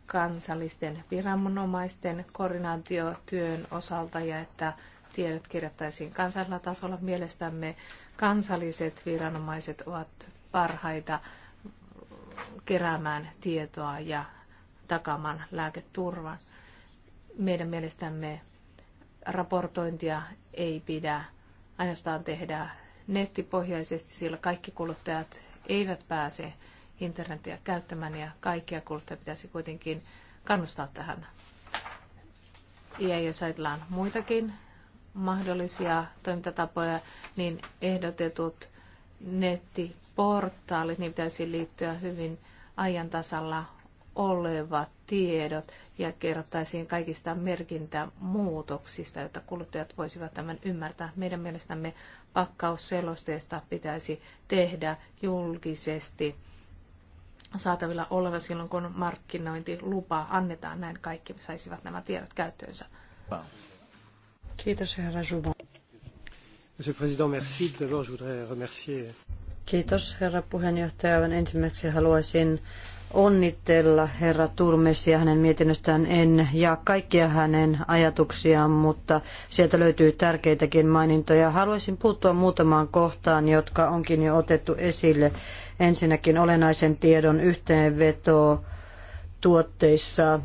kansallisten viranomaisten koordinaatiotyön osalta ja että tiedot kirjattaisiin kansallisella tasolla. Mielestämme kansalliset viranomaiset ovat parhaita keräämään tietoa ja takaamaan lääketurvan. Meidän mielestämme raportointia ei pidä ainoastaan tehdä nettipohjaisesti, sillä kaikki kuluttajat eivät pääse internetiä käyttämään ja kaikkia kuluttajia pitäisi kuitenkin kannustaa tähän. Ja jos ajatellaan muitakin mahdollisia toimintatapoja, niin ehdotetut nettiportaalit, niin pitäisi liittyä hyvin ajan tasalla olevat tiedot ja kerrottaisiin kaikista merkintämuutoksista, jotta kuluttajat voisivat tämän ymmärtää. Meidän mielestämme pakkausselosteesta pitäisi tehdä julkisesti saatavilla oleva silloin, kun markkinointilupa annetaan. Näin kaikki saisivat nämä tiedot käyttöönsä. Kiitos, herra Juvon. Monsieur le Président, merci. D'abord, je voudrais remercier Kiitos herra puheenjohtaja. Ensimmäiseksi haluaisin onnitella herra Turmesia hänen mietinnöstään. En jaa kaikkia hänen ajatuksiaan, mutta sieltä löytyy tärkeitäkin mainintoja. Haluaisin puuttua muutamaan kohtaan, jotka onkin jo otettu esille. Ensinnäkin olennaisen tiedon yhteenveto tuotteissa.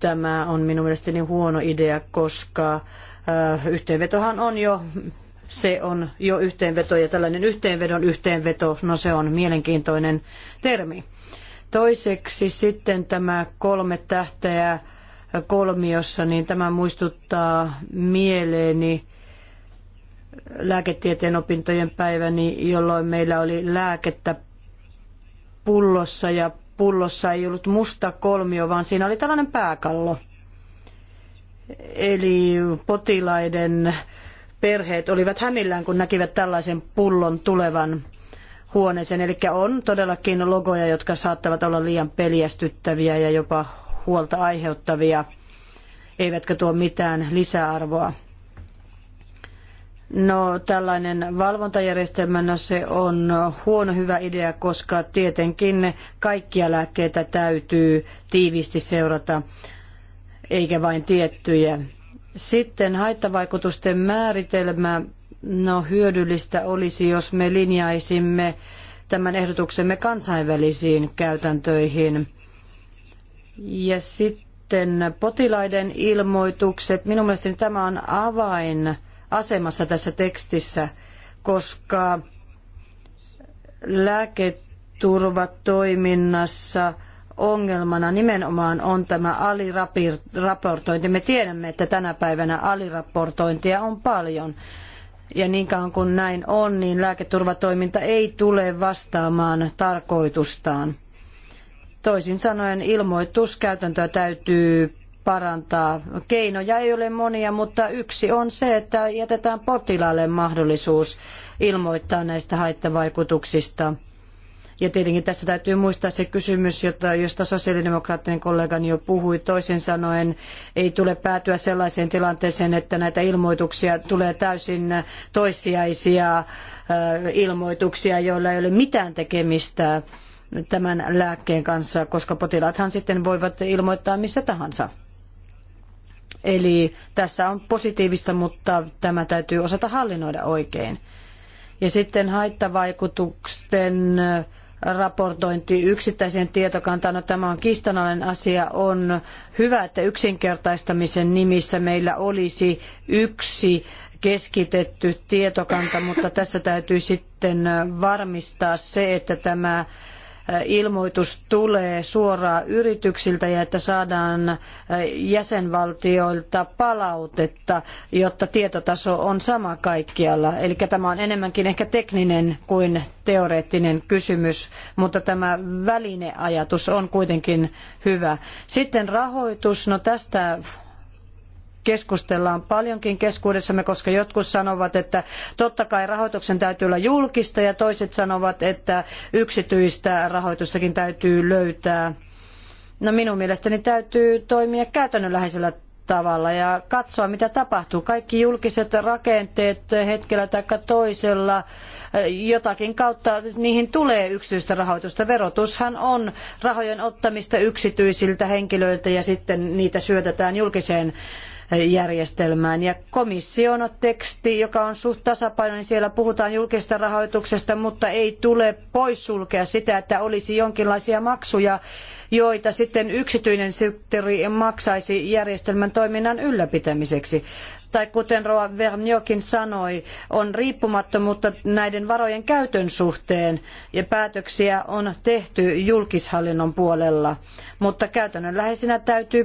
Tämä on minun mielestäni huono idea, koska äh, yhteenvetohan on jo se on jo yhteenveto ja tällainen yhteenvedon yhteenveto, no se on mielenkiintoinen termi. Toiseksi sitten tämä kolme tähteä kolmiossa, niin tämä muistuttaa mieleeni lääketieteen opintojen päiväni, jolloin meillä oli lääkettä pullossa ja pullossa ei ollut musta kolmio, vaan siinä oli tällainen pääkallo. Eli potilaiden perheet olivat hämillään, kun näkivät tällaisen pullon tulevan huoneeseen. Eli on todellakin logoja, jotka saattavat olla liian peljästyttäviä ja jopa huolta aiheuttavia, eivätkä tuo mitään lisäarvoa. No tällainen valvontajärjestelmä, no se on huono hyvä idea, koska tietenkin kaikkia lääkkeitä täytyy tiiviisti seurata, eikä vain tiettyjä. Sitten haittavaikutusten määritelmä No hyödyllistä olisi, jos me linjaisimme tämän ehdotuksemme kansainvälisiin käytäntöihin. Ja sitten potilaiden ilmoitukset. Minun mielestäni tämä on avain asemassa tässä tekstissä, koska lääketurvatoiminnassa ongelmana nimenomaan on tämä aliraportointi. Me tiedämme, että tänä päivänä aliraportointia on paljon. Ja niin kauan kuin näin on, niin lääketurvatoiminta ei tule vastaamaan tarkoitustaan. Toisin sanoen ilmoituskäytäntöä täytyy parantaa. Keinoja ei ole monia, mutta yksi on se, että jätetään potilaalle mahdollisuus ilmoittaa näistä haittavaikutuksista ja tietenkin tässä täytyy muistaa se kysymys, jota, josta sosiaalidemokraattinen kollegani jo puhui. Toisin sanoen ei tule päätyä sellaiseen tilanteeseen, että näitä ilmoituksia tulee täysin toissijaisia ilmoituksia, joilla ei ole mitään tekemistä tämän lääkkeen kanssa, koska potilaathan sitten voivat ilmoittaa mistä tahansa. Eli tässä on positiivista, mutta tämä täytyy osata hallinnoida oikein. Ja sitten haittavaikutusten raportointi yksittäiseen tietokantaan, no tämä on kiistanalainen asia, on hyvä, että yksinkertaistamisen nimissä meillä olisi yksi keskitetty tietokanta, mutta tässä täytyy sitten varmistaa se, että tämä Äh, ilmoitus tulee suoraan yrityksiltä ja että saadaan äh, jäsenvaltioilta palautetta, jotta tietotaso on sama kaikkialla. Eli tämä on enemmänkin ehkä tekninen kuin teoreettinen kysymys, mutta tämä välineajatus on kuitenkin hyvä. Sitten rahoitus, no tästä keskustellaan paljonkin keskuudessamme, koska jotkut sanovat, että totta kai rahoituksen täytyy olla julkista ja toiset sanovat, että yksityistä rahoitustakin täytyy löytää. No minun mielestäni täytyy toimia käytännönläheisellä tavalla ja katsoa, mitä tapahtuu. Kaikki julkiset rakenteet hetkellä tai toisella jotakin kautta niihin tulee yksityistä rahoitusta. Verotushan on rahojen ottamista yksityisiltä henkilöiltä ja sitten niitä syötetään julkiseen järjestelmään. Ja komission teksti, joka on suht tasapainoinen, niin siellä puhutaan julkisesta rahoituksesta, mutta ei tule poissulkea sitä, että olisi jonkinlaisia maksuja, joita sitten yksityinen sektori maksaisi järjestelmän toiminnan ylläpitämiseksi tai kuten Roa Verniokin sanoi, on riippumattomuutta näiden varojen käytön suhteen ja päätöksiä on tehty julkishallinnon puolella. Mutta käytännönläheisinä täytyy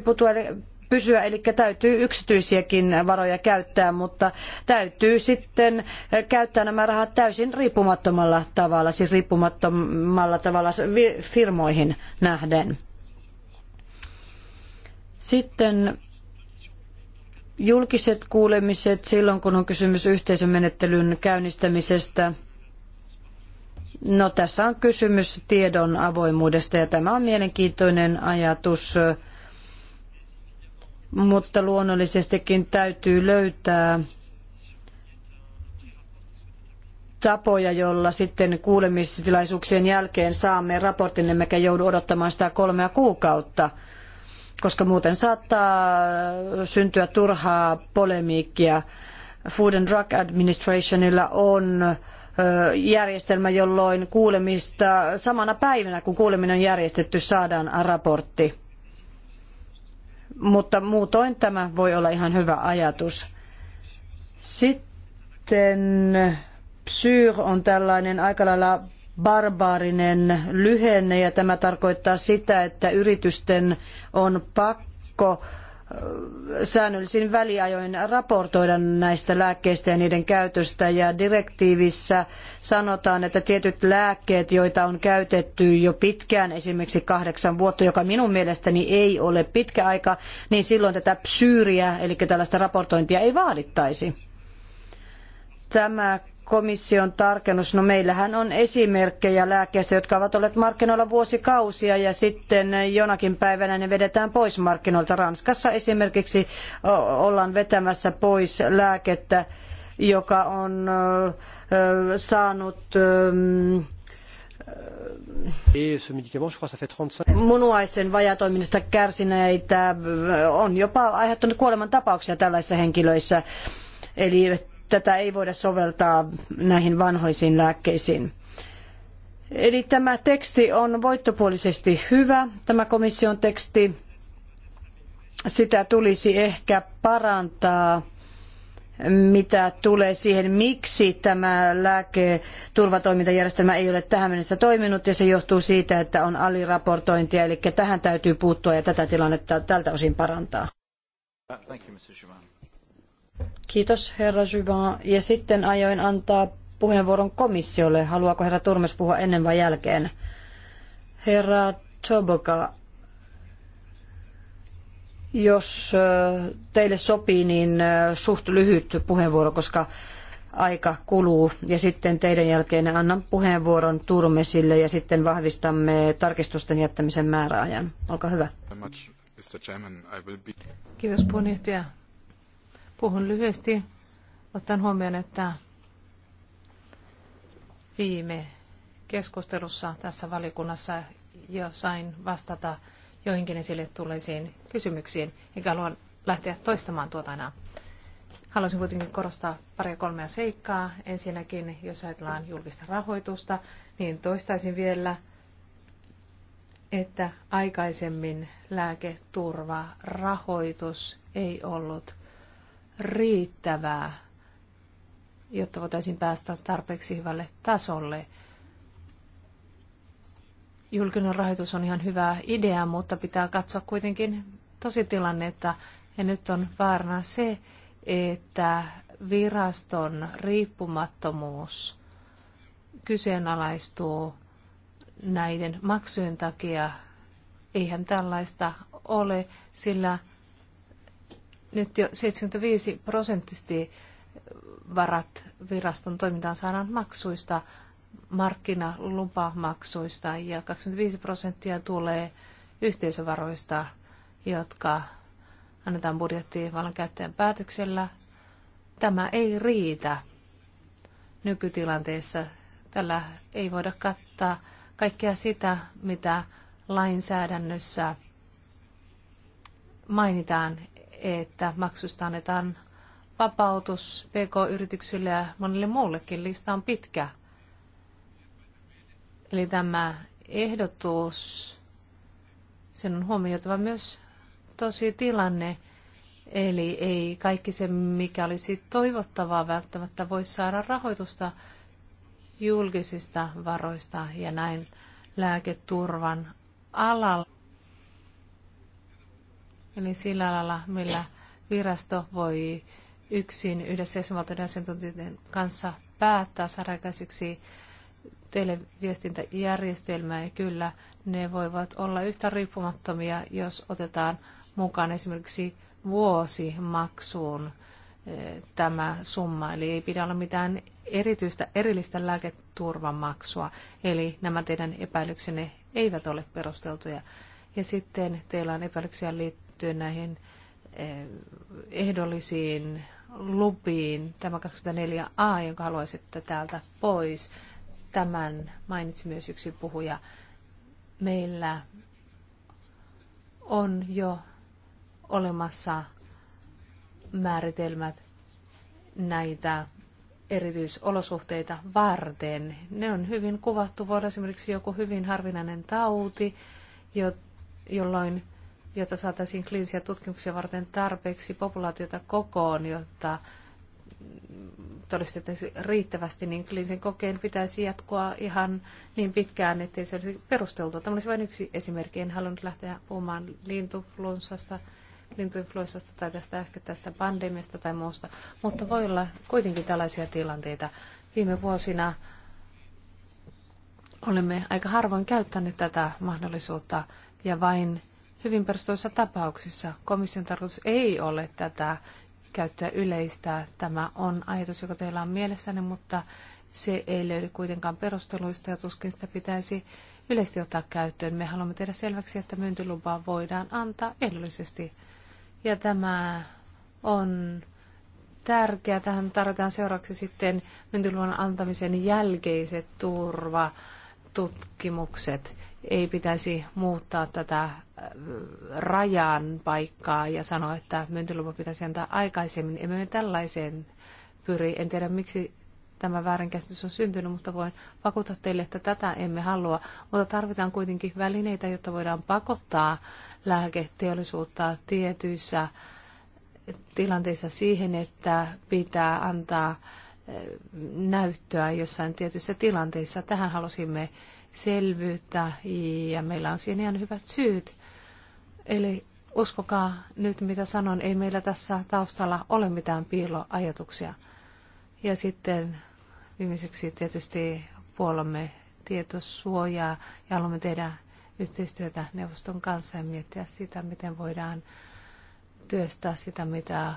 pysyä, eli täytyy yksityisiäkin varoja käyttää, mutta täytyy sitten käyttää nämä rahat täysin riippumattomalla tavalla, siis riippumattomalla tavalla firmoihin nähden. Sitten julkiset kuulemiset silloin, kun on kysymys yhteisömenettelyn käynnistämisestä. No tässä on kysymys tiedon avoimuudesta ja tämä on mielenkiintoinen ajatus mutta luonnollisestikin täytyy löytää tapoja, joilla sitten kuulemistilaisuuksien jälkeen saamme raportin, emmekä joudu odottamaan sitä kolmea kuukautta, koska muuten saattaa syntyä turhaa polemiikkia. Food and Drug Administrationilla on järjestelmä, jolloin kuulemista samana päivänä, kun kuuleminen on järjestetty, saadaan raportti mutta muutoin tämä voi olla ihan hyvä ajatus. Sitten psyyr on tällainen aika lailla barbaarinen lyhenne ja tämä tarkoittaa sitä, että yritysten on pakko säännöllisin väliajoin raportoida näistä lääkkeistä ja niiden käytöstä. Ja direktiivissä sanotaan, että tietyt lääkkeet, joita on käytetty jo pitkään, esimerkiksi kahdeksan vuotta, joka minun mielestäni ei ole pitkä aika, niin silloin tätä psyyriä, eli tällaista raportointia ei vaadittaisi. Tämä komission tarkennus. No meillähän on esimerkkejä lääkkeistä, jotka ovat olleet markkinoilla vuosikausia ja sitten jonakin päivänä ne vedetään pois markkinoilta. Ranskassa esimerkiksi ollaan vetämässä pois lääkettä, joka on saanut munuaisen vajatoiminnasta kärsineitä on jopa aiheuttanut kuolemantapauksia tällaisissa henkilöissä. Eli tätä ei voida soveltaa näihin vanhoisiin lääkkeisiin. Eli tämä teksti on voittopuolisesti hyvä, tämä komission teksti. Sitä tulisi ehkä parantaa mitä tulee siihen, miksi tämä lääketurvatoimintajärjestelmä ei ole tähän mennessä toiminut, ja se johtuu siitä, että on aliraportointia, eli tähän täytyy puuttua ja tätä tilannetta tältä osin parantaa. Thank you, Mr. Kiitos herra Jyvan. Ja sitten ajoin antaa puheenvuoron komissiolle. Haluaako herra Turmes puhua ennen vai jälkeen? Herra Toboka, jos teille sopii, niin suht lyhyt puheenvuoro, koska aika kuluu. Ja sitten teidän jälkeen annan puheenvuoron Turmesille ja sitten vahvistamme tarkistusten jättämisen määräajan. Olkaa hyvä. Kiitos puheenjohtaja. Puhun lyhyesti, otan huomioon, että viime keskustelussa tässä valikunnassa jo sain vastata joihinkin esille tulleisiin kysymyksiin, eikä haluan lähteä toistamaan tuota enää. Haluaisin kuitenkin korostaa paria kolmea seikkaa. Ensinnäkin, jos ajatellaan julkista rahoitusta, niin toistaisin vielä, että aikaisemmin lääketurva rahoitus ei ollut riittävää, jotta voitaisiin päästä tarpeeksi hyvälle tasolle. Julkinen rahoitus on ihan hyvä idea, mutta pitää katsoa kuitenkin tilannetta. Ja nyt on vaarana se, että viraston riippumattomuus kyseenalaistuu näiden maksujen takia. Eihän tällaista ole, sillä nyt jo 75 prosenttisesti varat viraston toimintaan saadaan maksuista, markkinalupamaksuista ja 25 prosenttia tulee yhteisövaroista, jotka annetaan budjettivallan käyttäjän päätöksellä. Tämä ei riitä nykytilanteessa. Tällä ei voida kattaa kaikkea sitä, mitä lainsäädännössä mainitaan että maksusta annetaan vapautus PK-yrityksille ja monille muullekin. Lista on pitkä. Eli tämä ehdotus, sen on huomioitava myös tosi tilanne. Eli ei kaikki se, mikä olisi toivottavaa välttämättä, voi saada rahoitusta julkisista varoista ja näin lääketurvan alalla Eli sillä alalla, millä virasto voi yksin yhdessä jäsenvaltioiden asiantuntijoiden kanssa päättää saada aikaiseksi televiestintäjärjestelmää. Ja kyllä ne voivat olla yhtä riippumattomia, jos otetaan mukaan esimerkiksi vuosimaksuun eh, tämä summa. Eli ei pidä olla mitään erityistä erillistä lääketurvamaksua. Eli nämä teidän epäilyksenne eivät ole perusteltuja. Ja sitten teillä on epäilyksiä liittyen liittyen näihin eh, ehdollisiin lupiin, tämä 24a, jonka haluaisitte täältä pois, tämän mainitsi myös yksi puhuja. Meillä on jo olemassa määritelmät näitä erityisolosuhteita varten. Ne on hyvin kuvattu, voidaan esimerkiksi joku hyvin harvinainen tauti, jolloin jotta saataisiin kliinisiä tutkimuksia varten tarpeeksi populaatiota kokoon, jotta todistettaisiin riittävästi, niin kliinisen kokeen pitäisi jatkua ihan niin pitkään, ettei se olisi perusteltua. Tämä olisi vain yksi esimerkki. En halunnut lähteä puhumaan lintuflunssasta, lintuinfluenssasta tai tästä ehkä tästä pandemiasta tai muusta, mutta voi olla kuitenkin tällaisia tilanteita. Viime vuosina olemme aika harvoin käyttäneet tätä mahdollisuutta ja vain hyvin perustuissa tapauksissa. Komission tarkoitus ei ole tätä käyttöä yleistää. Tämä on ajatus, joka teillä on mielessäni, mutta se ei löydy kuitenkaan perusteluista ja tuskin sitä pitäisi yleisesti ottaa käyttöön. Me haluamme tehdä selväksi, että myyntilupaa voidaan antaa ehdollisesti. Ja tämä on tärkeää. Tähän tarvitaan seuraavaksi sitten myyntiluvan antamisen jälkeiset turvatutkimukset ei pitäisi muuttaa tätä äh, rajan paikkaa ja sanoa, että myyntilupa pitäisi antaa aikaisemmin. Emme me tällaiseen pyri. En tiedä, miksi tämä väärinkäsitys on syntynyt, mutta voin vakuuttaa teille, että tätä emme halua. Mutta tarvitaan kuitenkin välineitä, jotta voidaan pakottaa lääketeollisuutta tietyissä tilanteissa siihen, että pitää antaa äh, näyttöä jossain tietyissä tilanteissa. Tähän halusimme selvyyttä ja meillä on siihen ihan hyvät syyt. Eli uskokaa nyt, mitä sanon, ei meillä tässä taustalla ole mitään piiloajatuksia. Ja sitten viimeiseksi tietysti puolomme tietosuojaa ja haluamme tehdä yhteistyötä neuvoston kanssa ja miettiä sitä, miten voidaan työstää sitä, mitä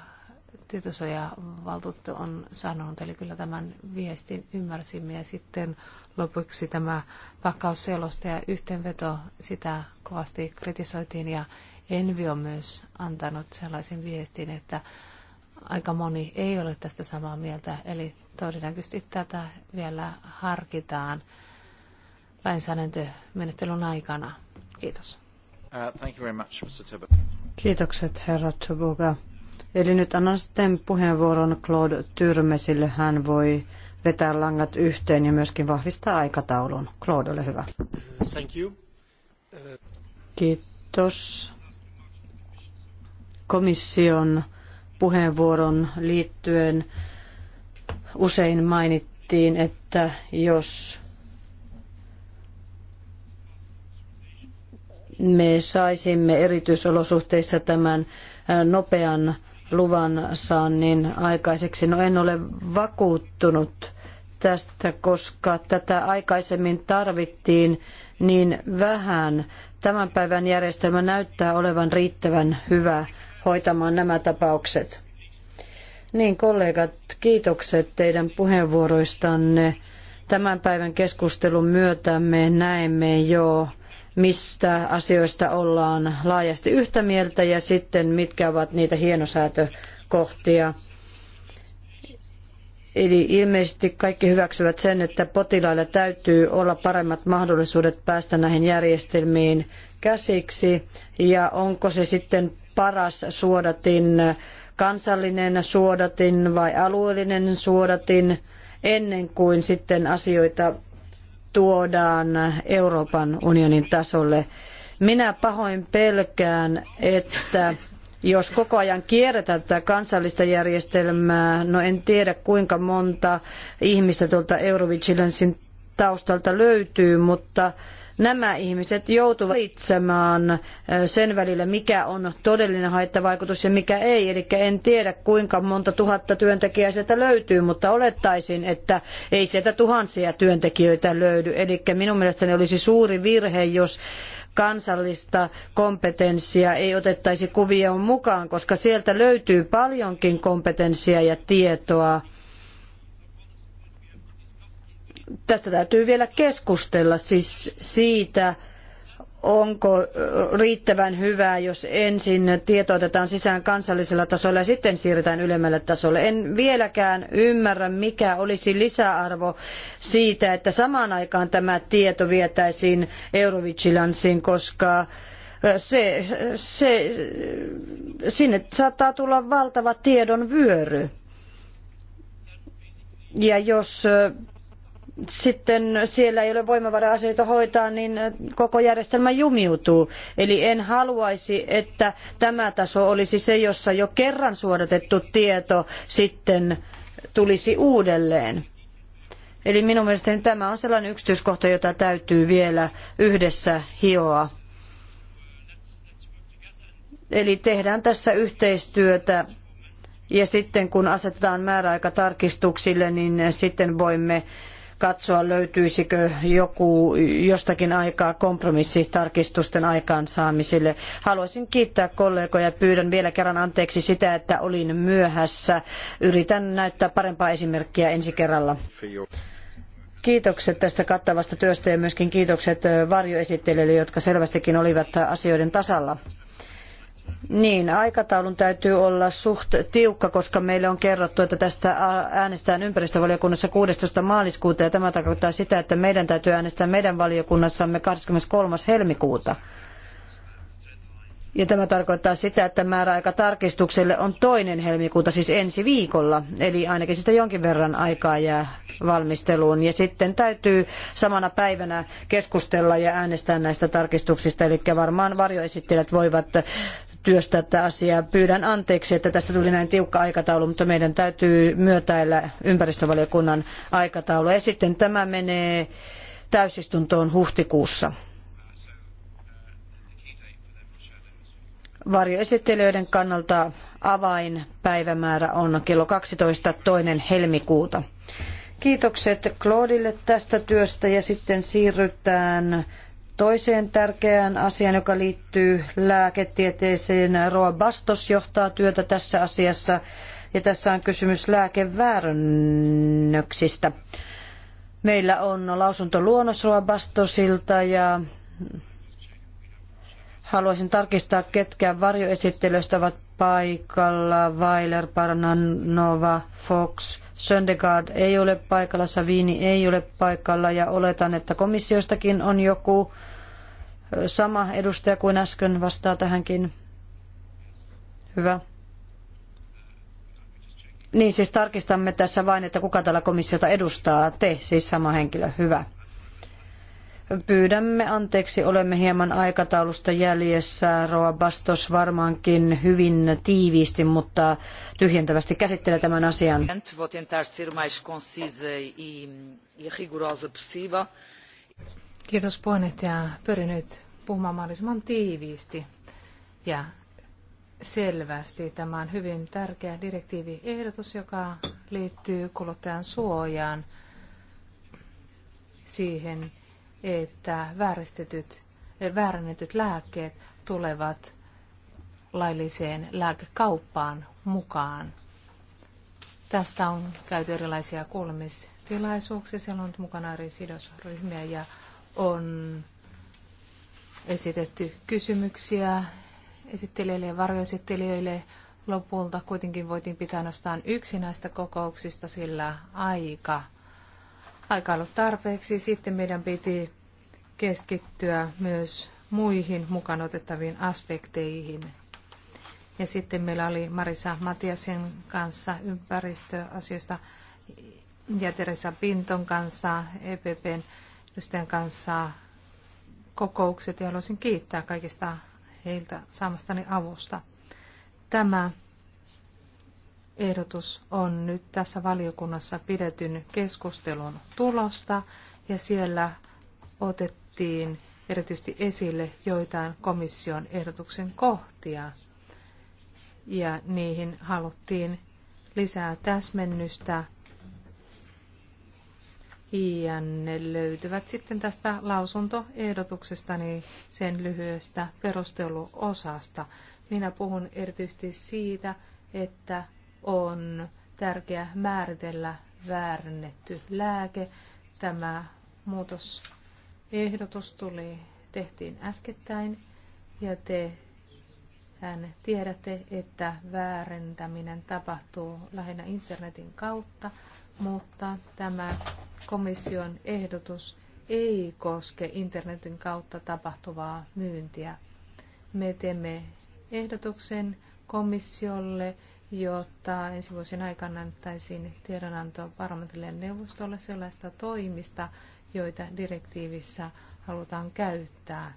tietosuojavaltuutettu on sanonut. Eli kyllä tämän viestin ymmärsimme ja sitten lopuksi tämä vakausselosta ja yhteenveto, sitä kovasti kritisoitiin ja Envi on myös antanut sellaisen viestin, että aika moni ei ole tästä samaa mieltä, eli todennäköisesti tätä vielä harkitaan lainsäädäntömenettelyn aikana. Kiitos. Uh, thank you very much, Mr. Kiitokset, herra Tubuga. Eli nyt annan sitten puheenvuoron Claude Tyrmesille. Hän voi vetää langat yhteen ja myöskin vahvistaa aikataulun. Claude, ole hyvä. Thank you. Kiitos komission puheenvuoron liittyen. Usein mainittiin, että jos me saisimme erityisolosuhteissa tämän nopean luvan saannin aikaiseksi. No en ole vakuuttunut tästä, koska tätä aikaisemmin tarvittiin niin vähän. Tämän päivän järjestelmä näyttää olevan riittävän hyvä hoitamaan nämä tapaukset. Niin kollegat, kiitokset teidän puheenvuoroistanne. Tämän päivän keskustelun myötä me näemme jo mistä asioista ollaan laajasti yhtä mieltä ja sitten mitkä ovat niitä hienosäätökohtia. Eli ilmeisesti kaikki hyväksyvät sen, että potilailla täytyy olla paremmat mahdollisuudet päästä näihin järjestelmiin käsiksi. Ja onko se sitten paras suodatin, kansallinen suodatin vai alueellinen suodatin, ennen kuin sitten asioita tuodaan Euroopan unionin tasolle. Minä pahoin pelkään, että jos koko ajan kierretään tätä kansallista järjestelmää, no en tiedä kuinka monta ihmistä tuolta Eurovigilansin taustalta löytyy, mutta nämä ihmiset joutuvat valitsemaan sen välillä, mikä on todellinen haittavaikutus ja mikä ei. Eli en tiedä, kuinka monta tuhatta työntekijää sieltä löytyy, mutta olettaisin, että ei sieltä tuhansia työntekijöitä löydy. Eli minun mielestäni olisi suuri virhe, jos kansallista kompetenssia ei otettaisi kuvioon mukaan, koska sieltä löytyy paljonkin kompetenssia ja tietoa tästä täytyy vielä keskustella siis siitä, onko riittävän hyvää, jos ensin tieto otetaan sisään kansallisella tasolla ja sitten siirretään ylemmälle tasolle. En vieläkään ymmärrä, mikä olisi lisäarvo siitä, että samaan aikaan tämä tieto vietäisiin Eurovigilanssiin, koska se, se, sinne saattaa tulla valtava tiedon vyöry. Ja jos sitten siellä ei ole voimavaraa asioita hoitaa, niin koko järjestelmä jumiutuu. Eli en haluaisi, että tämä taso olisi se, jossa jo kerran suodatettu tieto sitten tulisi uudelleen. Eli minun mielestäni tämä on sellainen yksityiskohta, jota täytyy vielä yhdessä hioa. Eli tehdään tässä yhteistyötä ja sitten kun asetetaan määräaika tarkistuksille, niin sitten voimme katsoa, löytyisikö joku jostakin aikaa kompromissi tarkistusten aikaansaamisille. Haluaisin kiittää kollegoja ja pyydän vielä kerran anteeksi sitä, että olin myöhässä. Yritän näyttää parempaa esimerkkiä ensi kerralla. Kiitokset tästä kattavasta työstä ja myöskin kiitokset varjoesittelijöille, jotka selvästikin olivat asioiden tasalla. Niin, aikataulun täytyy olla suht tiukka, koska meille on kerrottu, että tästä äänestetään ympäristövaliokunnassa 16. maaliskuuta ja tämä tarkoittaa sitä, että meidän täytyy äänestää meidän valiokunnassamme 23. helmikuuta. Ja tämä tarkoittaa sitä, että määräaika tarkistukselle on toinen helmikuuta, siis ensi viikolla. Eli ainakin sitä jonkin verran aikaa jää valmisteluun. Ja sitten täytyy samana päivänä keskustella ja äänestää näistä tarkistuksista. Eli varmaan varjoesittelijät voivat työstää tätä asiaa. Pyydän anteeksi, että tästä tuli näin tiukka aikataulu, mutta meidän täytyy myötäillä ympäristövaliokunnan aikataulua. Ja sitten tämä menee täysistuntoon huhtikuussa. Varjoesittelijöiden kannalta avainpäivämäärä on kello 12. toinen helmikuuta. Kiitokset Claudille tästä työstä ja sitten siirrytään toiseen tärkeään asiaan, joka liittyy lääketieteeseen. Roa Bastos johtaa työtä tässä asiassa ja tässä on kysymys lääkeväärennöksistä. Meillä on lausuntoluonnos Roa Bastosilta ja haluaisin tarkistaa, ketkä varjoesittelyistä ovat paikalla. Weiler, Parnanova, Fox, Söndegaard ei ole paikalla, Savini ei ole paikalla ja oletan, että komissiostakin on joku sama edustaja kuin äsken vastaa tähänkin. Hyvä. Niin siis tarkistamme tässä vain, että kuka tällä komissiota edustaa. Te, siis sama henkilö. Hyvä. Pyydämme anteeksi, olemme hieman aikataulusta jäljessä. Roa Bastos varmaankin hyvin tiiviisti, mutta tyhjentävästi käsittelee tämän asian. Kiitos puheenjohtaja. Pyrin nyt puhumaan mahdollisimman tiiviisti ja selvästi. Tämä on hyvin tärkeä direktiiviehdotus, joka liittyy kuluttajan suojaan siihen, että vääristetyt, väärännetyt lääkkeet tulevat lailliseen lääkekauppaan mukaan. Tästä on käyty erilaisia kuulemistilaisuuksia. Siellä on mukana eri sidosryhmiä ja on esitetty kysymyksiä esittelijöille ja varjoesittelijöille. Lopulta kuitenkin voitiin pitää nostaan yksi näistä kokouksista, sillä aika, aika ollut tarpeeksi. Sitten meidän piti keskittyä myös muihin mukaan otettaviin aspekteihin. Ja sitten meillä oli Marisa Matiasen kanssa ympäristöasioista ja Teresa Pinton kanssa EPPn ystävien kanssa kokoukset ja haluaisin kiittää kaikista heiltä saamastani avusta. Tämä ehdotus on nyt tässä valiokunnassa pidetyn keskustelun tulosta ja siellä otettiin erityisesti esille joitain komission ehdotuksen kohtia ja niihin haluttiin lisää täsmennystä ja ne löytyvät sitten tästä lausuntoehdotuksesta, niin sen lyhyestä perusteluosasta. Minä puhun erityisesti siitä, että on tärkeää määritellä väärennetty lääke. Tämä muutosehdotus tuli, tehtiin äskettäin ja te hän tiedätte, että väärentäminen tapahtuu lähinnä internetin kautta mutta tämä komission ehdotus ei koske internetin kautta tapahtuvaa myyntiä. Me teemme ehdotuksen komissiolle, jotta ensi vuosien aikana annettaisiin tiedonanto parlamentille ja neuvostolle sellaista toimista, joita direktiivissä halutaan käyttää.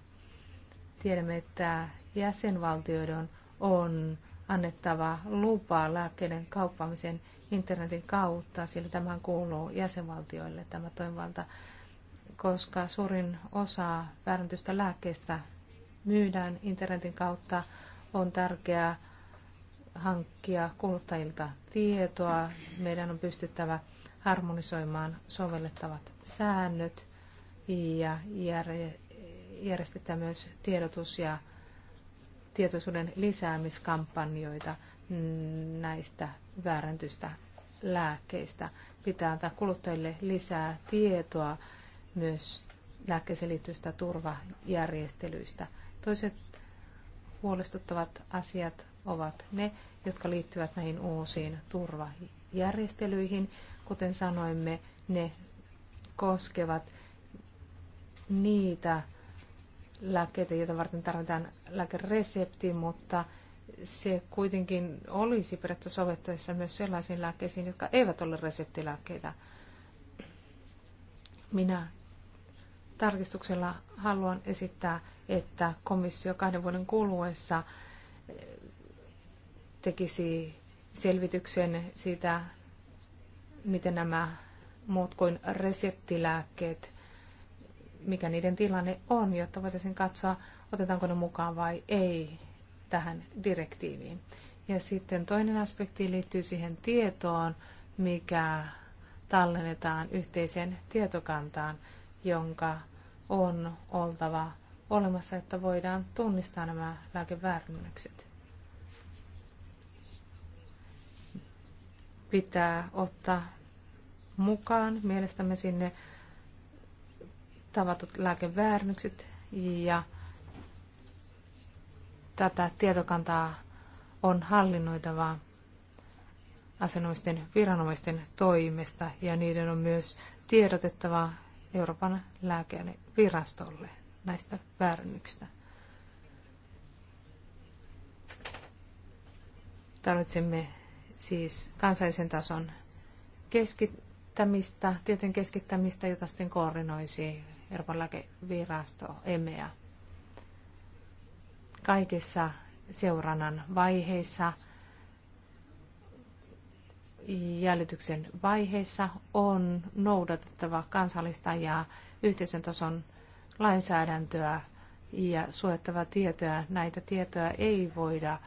Tiedämme, että jäsenvaltioiden on annettava lupa lääkkeiden kauppaamisen internetin kautta, sillä tämä kuuluu jäsenvaltioille tämä toimivalta, koska suurin osa väärentystä lääkkeistä myydään internetin kautta, on tärkeää hankkia kuluttajilta tietoa. Meidän on pystyttävä harmonisoimaan sovellettavat säännöt ja järjestetään myös tiedotus- ja tietoisuuden lisäämiskampanjoita näistä väärentystä lääkkeistä. Pitää antaa kuluttajille lisää tietoa myös lääkkeeseen liittyvistä turvajärjestelyistä. Toiset huolestuttavat asiat ovat ne, jotka liittyvät näihin uusiin turvajärjestelyihin. Kuten sanoimme, ne koskevat niitä lääkkeitä, joita varten tarvitaan lääkeresepti, mutta se kuitenkin olisi periaatteessa sovettaessa myös sellaisiin lääkkeisiin, jotka eivät ole reseptilääkkeitä. Minä tarkistuksella haluan esittää, että komissio kahden vuoden kuluessa eh, tekisi selvityksen siitä, miten nämä muut kuin reseptilääkkeet, mikä niiden tilanne on, jotta voitaisiin katsoa, otetaanko ne mukaan vai ei tähän direktiiviin. Ja sitten toinen aspekti liittyy siihen tietoon, mikä tallennetaan yhteiseen tietokantaan, jonka on oltava olemassa, että voidaan tunnistaa nämä lääkeväärännykset. Pitää ottaa mukaan mielestämme sinne tavatut lääkeväärännykset ja tätä tietokantaa on hallinnoitavaa asianomisten viranomaisten toimesta ja niiden on myös tiedotettava Euroopan lääkevirastolle näistä väärännyksistä. Tarvitsemme siis kansallisen tason keskittämistä, tietojen keskittämistä, jota sitten koordinoisi Euroopan lääkevirasto EMEA kaikissa seurannan vaiheissa, jäljityksen vaiheissa on noudatettava kansallista ja yhteisön tason lainsäädäntöä ja suojattava tietoja. Näitä tietoja ei voida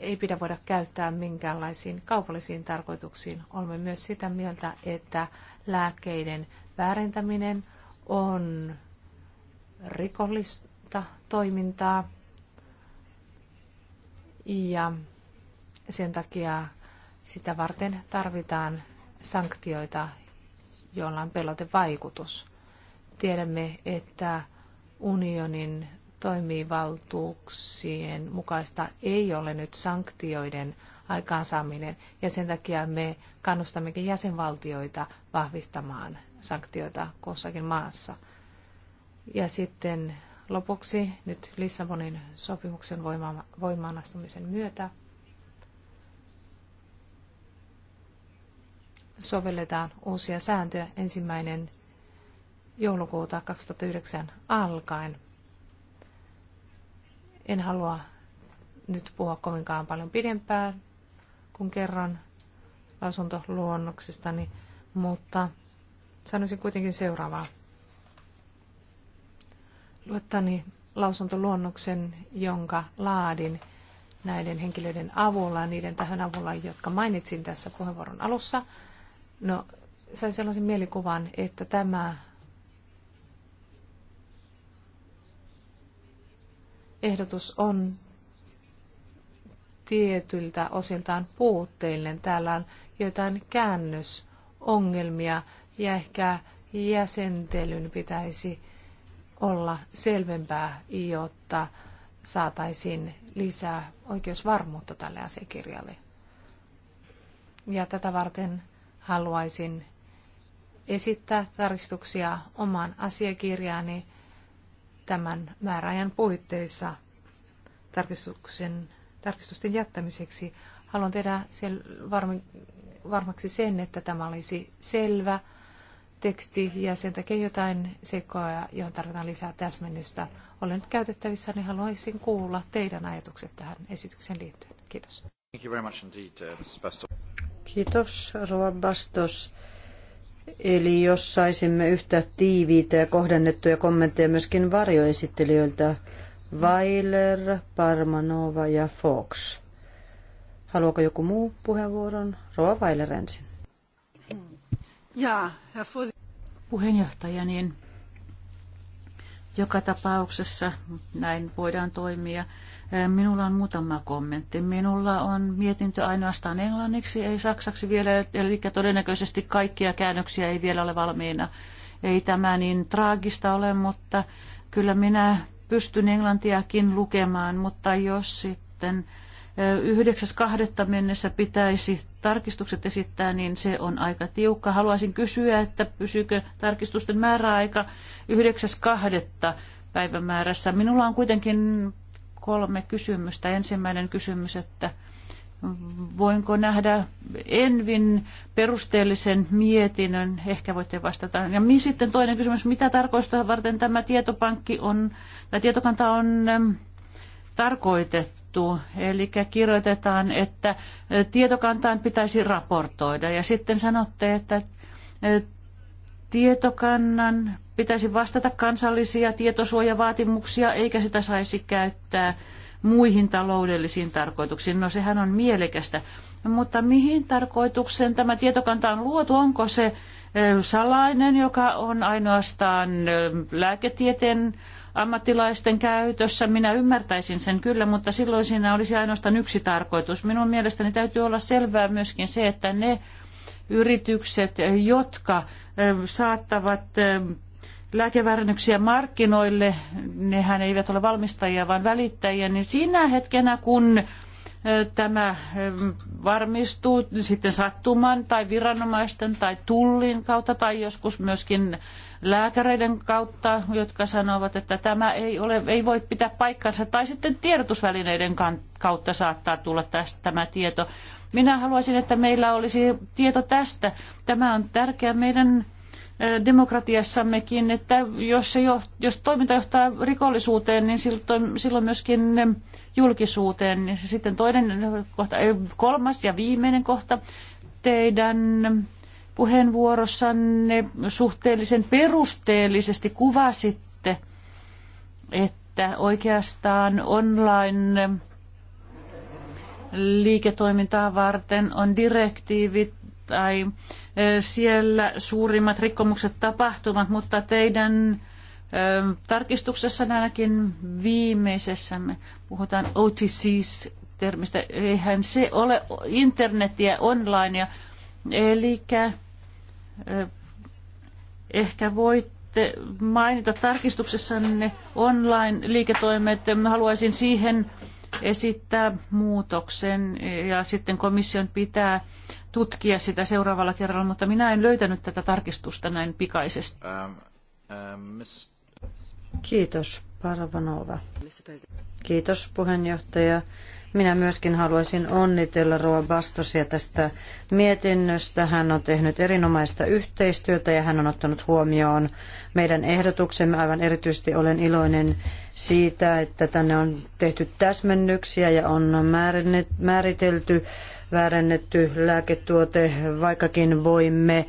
ei pidä voida käyttää minkäänlaisiin kaupallisiin tarkoituksiin. Olemme myös sitä mieltä, että lääkkeiden väärentäminen on rikollista toimintaa ja sen takia sitä varten tarvitaan sanktioita, joilla on pelotevaikutus. Tiedämme, että unionin toimivaltuuksien mukaista ei ole nyt sanktioiden aikaansaaminen, ja sen takia me kannustammekin jäsenvaltioita vahvistamaan sanktioita kussakin maassa. Ja sitten lopuksi nyt Lissabonin sopimuksen voima- voimaanastumisen myötä sovelletaan uusia sääntöjä ensimmäinen joulukuuta 2009 alkaen. En halua nyt puhua kovinkaan paljon pidempään, kun kerron lausuntoluonnoksestani, mutta sanoisin kuitenkin seuraavaa luettani lausuntoluonnoksen, jonka laadin näiden henkilöiden avulla, niiden tähän avulla, jotka mainitsin tässä puheenvuoron alussa, no, sain sellaisen mielikuvan, että tämä ehdotus on tietyltä osiltaan puutteellinen. Täällä on joitain käännösongelmia ja ehkä jäsentelyn pitäisi olla selvempää, jotta saataisiin lisää oikeusvarmuutta tälle asiakirjalle. Ja tätä varten haluaisin esittää tarkistuksia omaan asiakirjaani tämän määräajan puitteissa tarkistuksen, tarkistusten jättämiseksi. Haluan tehdä varmaksi sen, että tämä olisi selvä teksti ja sen takia jotain sekoa, johon tarvitaan lisää täsmennystä. Olen nyt käytettävissä, niin haluaisin kuulla teidän ajatukset tähän esitykseen liittyen. Kiitos. Thank you very much indeed, uh, Bastos. Kiitos, Rova Bastos. Eli jos saisimme yhtä tiiviitä ja kohdennettuja kommentteja myöskin varjoesittelijöiltä, Weiler, Parmanova ja Fox. Haluaako joku muu puheenvuoron? Rova Weiler ensin. Ja, Puheenjohtaja, niin joka tapauksessa näin voidaan toimia. Eh, minulla on muutama kommentti. Minulla on mietintö ainoastaan englanniksi, ei saksaksi vielä, eli todennäköisesti kaikkia käännöksiä ei vielä ole valmiina. Ei tämä niin traagista ole, mutta kyllä minä pystyn englantiakin lukemaan, mutta jos sitten 9.2. mennessä pitäisi tarkistukset esittää, niin se on aika tiukka. Haluaisin kysyä, että pysyykö tarkistusten määräaika 9.2. päivämäärässä. Minulla on kuitenkin kolme kysymystä. Ensimmäinen kysymys, että voinko nähdä Envin perusteellisen mietinnön, ehkä voitte vastata. Ja sitten toinen kysymys, mitä tarkoista varten tämä tietopankki on, tai tietokanta on tarkoitettu? puhuttu. Eli kirjoitetaan, että tietokantaan pitäisi raportoida ja sitten sanotte, että tietokannan pitäisi vastata kansallisia tietosuojavaatimuksia eikä sitä saisi käyttää muihin taloudellisiin tarkoituksiin. No sehän on mielekästä, mutta mihin tarkoitukseen tämä tietokanta on luotu? Onko se salainen, joka on ainoastaan lääketieteen ammattilaisten käytössä. Minä ymmärtäisin sen kyllä, mutta silloin siinä olisi ainoastaan yksi tarkoitus. Minun mielestäni täytyy olla selvää myöskin se, että ne yritykset, jotka saattavat lääkeväärännöksiä markkinoille, nehän eivät ole valmistajia, vaan välittäjiä, niin siinä hetkenä, kun Tämä varmistuu sitten sattuman tai viranomaisten tai tullin kautta tai joskus myöskin lääkäreiden kautta, jotka sanovat, että tämä ei, ole, ei voi pitää paikkansa. Tai sitten tiedotusvälineiden kautta saattaa tulla tästä tämä tieto. Minä haluaisin, että meillä olisi tieto tästä. Tämä on tärkeä meidän demokratiassammekin, että jos, se jo, jos toiminta johtaa rikollisuuteen, niin silloin myöskin julkisuuteen. Se sitten toinen kohta, kolmas ja viimeinen kohta teidän puheenvuorossanne suhteellisen perusteellisesti kuvasitte, että oikeastaan online liiketoimintaa varten on direktiivit tai siellä suurimmat rikkomukset tapahtuvat, mutta teidän tarkistuksessa ainakin viimeisessämme puhutaan OTC-termistä. Eihän se ole internetiä, onlinea. Eli ehkä voitte mainita tarkistuksessanne online-liiketoimet. Haluaisin siihen esittää muutoksen ja sitten komission pitää tutkia sitä seuraavalla kerralla, mutta minä en löytänyt tätä tarkistusta näin pikaisesti. Um, um, Kiitos, Parvanova. Kiitos, puheenjohtaja. Minä myöskin haluaisin onnitella Roa Bastosia tästä mietinnöstä. Hän on tehnyt erinomaista yhteistyötä ja hän on ottanut huomioon meidän ehdotuksemme. Aivan erityisesti olen iloinen siitä, että tänne on tehty täsmennyksiä ja on määritelty väärennetty lääketuote, vaikkakin voimme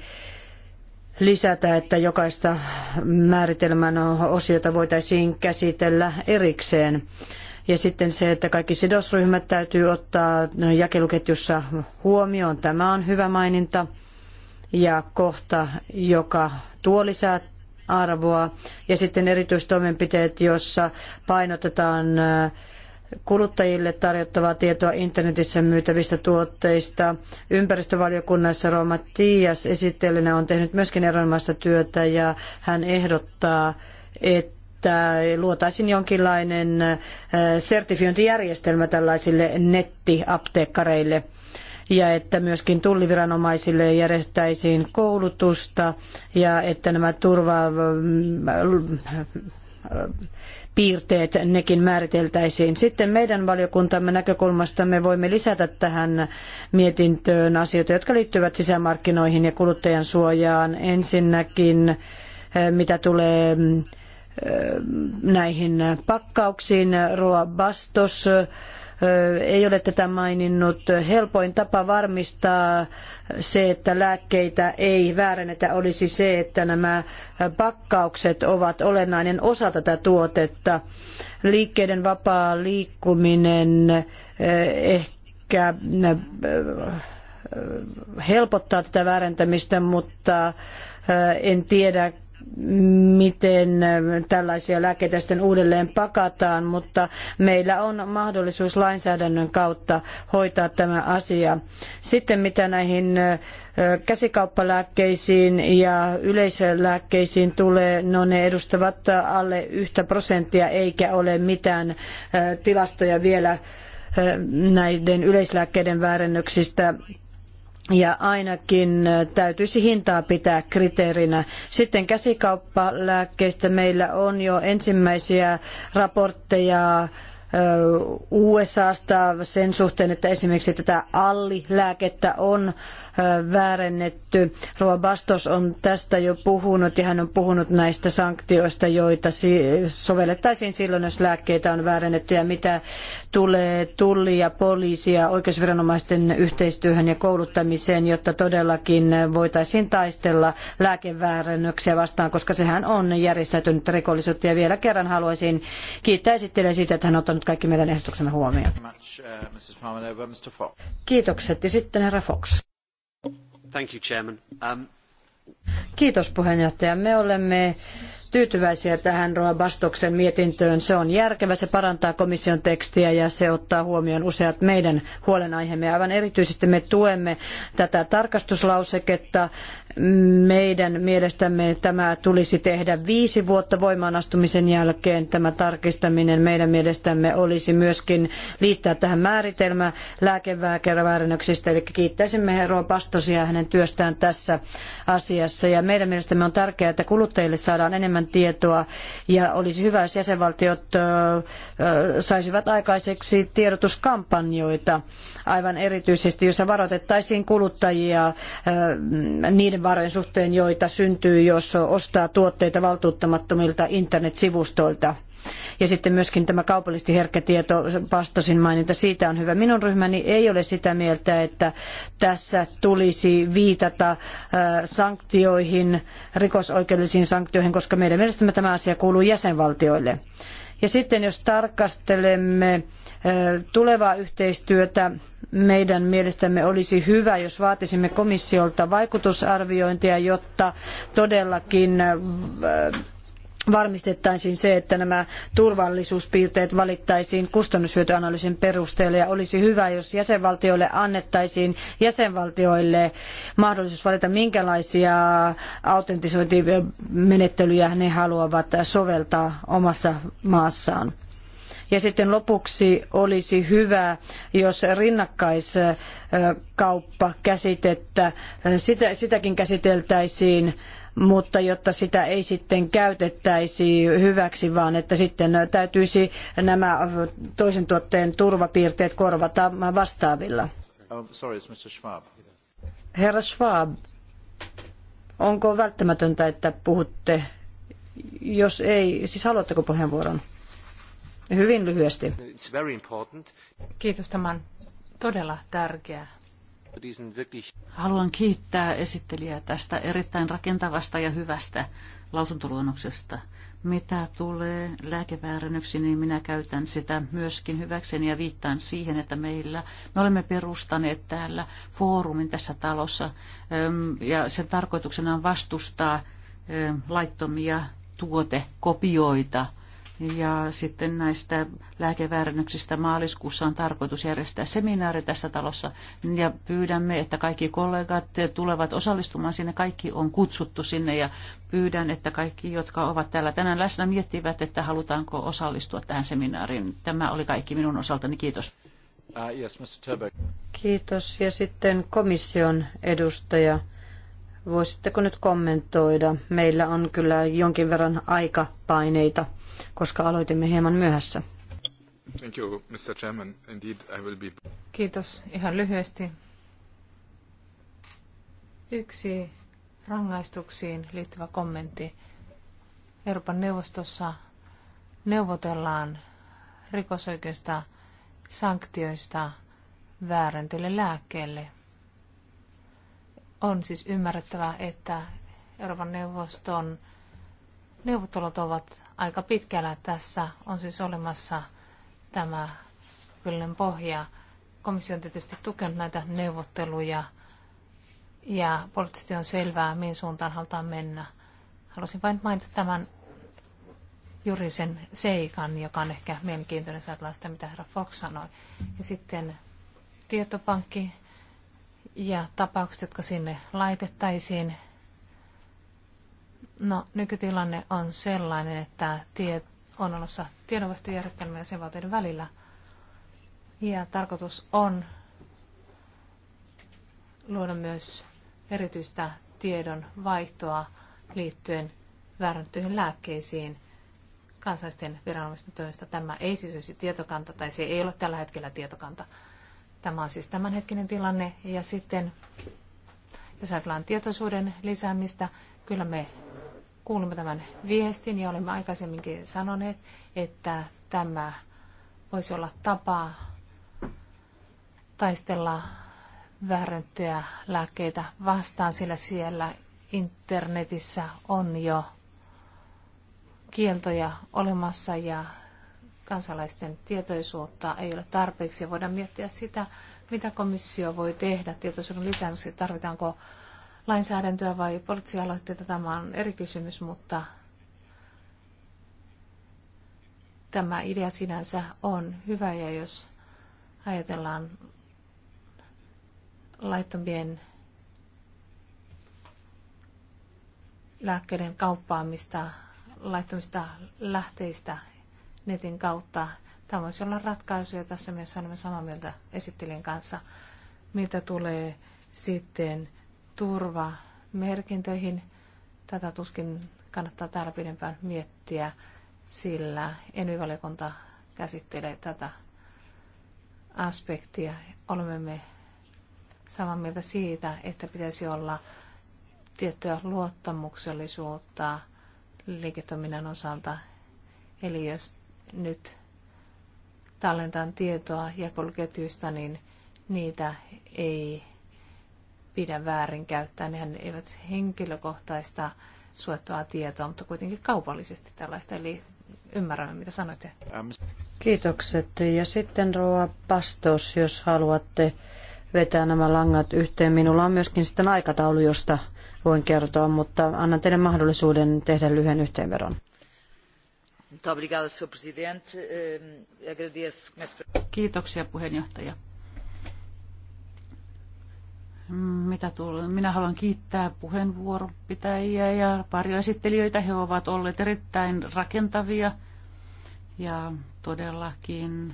lisätä, että jokaista määritelmän osiota voitaisiin käsitellä erikseen. Ja sitten se, että kaikki sidosryhmät täytyy ottaa jakeluketjussa huomioon, tämä on hyvä maininta. Ja kohta, joka tuo lisää arvoa. Ja sitten erityistoimenpiteet, joissa painotetaan kuluttajille tarjottavaa tietoa internetissä myytävistä tuotteista. Ympäristövaliokunnassa roma Tias esittelijänä on tehnyt myöskin erinomaista työtä ja hän ehdottaa, että että luotaisiin jonkinlainen äh, sertifiointijärjestelmä tällaisille nettiapteekkareille ja että myöskin tulliviranomaisille järjestäisiin koulutusta ja että nämä turva äh, piirteet nekin määriteltäisiin. Sitten meidän valiokuntamme näkökulmasta me voimme lisätä tähän mietintöön asioita, jotka liittyvät sisämarkkinoihin ja kuluttajan suojaan. Ensinnäkin eh, mitä tulee eh, näihin pakkauksiin, Roa Bastos ei ole tätä maininnut. Helpoin tapa varmistaa se, että lääkkeitä ei väärennetä, olisi se, että nämä pakkaukset ovat olennainen osa tätä tuotetta. Liikkeiden vapaa liikkuminen ehkä helpottaa tätä väärentämistä, mutta en tiedä miten tällaisia lääkkeitä sitten uudelleen pakataan, mutta meillä on mahdollisuus lainsäädännön kautta hoitaa tämä asia. Sitten mitä näihin käsikauppalääkkeisiin ja yleislääkkeisiin tulee, no ne edustavat alle yhtä prosenttia eikä ole mitään tilastoja vielä näiden yleislääkkeiden väärennöksistä ja ainakin täytyisi hintaa pitää kriteerinä. Sitten käsikauppalääkkeistä meillä on jo ensimmäisiä raportteja USAsta sen suhteen, että esimerkiksi tätä allilääkettä on väärennetty. Rova Bastos on tästä jo puhunut ja hän on puhunut näistä sanktioista, joita sovellettaisiin silloin, jos lääkkeitä on väärennetty ja mitä tulee tulli ja poliisi ja oikeusviranomaisten yhteistyöhön ja kouluttamiseen, jotta todellakin voitaisiin taistella lääkeväärennöksiä vastaan, koska sehän on järjestäytynyt rikollisuutta. Ja vielä kerran haluaisin kiittää esittelijä siitä, että hän on ottanut kaikki meidän ehdotuksemme huomioon. Uh, Kiitokset. Ja sitten herra Fox. Thank you, Chairman. Um... Kiitos puheenjohtaja. Me olemme tyytyväisiä tähän Roa Bastoksen mietintöön. Se on järkevä, se parantaa komission tekstiä ja se ottaa huomioon useat meidän huolenaiheemme. Aivan erityisesti me tuemme tätä tarkastuslauseketta. Meidän mielestämme tämä tulisi tehdä viisi vuotta voimaanastumisen jälkeen. Tämä tarkistaminen meidän mielestämme olisi myöskin liittää tähän määritelmä lääkeväärennöksistä. Eli kiittäisimme Roa Bastosia hänen työstään tässä asiassa. Ja meidän mielestämme on tärkeää, että kuluttajille saadaan enemmän enemmän tietoa ja olisi hyvä, jos jäsenvaltiot saisivat aikaiseksi tiedotuskampanjoita, aivan erityisesti, jossa varoitettaisiin kuluttajia niiden varojen suhteen, joita syntyy, jos ostaa tuotteita valtuuttamattomilta internetsivustoilta. Ja sitten myöskin tämä kaupallisesti herkkä tieto, vastasin maininta, siitä on hyvä. Minun ryhmäni ei ole sitä mieltä, että tässä tulisi viitata sanktioihin, rikosoikeudellisiin sanktioihin, koska meidän mielestämme tämä asia kuuluu jäsenvaltioille. Ja sitten jos tarkastelemme tulevaa yhteistyötä, meidän mielestämme olisi hyvä, jos vaatisimme komissiolta vaikutusarviointia, jotta todellakin varmistettaisiin se, että nämä turvallisuuspiirteet valittaisiin kustannushyötyanalyysin perusteella ja olisi hyvä, jos jäsenvaltioille annettaisiin jäsenvaltioille mahdollisuus valita, minkälaisia autentisointimenettelyjä ne haluavat soveltaa omassa maassaan. Ja sitten lopuksi olisi hyvä, jos rinnakkaiskauppa käsitettä, sitä, sitäkin käsiteltäisiin mutta jotta sitä ei sitten käytettäisi hyväksi, vaan että sitten täytyisi nämä toisen tuotteen turvapiirteet korvata vastaavilla. Oh, Herra Schwab, onko välttämätöntä, että puhutte, jos ei, siis haluatteko puheenvuoron? Hyvin lyhyesti. Kiitos, tämä on todella tärkeä Haluan kiittää esittelijää tästä erittäin rakentavasta ja hyvästä lausuntoluonnoksesta. Mitä tulee lääkeväärännyksiin, niin minä käytän sitä myöskin hyväkseni ja viittaan siihen, että meillä, me olemme perustaneet täällä foorumin tässä talossa ehm, ja sen tarkoituksena on vastustaa ehm, laittomia tuotekopioita – ja sitten näistä lääkeväärännyksistä maaliskuussa on tarkoitus järjestää seminaari tässä talossa. Ja pyydämme, että kaikki kollegat tulevat osallistumaan sinne. Kaikki on kutsuttu sinne ja pyydän, että kaikki, jotka ovat täällä tänään läsnä, miettivät, että halutaanko osallistua tähän seminaariin. Tämä oli kaikki minun osaltani. Kiitos. Uh, yes, Mr. Kiitos. Ja sitten komission edustaja. Voisitteko nyt kommentoida? Meillä on kyllä jonkin verran aikapaineita koska aloitimme hieman myöhässä. Thank you, Mr. Chairman. Indeed, I will be... Kiitos. Ihan lyhyesti. Yksi rangaistuksiin liittyvä kommentti. Euroopan neuvostossa neuvotellaan rikosoikeista sanktioista väärentyille lääkkeelle. On siis ymmärrettävä, että Euroopan neuvoston neuvottelut ovat aika pitkällä. Tässä on siis olemassa tämä kyllinen pohja. Komissio on tietysti tukenut näitä neuvotteluja ja poliittisesti on selvää, mihin suuntaan halutaan mennä. Halusin vain mainita tämän jurisen seikan, joka on ehkä mielenkiintoinen, jos ajatellaan sitä, mitä herra Fox sanoi. Ja sitten tietopankki ja tapaukset, jotka sinne laitettaisiin, No, nykytilanne on sellainen, että tie on olossa tiedonvaihtojärjestelmä ja sen välillä. Ja tarkoitus on luoda myös erityistä tiedon vaihtoa liittyen väärännettyihin lääkkeisiin kansallisten viranomaisten toimesta. Tämä ei siis olisi tietokanta, tai se ei ole tällä hetkellä tietokanta. Tämä on siis tämänhetkinen tilanne. Ja sitten, jos ajatellaan tietoisuuden lisäämistä, kyllä me kuulimme tämän viestin ja olemme aikaisemminkin sanoneet, että tämä voisi olla tapa taistella vääräntyjä lääkkeitä vastaan, sillä siellä internetissä on jo kieltoja olemassa ja kansalaisten tietoisuutta ei ole tarpeeksi. Voidaan miettiä sitä, mitä komissio voi tehdä tietoisuuden lisäämiseksi. Tarvitaanko lainsäädäntöä vai poliittisia tämä on eri kysymys, mutta tämä idea sinänsä on hyvä ja jos ajatellaan laittomien lääkkeiden kauppaamista laittomista lähteistä netin kautta. Tämä voisi olla ratkaisu ja tässä mielessä olemme samaa mieltä esittelijän kanssa, mitä tulee sitten turvamerkintöihin. Tätä tuskin kannattaa täällä pidempään miettiä, sillä ENY-valiokunta käsittelee tätä aspektia. Olemme me samaa mieltä siitä, että pitäisi olla tiettyä luottamuksellisuutta liiketoiminnan osalta. Eli jos nyt tallentaan tietoa jakeluketjuista, niin niitä ei pidä väärin käyttää. Nehän eivät henkilökohtaista suottavaa tietoa, mutta kuitenkin kaupallisesti tällaista. Eli ymmärrämme, mitä sanoitte. Kiitokset. Ja sitten Roa Pastos, jos haluatte vetää nämä langat yhteen. Minulla on myöskin sitten aikataulu, josta voin kertoa, mutta annan teille mahdollisuuden tehdä lyhyen yhteenvedon. Eh, Kiitoksia puheenjohtaja. Mitä tulee? Minä haluan kiittää puheenvuoropitäjiä ja esittelijöitä. He ovat olleet erittäin rakentavia ja todellakin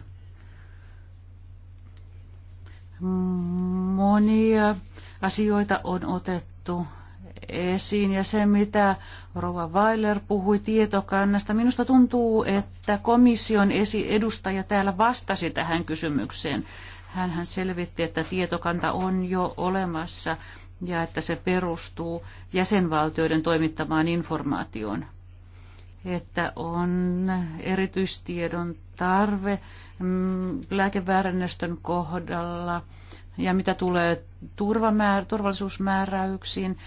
monia asioita on otettu esiin. Ja se, mitä Rova Weiler puhui tietokannasta, minusta tuntuu, että komission edustaja täällä vastasi tähän kysymykseen hän selvitti, että tietokanta on jo olemassa ja että se perustuu jäsenvaltioiden toimittamaan informaatioon. Että on erityistiedon tarve mm, lääkeväärännöstön kohdalla ja mitä tulee turvamäär, turvallisuusmääräyksiin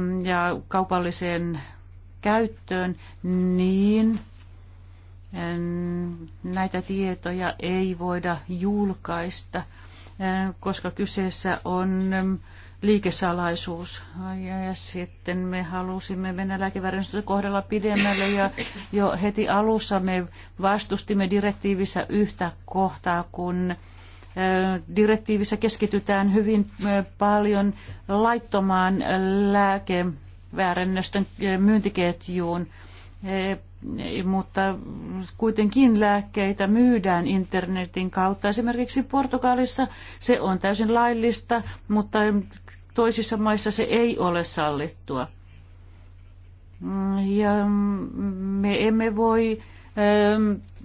mm, ja kaupalliseen käyttöön, niin – näitä tietoja ei voida julkaista, koska kyseessä on liikesalaisuus. Ja sitten me halusimme mennä lääkeväärennöstä kohdalla pidemmälle ja jo heti alussa me vastustimme direktiivissä yhtä kohtaa, kun direktiivissä keskitytään hyvin paljon laittomaan lääkeväärennösten myyntiketjuun mutta kuitenkin lääkkeitä myydään internetin kautta. Esimerkiksi Portugalissa se on täysin laillista, mutta toisissa maissa se ei ole sallittua. Ja me emme voi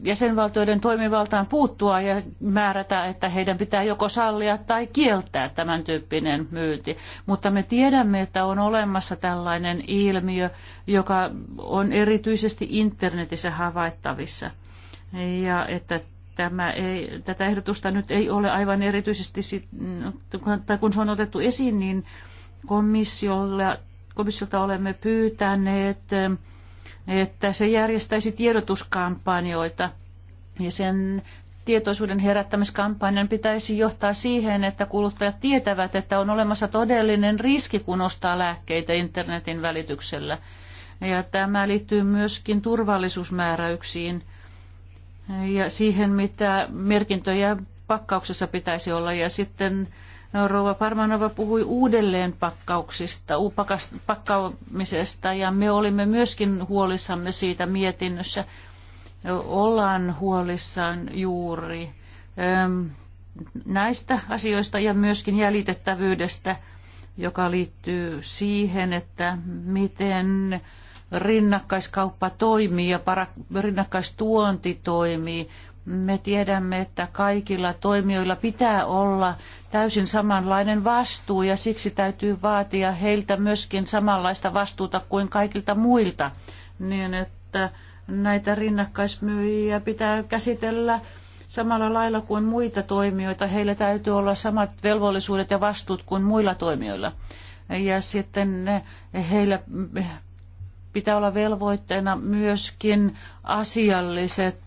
jäsenvaltioiden toimivaltaan puuttua ja määrätä, että heidän pitää joko sallia tai kieltää tämän tyyppinen myynti. Mutta me tiedämme, että on olemassa tällainen ilmiö, joka on erityisesti internetissä havaittavissa. Ja että tämä ei, tätä ehdotusta nyt ei ole aivan erityisesti, tai kun se on otettu esiin, niin komissiolta olemme pyytäneet että se järjestäisi tiedotuskampanjoita ja sen tietoisuuden herättämiskampanjan pitäisi johtaa siihen, että kuluttajat tietävät, että on olemassa todellinen riski, kun ostaa lääkkeitä internetin välityksellä. Ja tämä liittyy myöskin turvallisuusmääräyksiin ja siihen, mitä merkintöjä pakkauksessa pitäisi olla. Ja sitten No, Rouva Parmanova puhui uudelleen pakkauksista, pakkaamisesta ja me olimme myöskin huolissamme siitä mietinnössä. Ollaan huolissaan juuri ähm, näistä asioista ja myöskin jäljitettävyydestä, joka liittyy siihen, että miten rinnakkaiskauppa toimii ja rinnakkaistuonti toimii. Me tiedämme, että kaikilla toimijoilla pitää olla täysin samanlainen vastuu ja siksi täytyy vaatia heiltä myöskin samanlaista vastuuta kuin kaikilta muilta, niin että näitä rinnakkaismyyjiä pitää käsitellä samalla lailla kuin muita toimijoita. Heillä täytyy olla samat velvollisuudet ja vastuut kuin muilla toimijoilla. Ja sitten heillä pitää olla velvoitteena myöskin asialliset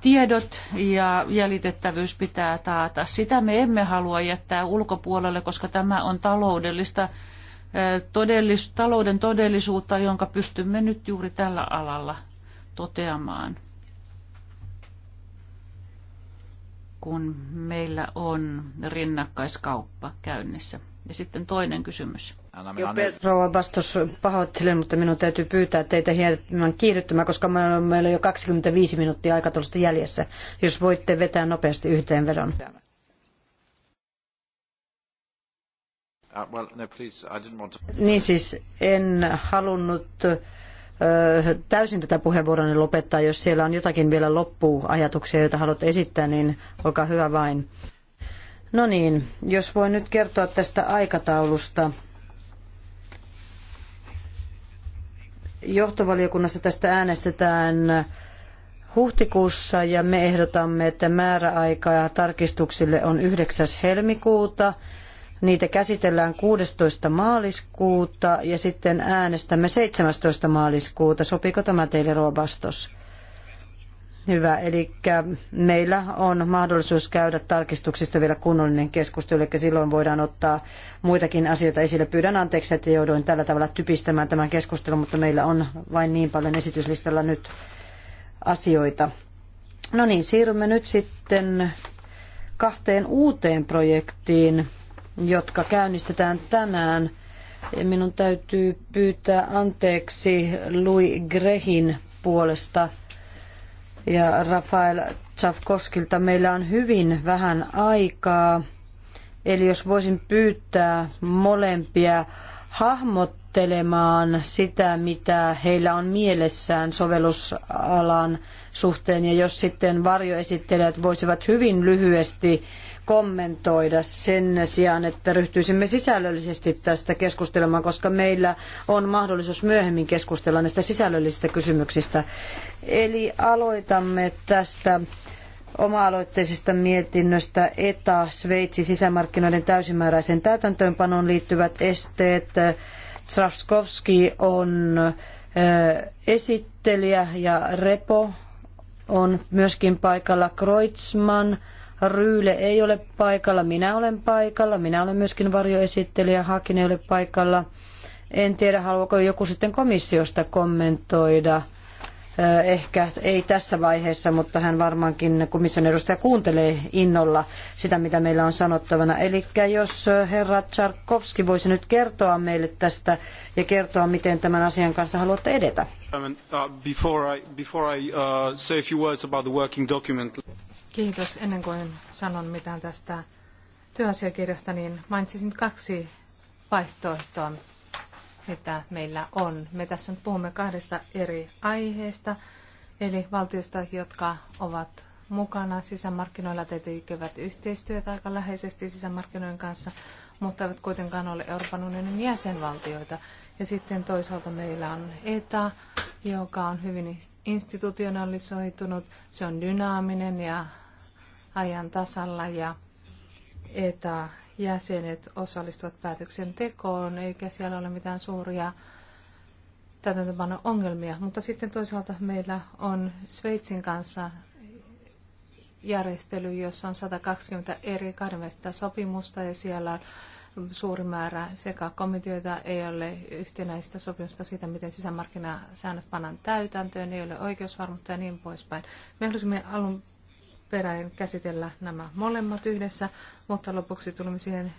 tiedot ja jäljitettävyys pitää taata. Sitä me emme halua jättää ulkopuolelle, koska tämä on taloudellista todellis, talouden todellisuutta, jonka pystymme nyt juuri tällä alalla toteamaan. kun meillä on rinnakkaiskauppa käynnissä. Ja sitten toinen kysymys. Rouva Bastos, pahoittelen, mutta minun täytyy pyytää teitä hieman kiihdyttämään, koska meillä on meillä jo 25 minuuttia aikataulusta jäljessä. Jos voitte vetää nopeasti yhteenvedon. Ah, no, niin siis en halunnut täysin tätä puheenvuoroni lopettaa. Jos siellä on jotakin vielä loppuajatuksia, joita haluat esittää, niin olkaa hyvä vain. No niin, jos voin nyt kertoa tästä aikataulusta. johtovaliokunnassa tästä äänestetään huhtikuussa ja me ehdotamme, että määräaika tarkistuksille on 9. helmikuuta. Niitä käsitellään 16. maaliskuuta ja sitten äänestämme 17. maaliskuuta. Sopiiko tämä teille, Bastos? Hyvä, eli meillä on mahdollisuus käydä tarkistuksista vielä kunnollinen keskustelu, eli silloin voidaan ottaa muitakin asioita esille. Pyydän anteeksi, että jouduin tällä tavalla typistämään tämän keskustelun, mutta meillä on vain niin paljon esityslistalla nyt asioita. No niin, siirrymme nyt sitten kahteen uuteen projektiin, jotka käynnistetään tänään. Minun täytyy pyytää anteeksi Louis Grehin puolesta – ja Rafael Tsavkoskilta meillä on hyvin vähän aikaa. Eli jos voisin pyytää molempia hahmottelemaan sitä, mitä heillä on mielessään sovellusalan suhteen. Ja jos sitten varjoesittelijät voisivat hyvin lyhyesti kommentoida sen sijaan, että ryhtyisimme sisällöllisesti tästä keskustelemaan, koska meillä on mahdollisuus myöhemmin keskustella näistä sisällöllisistä kysymyksistä. Eli aloitamme tästä oma-aloitteisesta mietinnöstä ETA, Sveitsi, sisämarkkinoiden täysimääräisen täytäntöönpanoon liittyvät esteet. Trzaskowski on eh, esittelijä ja Repo on myöskin paikalla Kreutzmann Ryyle ei ole paikalla, minä olen paikalla, minä olen myöskin varjoesittelijä, Hakin ei ole paikalla. En tiedä, haluaako joku sitten komissiosta kommentoida. Äh, ehkä ei tässä vaiheessa, mutta hän varmaankin komission edustaja kuuntelee innolla sitä, mitä meillä on sanottavana. Eli jos äh, herra Tsarkovski voisi nyt kertoa meille tästä ja kertoa, miten tämän asian kanssa haluatte edetä. Uh, uh, Kiitos. Ennen kuin sanon mitään tästä työasiakirjasta, niin mainitsisin kaksi vaihtoehtoa, mitä meillä on. Me tässä nyt puhumme kahdesta eri aiheesta, eli valtiosta, jotka ovat mukana sisämarkkinoilla, te tekevät yhteistyötä aika läheisesti sisämarkkinoiden kanssa, mutta eivät kuitenkaan ole Euroopan unionin jäsenvaltioita. Ja sitten toisaalta meillä on ETA, joka on hyvin institutionalisoitunut, se on dynaaminen ja ajan tasalla ja että jäsenet osallistuvat päätöksentekoon, eikä siellä ole mitään suuria täytäntöpano ongelmia. Mutta sitten toisaalta meillä on Sveitsin kanssa järjestely, jossa on 120 eri kahdenvälistä sopimusta ja siellä on suuri määrä sekä komiteoita, ei ole yhtenäistä sopimusta siitä, miten sisämarkkinasäännöt pannaan täytäntöön, ei ole oikeusvarmuutta ja niin poispäin. Me halusimme alun perään käsitellä nämä molemmat yhdessä, mutta lopuksi tulimme siihen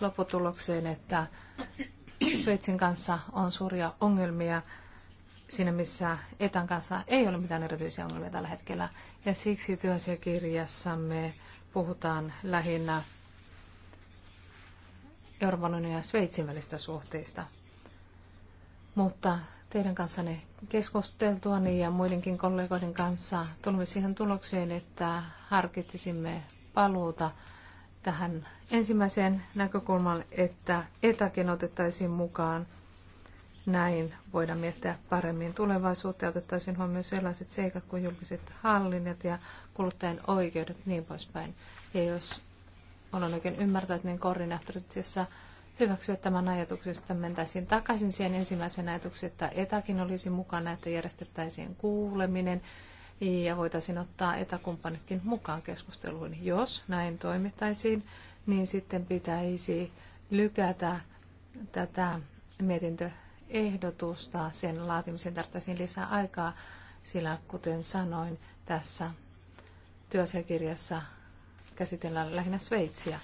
lopputulokseen, että Sveitsin kanssa on suuria ongelmia siinä, missä Etan kanssa ei ole mitään erityisiä ongelmia tällä hetkellä. Ja siksi työasiakirjassamme puhutaan lähinnä Euroopan unionin ja Sveitsin välistä suhteista. Mutta teidän kanssanne keskusteltuani ja muidenkin kollegoiden kanssa tulimme siihen tulokseen, että harkitsisimme paluuta tähän ensimmäiseen näkökulmaan, että etäkin otettaisiin mukaan. Näin voidaan miettiä paremmin tulevaisuutta ja otettaisiin huomioon sellaiset seikat kuin julkiset hallinnat ja kuluttajan oikeudet niin poispäin. Ja jos olen oikein ymmärtänyt, niin koordinaattorit hyväksyä tämän ajatuksen, että mentäisiin takaisin siihen ensimmäiseen ajatukseen, että etäkin olisi mukana, että järjestettäisiin kuuleminen ja voitaisiin ottaa etäkumppanitkin mukaan keskusteluun. Jos näin toimittaisiin, niin sitten pitäisi lykätä tätä mietintöehdotusta. Sen laatimiseen tarvittaisiin lisää aikaa, sillä kuten sanoin, tässä työasiakirjassa käsitellään lähinnä Sveitsiä.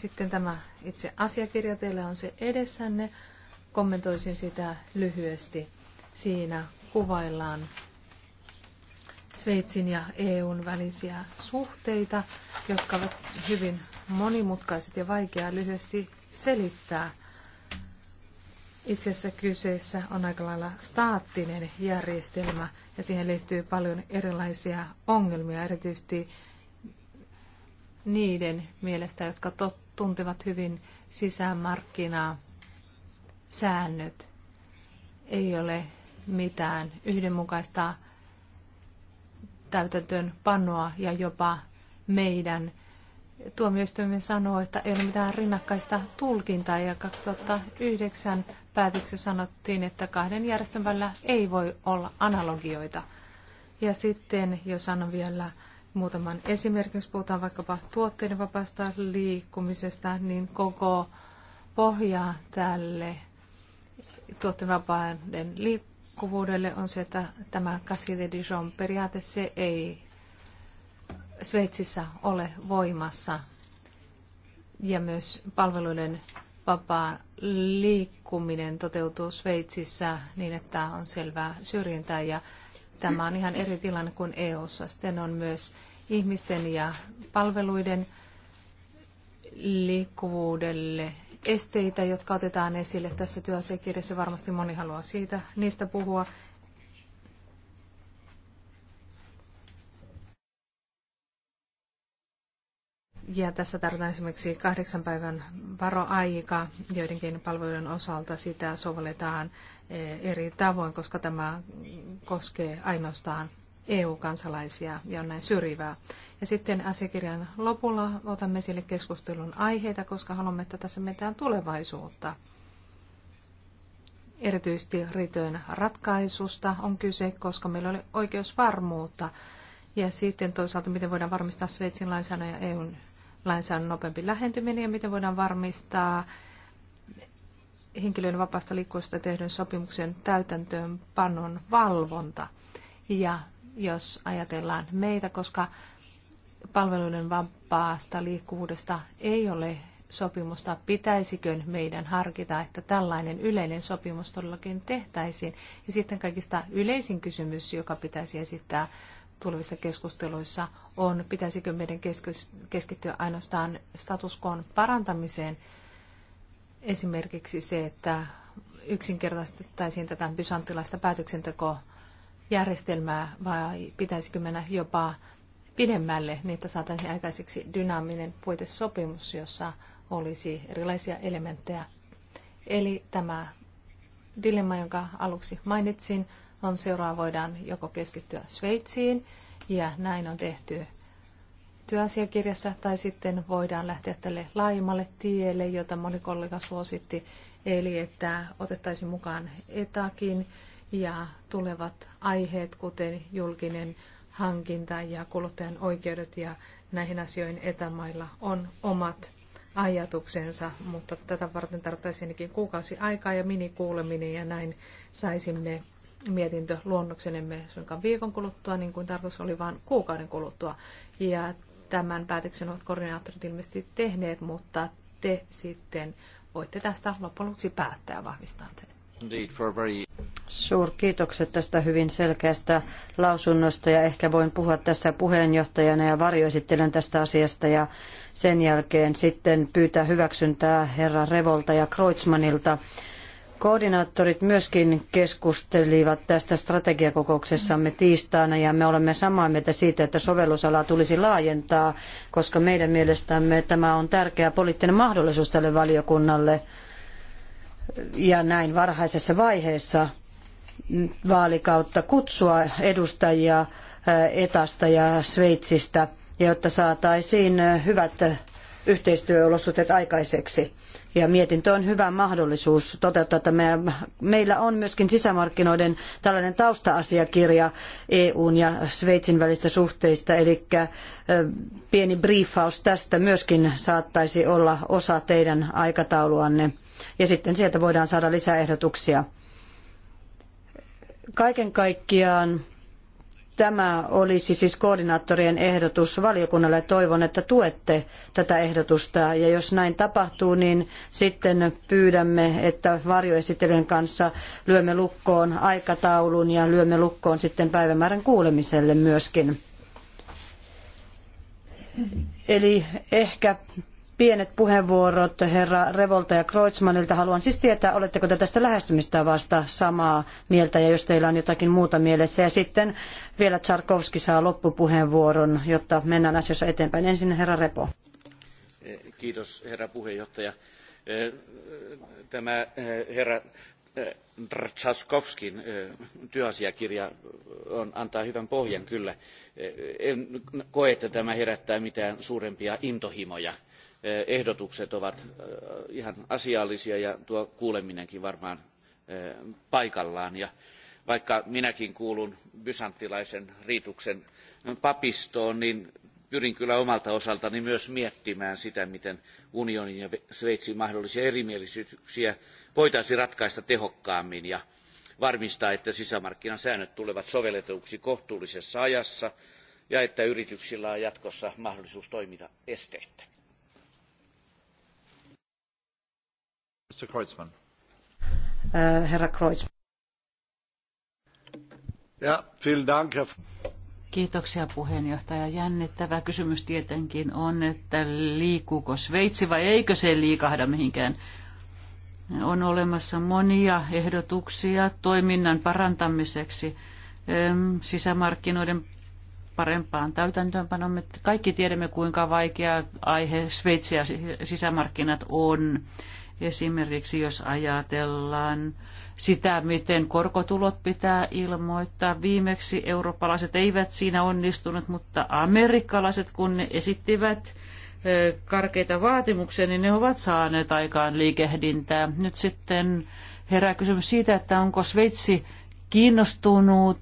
Sitten tämä itse asiakirja teillä on se edessänne. Kommentoisin sitä lyhyesti. Siinä kuvaillaan Sveitsin ja EUn välisiä suhteita, jotka ovat hyvin monimutkaiset ja vaikeaa lyhyesti selittää. Itse asiassa kyseessä on aika lailla staattinen järjestelmä ja siihen liittyy paljon erilaisia ongelmia, erityisesti niiden mielestä, jotka totta tuntevat hyvin sisämarkkinaa, säännöt. Ei ole mitään yhdenmukaista täytäntöön panoa ja jopa meidän tuomioistuimen sanoo, että ei ole mitään rinnakkaista tulkintaa ja 2009 päätöksessä sanottiin, että kahden järjestön välillä ei voi olla analogioita. Ja sitten, jos sanon vielä muutaman esimerkin, jos puhutaan vaikkapa tuotteiden vapaasta liikkumisesta, niin koko pohja tälle tuotteiden vapauden liikkuvuudelle on se, että tämä Cassis de Dijon periaate, se ei Sveitsissä ole voimassa. Ja myös palveluiden vapaa liikkuminen toteutuu Sveitsissä niin, että on selvää syrjintää ja tämä on ihan eri tilanne kuin EU:ssa. Sitten on myös ihmisten ja palveluiden liikkuvuudelle esteitä, jotka otetaan esille tässä työasiakirjassa. Varmasti moni haluaa siitä, niistä puhua. Ja tässä tarvitaan esimerkiksi kahdeksan päivän varoaika. Joidenkin palveluiden osalta sitä sovelletaan eh, eri tavoin, koska tämä koskee ainoastaan EU-kansalaisia ja on näin syrjivää. Ja sitten asiakirjan lopulla otamme sille keskustelun aiheita, koska haluamme, että tässä mitään tulevaisuutta. Erityisesti riitojen ratkaisusta on kyse, koska meillä oli oikeusvarmuutta. Ja sitten toisaalta, miten voidaan varmistaa Sveitsin lainsäädännön ja EUn lainsäädännön nopeampi lähentyminen ja miten voidaan varmistaa henkilöiden vapaasta liikkuvuudesta tehdyn sopimuksen täytäntöönpanon valvonta. Ja jos ajatellaan meitä, koska palveluiden vapaasta liikkuvuudesta ei ole sopimusta. Pitäisikö meidän harkita, että tällainen yleinen sopimus todellakin tehtäisiin? Ja sitten kaikista yleisin kysymys, joka pitäisi esittää tulevissa keskusteluissa, on pitäisikö meidän keskittyä ainoastaan statuskoon parantamiseen. Esimerkiksi se, että yksinkertaistettaisiin tätä bysantilaista päätöksentekoa järjestelmää vai pitäisikö mennä jopa pidemmälle, niin että saataisiin aikaiseksi dynaaminen puitesopimus, jossa olisi erilaisia elementtejä. Eli tämä dilemma, jonka aluksi mainitsin, on seuraava, voidaan joko keskittyä Sveitsiin, ja näin on tehty työasiakirjassa, tai sitten voidaan lähteä tälle laajemmalle tielle, jota moni kollega suositti, eli että otettaisiin mukaan etakin ja tulevat aiheet, kuten julkinen hankinta ja kuluttajan oikeudet ja näihin asioihin etämailla on omat ajatuksensa, mutta tätä varten tarvittaisiin ainakin kuukausi aikaa ja minikuuleminen ja näin saisimme mietintö luonnoksenemme suinkaan viikon kuluttua, niin kuin tarkoitus oli vain kuukauden kuluttua. Ja tämän päätöksen ovat koordinaattorit ilmeisesti tehneet, mutta te sitten voitte tästä loppujen lopuksi päättää ja vahvistaa sen. Suurkiitokset tästä hyvin selkeästä lausunnosta ja ehkä voin puhua tässä puheenjohtajana ja varjoesittelen tästä asiasta ja sen jälkeen sitten pyytää hyväksyntää herra Revolta ja Kreutzmannilta. Koordinaattorit myöskin keskustelivat tästä strategiakokouksessamme tiistaina ja me olemme samaa mieltä siitä, että sovellusalaa tulisi laajentaa, koska meidän mielestämme tämä on tärkeä poliittinen mahdollisuus tälle valiokunnalle – ja näin varhaisessa vaiheessa vaalikautta kutsua edustajia Etasta ja Sveitsistä, jotta saataisiin hyvät yhteistyöolosuhteet aikaiseksi. Ja mietintö on hyvä mahdollisuus toteuttaa, että meillä on myöskin sisämarkkinoiden tällainen tausta-asiakirja EUn ja Sveitsin välistä suhteista, eli pieni briefaus tästä myöskin saattaisi olla osa teidän aikatauluanne ja sitten sieltä voidaan saada lisää ehdotuksia. Kaiken kaikkiaan tämä olisi siis koordinaattorien ehdotus valiokunnalle. Toivon, että tuette tätä ehdotusta ja jos näin tapahtuu, niin sitten pyydämme, että varjoesittelyn kanssa lyömme lukkoon aikataulun ja lyömme lukkoon sitten päivämäärän kuulemiselle myöskin. Eli ehkä pienet puheenvuorot herra Revolta ja Kreutzmannilta. Haluan siis tietää, oletteko te tästä lähestymistä vasta samaa mieltä ja jos teillä on jotakin muuta mielessä. Ja sitten vielä Tsarkovski saa loppupuheenvuoron, jotta mennään asioissa eteenpäin. Ensin herra Repo. Kiitos herra puheenjohtaja. Tämä herra Trzaskowskin työasiakirja on, antaa hyvän pohjan kyllä. En koe, että tämä herättää mitään suurempia intohimoja ehdotukset ovat ihan asiallisia ja tuo kuuleminenkin varmaan paikallaan. Ja vaikka minäkin kuulun bysanttilaisen riituksen papistoon, niin pyrin kyllä omalta osaltani myös miettimään sitä, miten unionin ja Sveitsin mahdollisia erimielisyyksiä voitaisiin ratkaista tehokkaammin ja varmistaa, että sisämarkkinan säännöt tulevat sovelletuksi kohtuullisessa ajassa ja että yrityksillä on jatkossa mahdollisuus toimita esteettä. Mr. Kreutzmann. Äh, Herra Kreutzmann. Ja, vielen Dank, Herr... Kiitoksia puheenjohtaja. Jännittävä kysymys tietenkin on, että liikkuuko Sveitsi vai eikö se liikahda mihinkään. On olemassa monia ehdotuksia toiminnan parantamiseksi, sisämarkkinoiden parempaan täytäntöönpanoon. Me kaikki tiedämme, kuinka vaikea aihe Sveitsiä sisämarkkinat on. Esimerkiksi jos ajatellaan sitä, miten korkotulot pitää ilmoittaa. Viimeksi eurooppalaiset eivät siinä onnistuneet, mutta amerikkalaiset, kun ne esittivät karkeita vaatimuksia, niin ne ovat saaneet aikaan liikehdintää. Nyt sitten herää kysymys siitä, että onko Sveitsi kiinnostunut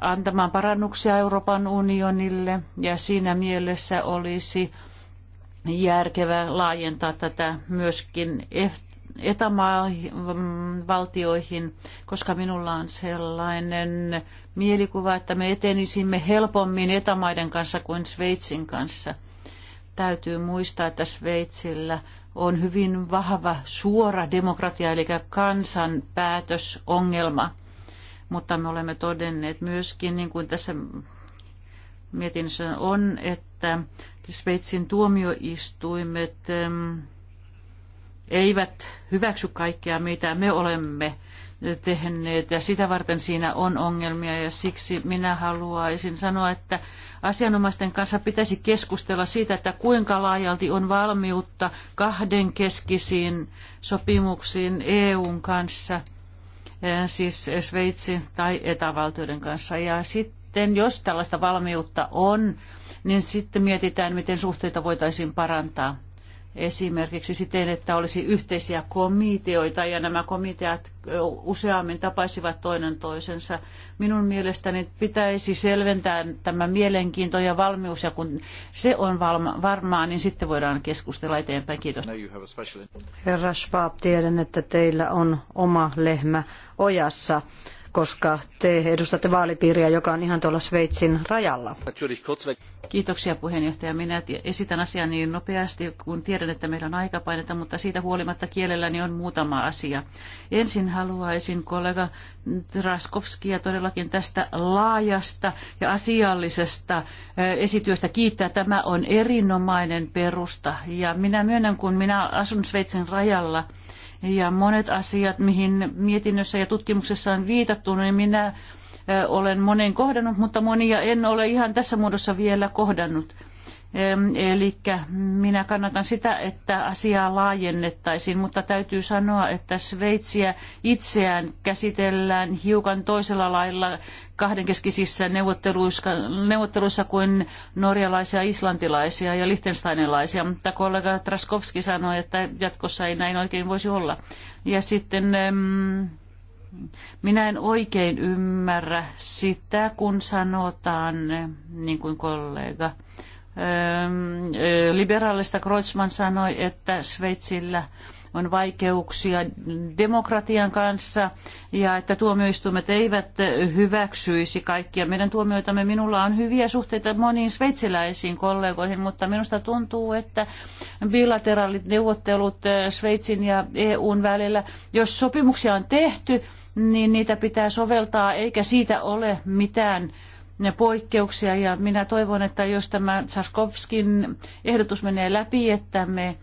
antamaan parannuksia Euroopan unionille ja siinä mielessä olisi järkevää laajentaa tätä myöskin valtioihin, koska minulla on sellainen mielikuva, että me etenisimme helpommin etämaiden kanssa kuin Sveitsin kanssa. Täytyy muistaa, että Sveitsillä on hyvin vahva suora demokratia, eli kansanpäätösongelma. Mutta me olemme todenneet myöskin, niin kuin tässä mietinnössä on, että että Sveitsin tuomioistuimet eivät hyväksy kaikkea, mitä me olemme tehneet ja sitä varten siinä on ongelmia ja siksi minä haluaisin sanoa, että asianomaisten kanssa pitäisi keskustella siitä, että kuinka laajalti on valmiutta kahdenkeskisiin sopimuksiin EUn kanssa, eh, siis Sveitsin tai etävaltioiden kanssa. Ja sitten sitten, jos tällaista valmiutta on, niin sitten mietitään, miten suhteita voitaisiin parantaa. Esimerkiksi siten, että olisi yhteisiä komiteoita ja nämä komiteat useammin tapaisivat toinen toisensa. Minun mielestäni pitäisi selventää tämä mielenkiinto ja valmius ja kun se on valma, varmaa, niin sitten voidaan keskustella eteenpäin. Kiitos. Herra Schwab, tiedän, että teillä on oma lehmä ojassa koska te edustatte vaalipiiriä, joka on ihan tuolla Sveitsin rajalla. Kiitoksia puheenjohtaja. Minä esitän asiaa niin nopeasti, kun tiedän, että meillä on aikapainetta, mutta siitä huolimatta kielelläni on muutama asia. Ensin haluaisin kollega Raskovskia todellakin tästä laajasta ja asiallisesta eh, esityöstä kiittää. Tämä on erinomainen perusta ja minä myönnän, kun minä asun Sveitsin rajalla, ja monet asiat, mihin mietinnössä ja tutkimuksessa on viitattu, niin minä olen monen kohdannut, mutta monia en ole ihan tässä muodossa vielä kohdannut. Eli minä kannatan sitä, että asiaa laajennettaisiin, mutta täytyy sanoa, että Sveitsiä itseään käsitellään hiukan toisella lailla kahdenkeskisissä neuvotteluissa, neuvotteluissa kuin norjalaisia, islantilaisia ja Liechtensteinilaisia, Mutta kollega Traskowski sanoi, että jatkossa ei näin oikein voisi olla. Ja sitten minä en oikein ymmärrä sitä, kun sanotaan, niin kuin kollega liberaalista Kreutzmann sanoi, että Sveitsillä on vaikeuksia demokratian kanssa ja että tuomioistuimet eivät hyväksyisi kaikkia meidän tuomioitamme. Minulla on hyviä suhteita moniin sveitsiläisiin kollegoihin, mutta minusta tuntuu, että bilateraalit neuvottelut Sveitsin ja EUn välillä, jos sopimuksia on tehty, niin niitä pitää soveltaa eikä siitä ole mitään poikkeuksia ja minä toivon, että jos tämä Saskovskin ehdotus menee läpi, että me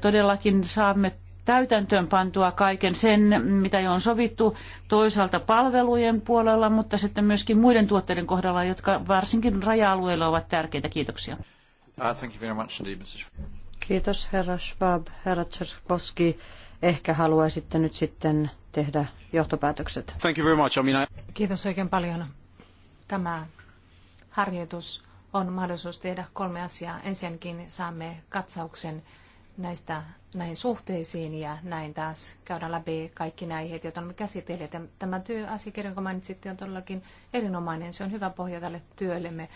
todellakin saamme täytäntöön pantua kaiken sen, mitä jo on sovittu toisaalta palvelujen puolella, mutta sitten myöskin muiden tuotteiden kohdalla, jotka varsinkin raja-alueilla ovat tärkeitä. Kiitoksia. Ah, Kiitos herra Schwab, herra Tserkoski. Ehkä haluaisitte nyt sitten tehdä johtopäätökset. Thank you very much. I mean, I... Kiitos oikein paljon tämä harjoitus on mahdollisuus tehdä kolme asiaa. Ensinnäkin saamme katsauksen näistä, näihin suhteisiin ja näin taas käydään läpi kaikki nämä aiheet, joita olemme käsitelleet. Tämä työasiakirja, jonka mainitsitte, on todellakin erinomainen. Se on hyvä pohja tälle työllemme,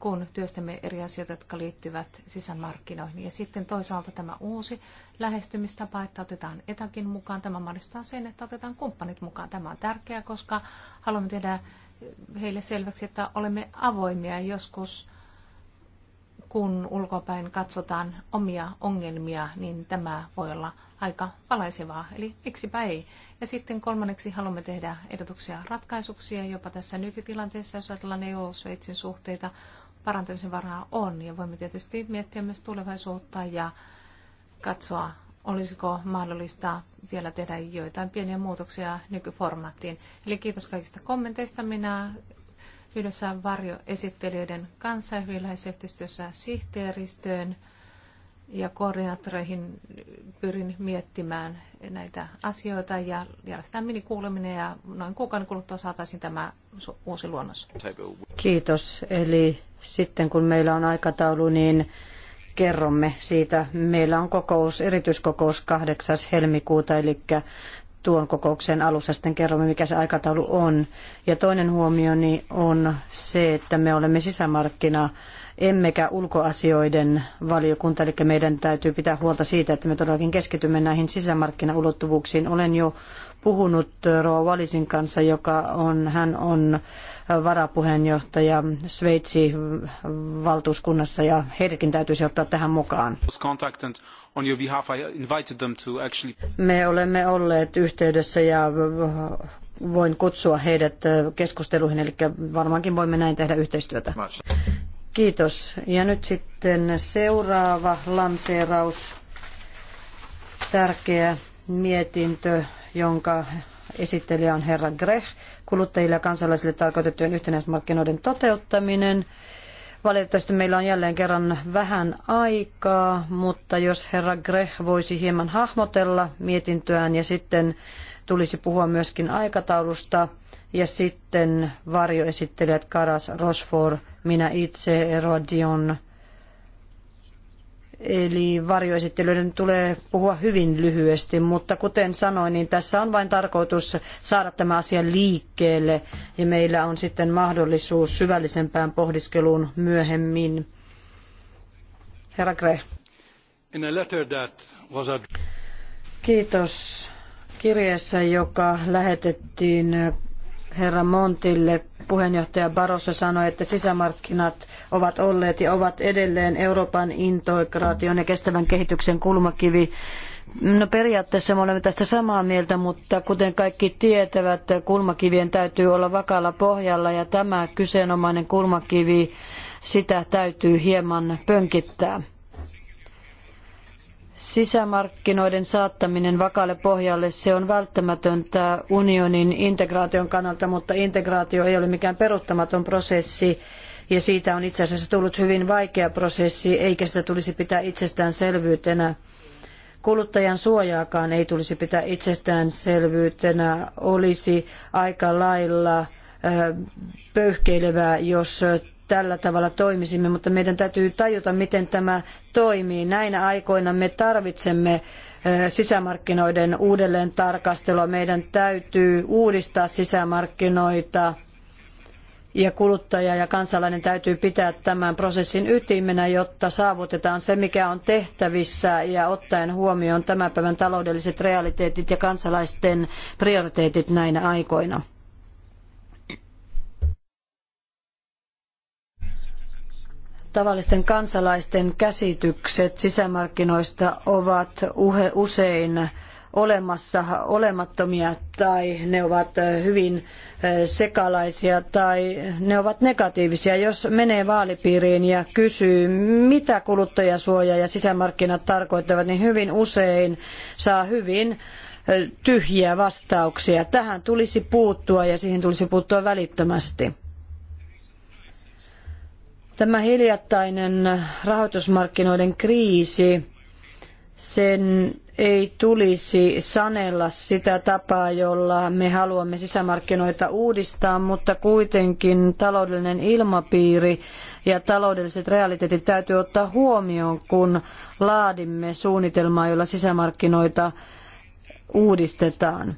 kun työstämme eri asioita, jotka liittyvät sisämarkkinoihin. Ja sitten toisaalta tämä uusi lähestymistapa, että otetaan etäkin mukaan. Tämä mahdollistaa sen, että otetaan kumppanit mukaan. Tämä on tärkeää, koska haluamme tehdä heille selväksi, että olemme avoimia joskus, kun ulkopäin katsotaan omia ongelmia, niin tämä voi olla aika valaisevaa, eli miksipä ei. Ja sitten kolmanneksi haluamme tehdä ehdotuksia ratkaisuksia, jopa tässä nykytilanteessa, jos ajatellaan EU-Sveitsin suhteita, parantamisen varaa on, ja voimme tietysti miettiä myös tulevaisuutta ja katsoa olisiko mahdollista vielä tehdä joitain pieniä muutoksia nykyformaattiin. Eli kiitos kaikista kommenteista. Minä yhdessä varjoesittelijöiden kanssa ja yhteistyössä sihteeristöön ja koordinaattoreihin pyrin miettimään näitä asioita ja järjestetään minikuuleminen ja noin kuukauden kuluttua saataisiin tämä uusi luonnos. Kiitos. Eli sitten kun meillä on aikataulu, niin kerromme siitä. Meillä on kokous, erityiskokous 8. helmikuuta, eli tuon kokouksen alussa sitten kerromme, mikä se aikataulu on. Ja toinen huomioni on se, että me olemme sisämarkkina emmekä ulkoasioiden valiokunta, eli meidän täytyy pitää huolta siitä, että me todellakin keskitymme näihin sisämarkkinaulottuvuuksiin. Olen jo puhunut Roa Wallisin kanssa, joka on, hän on varapuheenjohtaja Sveitsi valtuuskunnassa ja heidätkin täytyisi ottaa tähän mukaan. Me olemme olleet yhteydessä ja voin kutsua heidät keskusteluihin, eli varmaankin voimme näin tehdä yhteistyötä. Kiitos. Ja nyt sitten seuraava lanseeraus. Tärkeä mietintö, jonka esittelijä on herra Grech. Kuluttajille ja kansalaisille tarkoitettujen yhtenäismarkkinoiden toteuttaminen. Valitettavasti meillä on jälleen kerran vähän aikaa, mutta jos herra Grech voisi hieman hahmotella mietintöään ja sitten tulisi puhua myöskin aikataulusta ja sitten varjoesittelijät Karas, Rosfor, minä itse, Erodion. Eli varjoesittelyiden tulee puhua hyvin lyhyesti, mutta kuten sanoin, niin tässä on vain tarkoitus saada tämä asia liikkeelle ja meillä on sitten mahdollisuus syvällisempään pohdiskeluun myöhemmin. Herra Gre. Kiitos. Kirjeessä, joka lähetettiin herra Montille. Puheenjohtaja Barroso sanoi, että sisämarkkinat ovat olleet ja ovat edelleen Euroopan integraation ja kestävän kehityksen kulmakivi. No periaatteessa me olemme tästä samaa mieltä, mutta kuten kaikki tietävät, kulmakivien täytyy olla vakalla pohjalla ja tämä kyseenomainen kulmakivi, sitä täytyy hieman pönkittää. Sisämarkkinoiden saattaminen vakaalle pohjalle, se on välttämätöntä unionin integraation kannalta, mutta integraatio ei ole mikään peruuttamaton prosessi ja siitä on itse asiassa tullut hyvin vaikea prosessi, eikä sitä tulisi pitää itsestäänselvyytenä. Kuluttajan suojaakaan ei tulisi pitää itsestäänselvyytenä. Olisi aika lailla pöyhkeilevää, jos tällä tavalla toimisimme, mutta meidän täytyy tajuta, miten tämä toimii. Näinä aikoina me tarvitsemme sisämarkkinoiden uudelleen tarkastelua. Meidän täytyy uudistaa sisämarkkinoita ja kuluttaja ja kansalainen täytyy pitää tämän prosessin ytimenä, jotta saavutetaan se, mikä on tehtävissä ja ottaen huomioon tämän päivän taloudelliset realiteetit ja kansalaisten prioriteetit näinä aikoina. tavallisten kansalaisten käsitykset sisämarkkinoista ovat usein olemassa olemattomia tai ne ovat hyvin sekalaisia tai ne ovat negatiivisia. Jos menee vaalipiiriin ja kysyy, mitä kuluttajasuoja ja sisämarkkinat tarkoittavat, niin hyvin usein saa hyvin tyhjiä vastauksia. Tähän tulisi puuttua ja siihen tulisi puuttua välittömästi. Tämä hiljattainen rahoitusmarkkinoiden kriisi, sen ei tulisi sanella sitä tapaa, jolla me haluamme sisämarkkinoita uudistaa, mutta kuitenkin taloudellinen ilmapiiri ja taloudelliset realiteetit täytyy ottaa huomioon, kun laadimme suunnitelmaa, jolla sisämarkkinoita uudistetaan.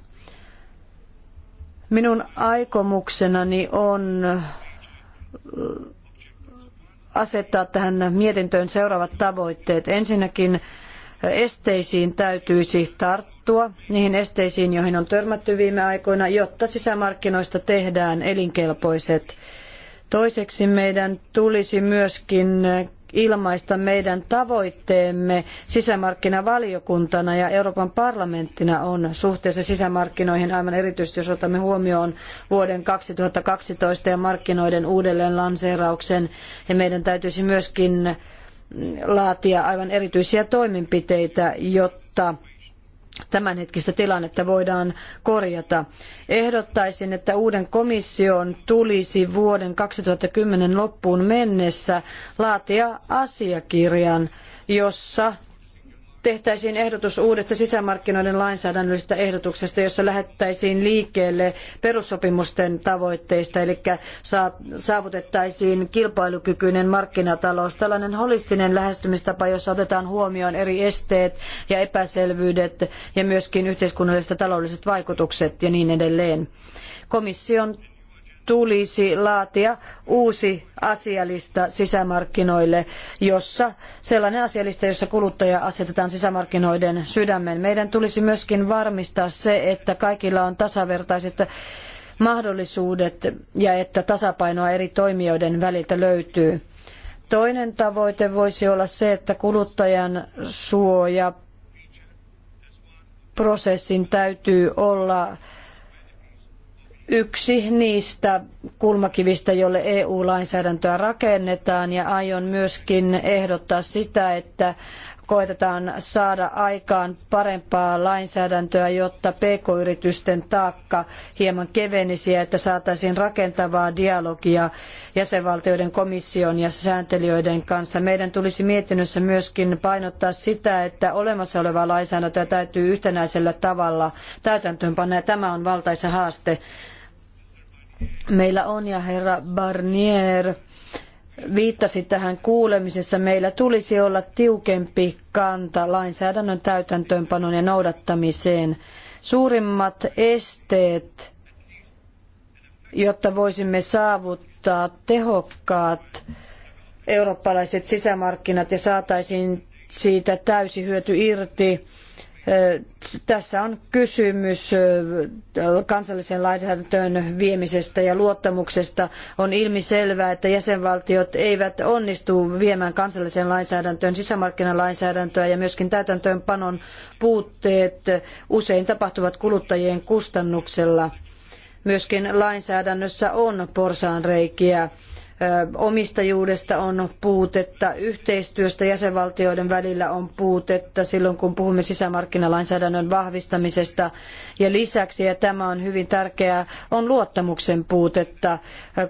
Minun aikomuksenani on asettaa tähän mietintöön seuraavat tavoitteet. Ensinnäkin esteisiin täytyisi tarttua, niihin esteisiin, joihin on törmätty viime aikoina, jotta sisämarkkinoista tehdään elinkelpoiset. Toiseksi meidän tulisi myöskin ilmaista meidän tavoitteemme sisämarkkinavaliokuntana ja Euroopan parlamenttina on suhteessa sisämarkkinoihin, aivan erityisesti jos otamme huomioon vuoden 2012 ja markkinoiden uudelleen lanseerauksen. Ja meidän täytyisi myöskin laatia aivan erityisiä toimenpiteitä, jotta tämänhetkistä tilannetta voidaan korjata. Ehdottaisin, että uuden komission tulisi vuoden 2010 loppuun mennessä laatia asiakirjan, jossa tehtäisiin ehdotus uudesta sisämarkkinoiden lainsäädännöllisestä ehdotuksesta, jossa lähettäisiin liikkeelle perussopimusten tavoitteista, eli saavutettaisiin kilpailukykyinen markkinatalous. Tällainen holistinen lähestymistapa, jossa otetaan huomioon eri esteet ja epäselvyydet ja myöskin yhteiskunnalliset ja taloudelliset vaikutukset ja niin edelleen. Komission tulisi laatia uusi asialista sisämarkkinoille, jossa sellainen asialista, jossa kuluttaja asetetaan sisämarkkinoiden sydämen. Meidän tulisi myöskin varmistaa se, että kaikilla on tasavertaiset mahdollisuudet ja että tasapainoa eri toimijoiden väliltä löytyy. Toinen tavoite voisi olla se, että kuluttajan suoja prosessin täytyy olla yksi niistä kulmakivistä, jolle EU-lainsäädäntöä rakennetaan ja aion myöskin ehdottaa sitä, että koetetaan saada aikaan parempaa lainsäädäntöä, jotta pk-yritysten taakka hieman kevenisi ja että saataisiin rakentavaa dialogia jäsenvaltioiden komission ja sääntelijöiden kanssa. Meidän tulisi mietinnössä myöskin painottaa sitä, että olemassa olevaa lainsäädäntöä täytyy yhtenäisellä tavalla täytäntöönpanna ja tämä on valtaisa haaste meillä on ja herra Barnier viittasi tähän kuulemisessa, meillä tulisi olla tiukempi kanta lainsäädännön täytäntöönpanon ja noudattamiseen. Suurimmat esteet, jotta voisimme saavuttaa tehokkaat eurooppalaiset sisämarkkinat ja saataisiin siitä täysi hyöty irti, tässä on kysymys kansalliseen lainsäädäntöön viemisestä ja luottamuksesta. On ilmiselvää, että jäsenvaltiot eivät onnistu viemään kansalliseen lainsäädäntöön sisämarkkinalainsäädäntöä ja myöskin täytäntöönpanon puutteet usein tapahtuvat kuluttajien kustannuksella. Myöskin lainsäädännössä on porsaanreikiä omistajuudesta on puutetta, yhteistyöstä jäsenvaltioiden välillä on puutetta silloin, kun puhumme sisämarkkinalainsäädännön vahvistamisesta. Ja lisäksi, ja tämä on hyvin tärkeää, on luottamuksen puutetta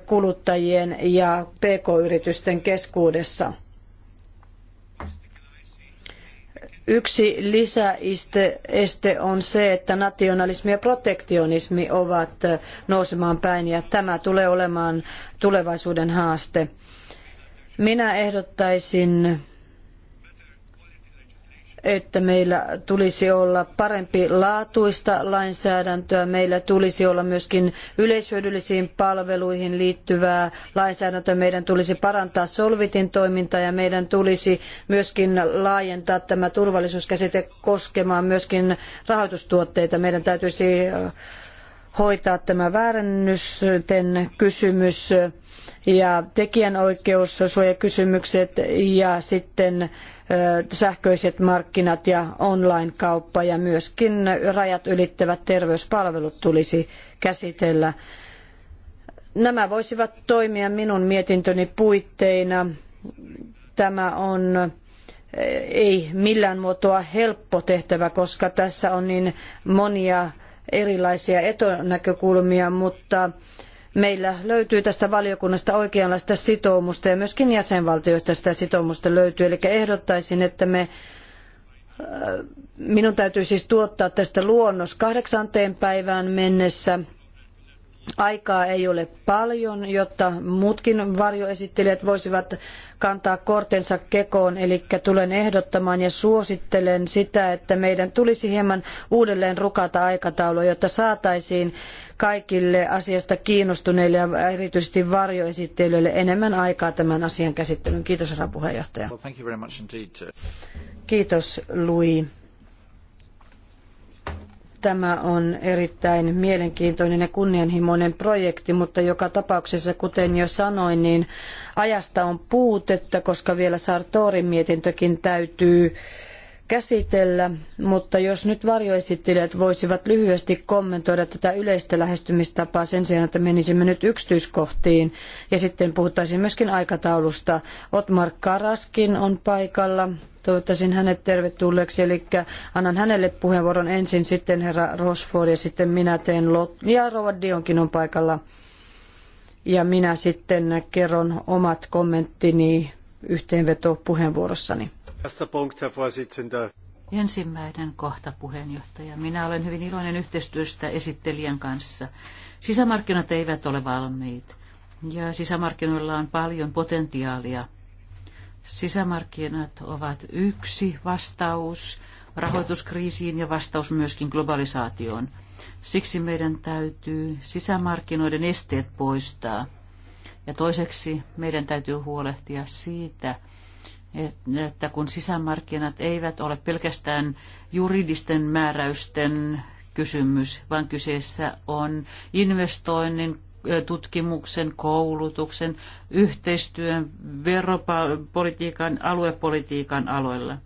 kuluttajien ja pk-yritysten keskuudessa. Yksi lisäeste on se, että nationalismi ja protektionismi ovat nousemaan päin ja tämä tulee olemaan tulevaisuuden haaste. Minä ehdottaisin että meillä tulisi olla parempi laatuista lainsäädäntöä, meillä tulisi olla myöskin yleishyödyllisiin palveluihin liittyvää lainsäädäntöä, meidän tulisi parantaa Solvitin toimintaa ja meidän tulisi myöskin laajentaa tämä turvallisuuskäsite koskemaan myöskin rahoitustuotteita. Meidän täytyisi hoitaa tämä väärännysten kysymys ja tekijänoikeussuojakysymykset ja sitten sähköiset markkinat ja online-kauppa ja myöskin rajat ylittävät terveyspalvelut tulisi käsitellä. Nämä voisivat toimia minun mietintöni puitteina. Tämä on ei millään muotoa helppo tehtävä, koska tässä on niin monia erilaisia etonäkökulmia, mutta meillä löytyy tästä valiokunnasta oikeanlaista sitoumusta ja myöskin jäsenvaltioista sitä sitoumusta löytyy. Eli ehdottaisin, että me äh, minun täytyy siis tuottaa tästä luonnos kahdeksanteen päivään mennessä Aikaa ei ole paljon, jotta muutkin varjoesittelijät voisivat kantaa kortensa kekoon, eli tulen ehdottamaan ja suosittelen sitä, että meidän tulisi hieman uudelleen rukata aikataulua, jotta saataisiin kaikille asiasta kiinnostuneille ja erityisesti varjoesittelijöille enemmän aikaa tämän asian käsittelyyn. Kiitos, herra puheenjohtaja. Uh, Kiitos, Louis. Tämä on erittäin mielenkiintoinen ja kunnianhimoinen projekti, mutta joka tapauksessa, kuten jo sanoin, niin ajasta on puutetta, koska vielä Sartorin mietintökin täytyy käsitellä, mutta jos nyt varjoesittelijät voisivat lyhyesti kommentoida tätä yleistä lähestymistapaa sen sijaan, että menisimme nyt yksityiskohtiin ja sitten puhuttaisiin myöskin aikataulusta. Otmar Karaskin on paikalla. Toivottaisin hänet tervetulleeksi, eli annan hänelle puheenvuoron ensin, sitten herra Rosford ja sitten minä teen lot... Ja rouva Dionkin on paikalla. Ja minä sitten kerron omat kommenttini yhteenvetopuheenvuorossani. puheenvuorossani. Ensimmäinen kohta, puheenjohtaja. Minä olen hyvin iloinen yhteistyöstä esittelijän kanssa. Sisämarkkinat eivät ole valmiit ja sisämarkkinoilla on paljon potentiaalia. Sisämarkkinat ovat yksi vastaus rahoituskriisiin ja vastaus myöskin globalisaatioon. Siksi meidän täytyy sisämarkkinoiden esteet poistaa. Ja toiseksi meidän täytyy huolehtia siitä, että kun sisämarkkinat eivät ole pelkästään juridisten määräysten kysymys, vaan kyseessä on investoinnin, tutkimuksen, koulutuksen, yhteistyön, veropolitiikan, aluepolitiikan aloilla.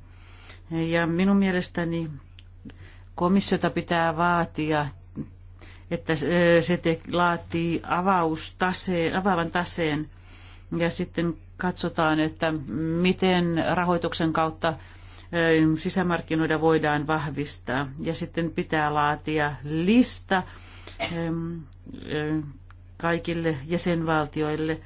Ja minun mielestäni komissiota pitää vaatia, että se te, laatii avaustaseen, avaavan taseen ja sitten katsotaan, että miten rahoituksen kautta sisämarkkinoida voidaan vahvistaa. Ja sitten pitää laatia lista kaikille jäsenvaltioille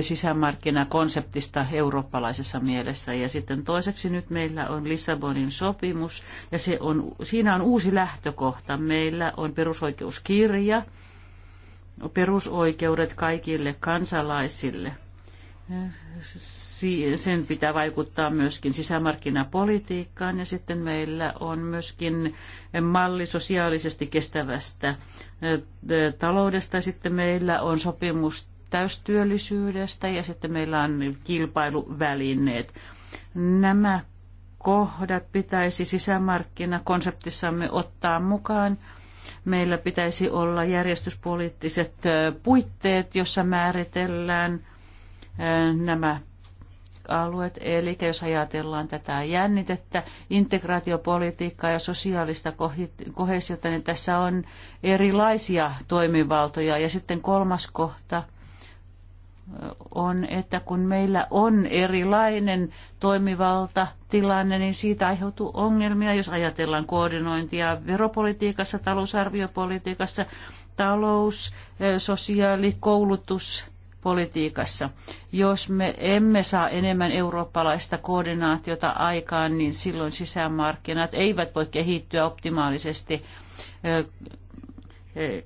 sisämarkkinakonseptista eurooppalaisessa mielessä. Ja sitten toiseksi nyt meillä on Lissabonin sopimus, ja se on, siinä on uusi lähtökohta. Meillä on perusoikeuskirja, perusoikeudet kaikille kansalaisille – sen pitää vaikuttaa myöskin sisämarkkinapolitiikkaan ja sitten meillä on myöskin malli sosiaalisesti kestävästä taloudesta ja sitten meillä on sopimus täystyöllisyydestä ja sitten meillä on kilpailuvälineet. Nämä kohdat pitäisi sisämarkkinakonseptissamme ottaa mukaan. Meillä pitäisi olla järjestyspoliittiset puitteet, jossa määritellään – nämä alueet. Eli jos ajatellaan tätä jännitettä, integraatiopolitiikkaa ja sosiaalista kohesiota, niin tässä on erilaisia toimivaltoja. Ja sitten kolmas kohta on, että kun meillä on erilainen toimivalta tilanne, niin siitä aiheutuu ongelmia, jos ajatellaan koordinointia veropolitiikassa, talousarviopolitiikassa, talous, sosiaali, koulutus, politiikassa. Jos me emme saa enemmän eurooppalaista koordinaatiota aikaan, niin silloin sisämarkkinat eivät voi kehittyä optimaalisesti,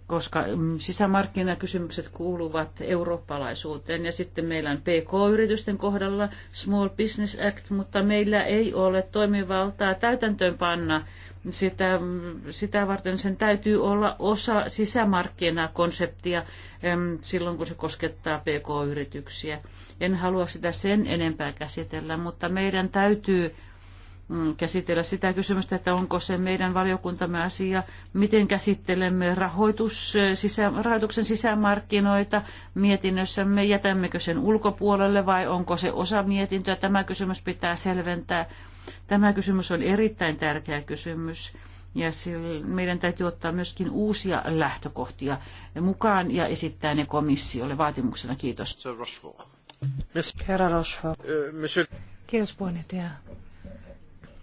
koska mm, sisämarkkinakysymykset kuuluvat eurooppalaisuuteen. Ja sitten meillä on PK-yritysten kohdalla Small Business Act, mutta meillä ei ole toimivaltaa täytäntöönpanna panna sitä, sitä varten sen täytyy olla osa sisämarkkinakonseptia silloin, kun se koskettaa pk-yrityksiä. En halua sitä sen enempää käsitellä, mutta meidän täytyy mm, käsitellä sitä kysymystä, että onko se meidän valiokuntamme asia, miten käsittelemme rahoitus, sisä, rahoituksen sisämarkkinoita mietinnössämme, jätämmekö sen ulkopuolelle vai onko se osa mietintöä. Tämä kysymys pitää selventää Tämä kysymys on erittäin tärkeä kysymys ja meidän täytyy ottaa myöskin uusia lähtökohtia mukaan ja esittää ne komissiolle vaatimuksena. Kiitos. Herra Rochefort. Kiitos puheenjohtaja.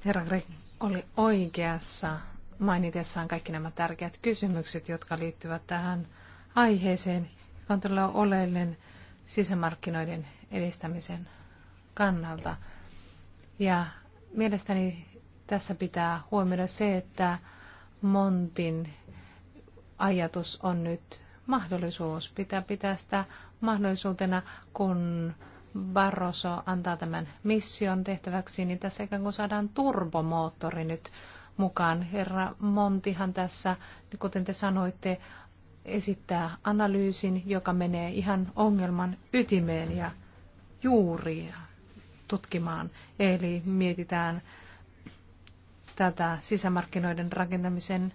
Herra Greg oli oikeassa mainitessaan kaikki nämä tärkeät kysymykset, jotka liittyvät tähän aiheeseen, joka on todella oleellinen sisämarkkinoiden edistämisen kannalta. Ja Mielestäni tässä pitää huomioida se, että Montin ajatus on nyt mahdollisuus. Pitää pitää sitä mahdollisuutena, kun Barroso antaa tämän mission tehtäväksi, niin tässä ikään kuin saadaan turbomoottori nyt mukaan. Herra Montihan tässä, kuten te sanoitte, esittää analyysin, joka menee ihan ongelman ytimeen ja juuriin tutkimaan. Eli mietitään tätä sisämarkkinoiden rakentamisen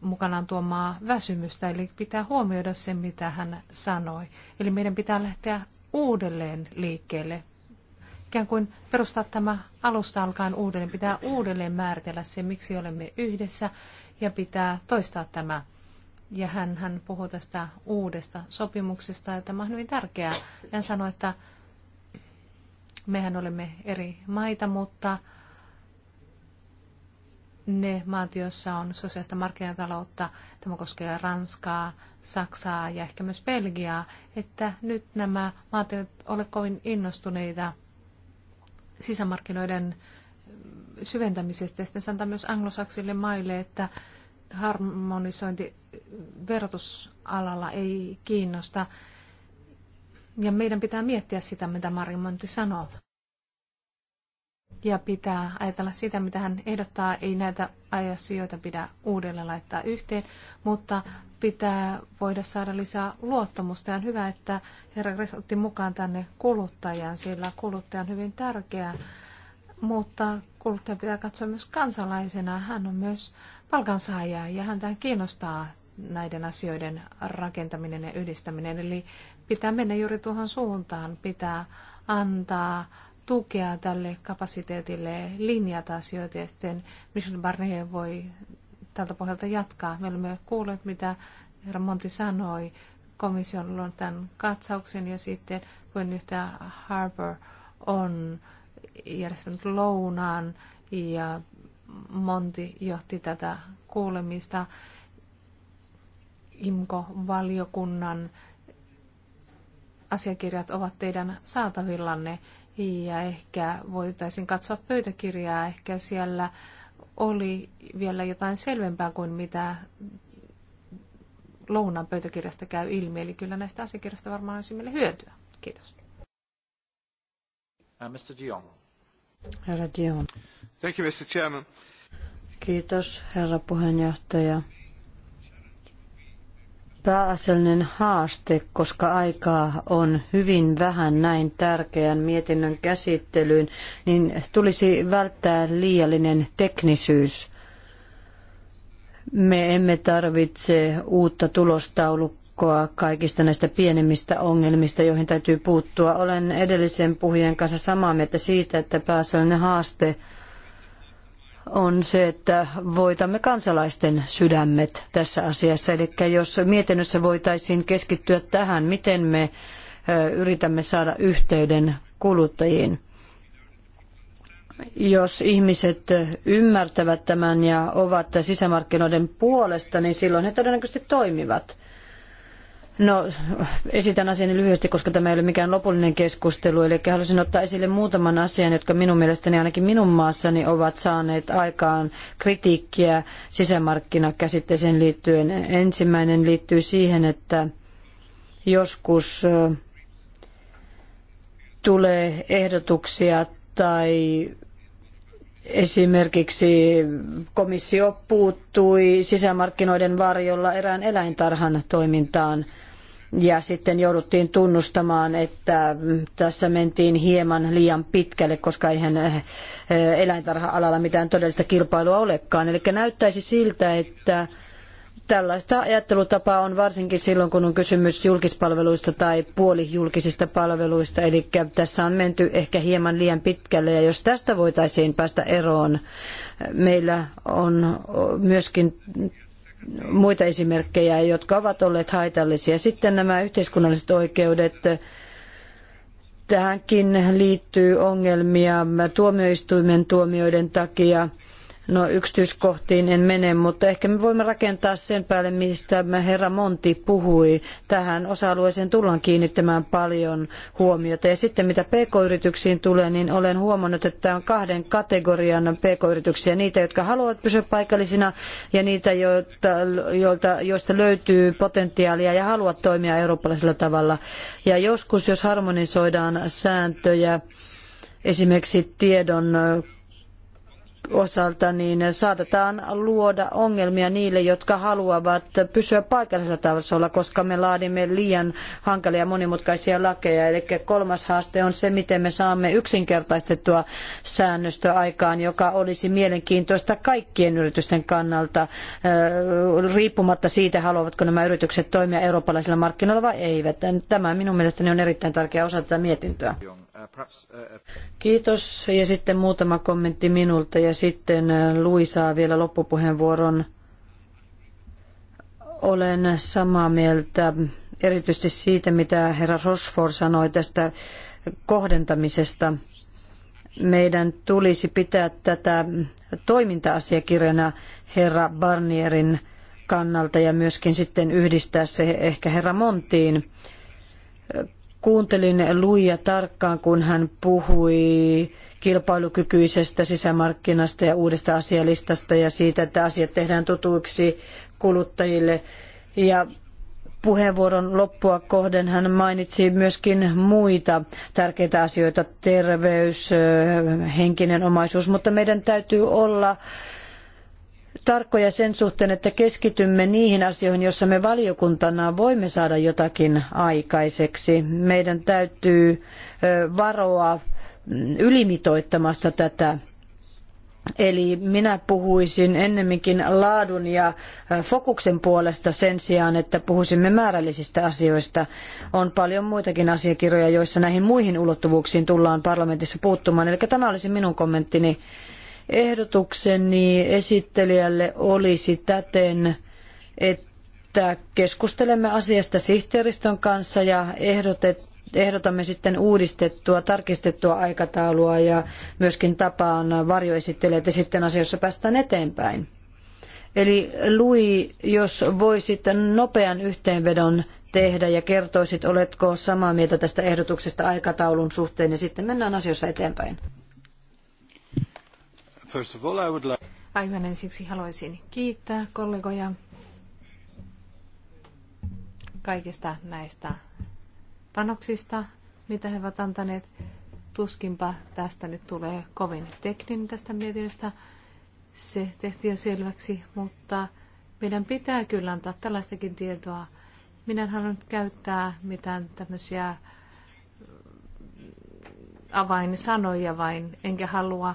mukanaan tuomaa väsymystä, eli pitää huomioida se, mitä hän sanoi. Eli meidän pitää lähteä uudelleen liikkeelle, ikään kuin perustaa tämä alusta alkaen uudelleen. Pitää uudelleen määritellä se, miksi olemme yhdessä, ja pitää toistaa tämä. Ja hän, hän puhuu tästä uudesta sopimuksesta, ja tämä on hyvin tärkeää. Hän sanoi, että Mehän olemme eri maita, mutta ne maat, joissa on sosiaalista markkinataloutta, tämä koskee Ranskaa, Saksaa ja ehkä myös Belgiaa, että nyt nämä maat eivät ole kovin innostuneita sisämarkkinoiden syventämisestä. Ja sitten sanotaan myös anglosaksille maille, että harmonisointi verotusalalla ei kiinnosta ja meidän pitää miettiä sitä, mitä Mari Monti sanoo. Ja pitää ajatella sitä, mitä hän ehdottaa. Ei näitä asioita pidä uudelleen laittaa yhteen, mutta pitää voida saada lisää luottamusta. Ja on hyvä, että herra otti mukaan tänne kuluttajan, sillä kuluttaja on hyvin tärkeä. Mutta kuluttaja pitää katsoa myös kansalaisena. Hän on myös palkansaaja ja häntä kiinnostaa näiden asioiden rakentaminen ja yhdistäminen. Eli pitää mennä juuri tuohon suuntaan. Pitää antaa tukea tälle kapasiteetille linjata asioita ja sitten Michel Barnier voi tältä pohjalta jatkaa. Me olemme kuulleet, mitä herra Monti sanoi. Komission on tämän katsauksen ja sitten yhtä Harbour on järjestänyt lounaan ja Monti johti tätä kuulemista IMKO-valiokunnan asiakirjat ovat teidän saatavillanne ja ehkä voitaisiin katsoa pöytäkirjaa, ehkä siellä oli vielä jotain selvempää kuin mitä lounan pöytäkirjasta käy ilmi. Eli kyllä näistä asiakirjoista varmaan olisi meille hyötyä. Kiitos. Uh, Mr. Dion. Herra Dion. Thank you, Mr. Chairman. Kiitos, herra puheenjohtaja pääasiallinen haaste, koska aikaa on hyvin vähän näin tärkeän mietinnön käsittelyyn, niin tulisi välttää liiallinen teknisyys. Me emme tarvitse uutta tulostaulukkoa kaikista näistä pienemmistä ongelmista, joihin täytyy puuttua. Olen edellisen puhujen kanssa samaa mieltä siitä, että pääasiallinen haaste – on se, että voitamme kansalaisten sydämet tässä asiassa. Eli jos mietinnössä voitaisiin keskittyä tähän, miten me yritämme saada yhteyden kuluttajiin. Jos ihmiset ymmärtävät tämän ja ovat sisämarkkinoiden puolesta, niin silloin he todennäköisesti toimivat. No, esitän asiani lyhyesti, koska tämä ei ole mikään lopullinen keskustelu. Eli haluaisin ottaa esille muutaman asian, jotka minun mielestäni ainakin minun maassani ovat saaneet aikaan kritiikkiä sisämarkkinakäsitteeseen liittyen. Ensimmäinen liittyy siihen, että joskus tulee ehdotuksia tai Esimerkiksi komissio puuttui sisämarkkinoiden varjolla erään eläintarhan toimintaan ja sitten jouduttiin tunnustamaan, että tässä mentiin hieman liian pitkälle, koska eihän eh, eh, eläintarha-alalla mitään todellista kilpailua olekaan. Eli näyttäisi siltä, että tällaista ajattelutapaa on varsinkin silloin, kun on kysymys julkispalveluista tai puolijulkisista palveluista. Eli tässä on menty ehkä hieman liian pitkälle ja jos tästä voitaisiin päästä eroon, meillä on myöskin muita esimerkkejä, jotka ovat olleet haitallisia. Sitten nämä yhteiskunnalliset oikeudet. Tähänkin liittyy ongelmia tuomioistuimen tuomioiden takia No yksityiskohtiin en mene, mutta ehkä me voimme rakentaa sen päälle, mistä herra Monti puhui. Tähän osa-alueeseen tullaan kiinnittämään paljon huomiota. Ja sitten mitä pk-yrityksiin tulee, niin olen huomannut, että on kahden kategorian pk-yrityksiä. Niitä, jotka haluavat pysyä paikallisina ja niitä, joita, joilta, joista löytyy potentiaalia ja haluavat toimia eurooppalaisella tavalla. Ja joskus, jos harmonisoidaan sääntöjä, esimerkiksi tiedon osalta, niin saatetaan luoda ongelmia niille, jotka haluavat pysyä paikallisella tasolla, koska me laadimme liian hankalia ja monimutkaisia lakeja. Eli kolmas haaste on se, miten me saamme yksinkertaistettua säännöstöä aikaan, joka olisi mielenkiintoista kaikkien yritysten kannalta, riippumatta siitä, haluavatko nämä yritykset toimia eurooppalaisilla markkinoilla vai eivät. Tämä minun mielestäni on erittäin tärkeä osa tätä mietintöä. Uh, Kiitos ja sitten muutama kommentti minulta ja sitten äh, Lui saa vielä loppupuheenvuoron. Olen samaa mieltä erityisesti siitä, mitä herra Rosford sanoi tästä kohdentamisesta. Meidän tulisi pitää tätä toiminta-asiakirjana herra Barnierin kannalta ja myöskin sitten yhdistää se ehkä herra Montiin kuuntelin Luija tarkkaan, kun hän puhui kilpailukykyisestä sisämarkkinasta ja uudesta asialistasta ja siitä, että asiat tehdään tutuiksi kuluttajille. Ja puheenvuoron loppua kohden hän mainitsi myöskin muita tärkeitä asioita, terveys, henkinen omaisuus, mutta meidän täytyy olla tarkkoja sen suhteen, että keskitymme niihin asioihin, joissa me valiokuntana voimme saada jotakin aikaiseksi. Meidän täytyy varoa mm, ylimitoittamasta tätä Eli minä puhuisin ennemminkin laadun ja fokuksen puolesta sen sijaan, että puhuisimme määrällisistä asioista. On paljon muitakin asiakirjoja, joissa näihin muihin ulottuvuuksiin tullaan parlamentissa puuttumaan. Eli tämä olisi minun kommenttini Ehdotukseni esittelijälle olisi täten, että keskustelemme asiasta sihteeristön kanssa ja ehdotet, ehdotamme sitten uudistettua, tarkistettua aikataulua ja myöskin tapaan varjoesittelijät ja sitten asioissa päästään eteenpäin. Eli Lui, jos voisit nopean yhteenvedon tehdä ja kertoisit, oletko samaa mieltä tästä ehdotuksesta aikataulun suhteen ja sitten mennään asioissa eteenpäin. First of all, I would like... Aivan ensiksi haluaisin kiittää kollegoja kaikista näistä panoksista, mitä he ovat antaneet. Tuskinpa tästä nyt tulee kovin tekninen tästä mietinnöstä. Se tehtiin jo selväksi, mutta meidän pitää kyllä antaa tällaistakin tietoa. Minä en halunnut käyttää mitään tämmöisiä äh, avainsanoja vain, enkä halua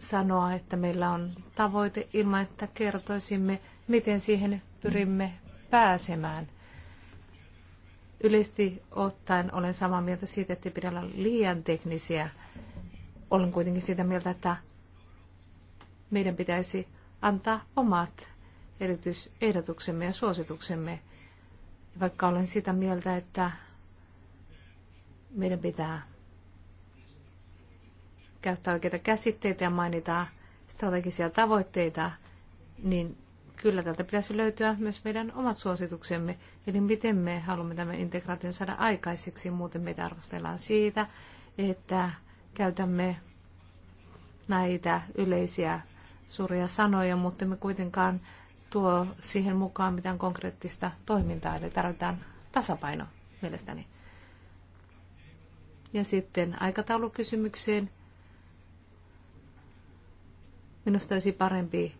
sanoa, että meillä on tavoite ilman, että kertoisimme, miten siihen pyrimme pääsemään. Yleisesti ottaen olen samaa mieltä siitä, että pidä olla liian teknisiä. Olen kuitenkin sitä mieltä, että meidän pitäisi antaa omat erityisehdotuksemme ja suosituksemme, vaikka olen sitä mieltä, että meidän pitää käyttää oikeita käsitteitä ja mainitaan strategisia tavoitteita, niin kyllä täältä pitäisi löytyä myös meidän omat suosituksemme, eli miten me haluamme tämän integraation saada aikaiseksi, muuten meitä arvostellaan siitä, että käytämme näitä yleisiä suuria sanoja, mutta me kuitenkaan tuo siihen mukaan mitään konkreettista toimintaa, eli tarvitaan tasapaino mielestäni. Ja sitten aikataulukysymykseen. Minusta olisi parempi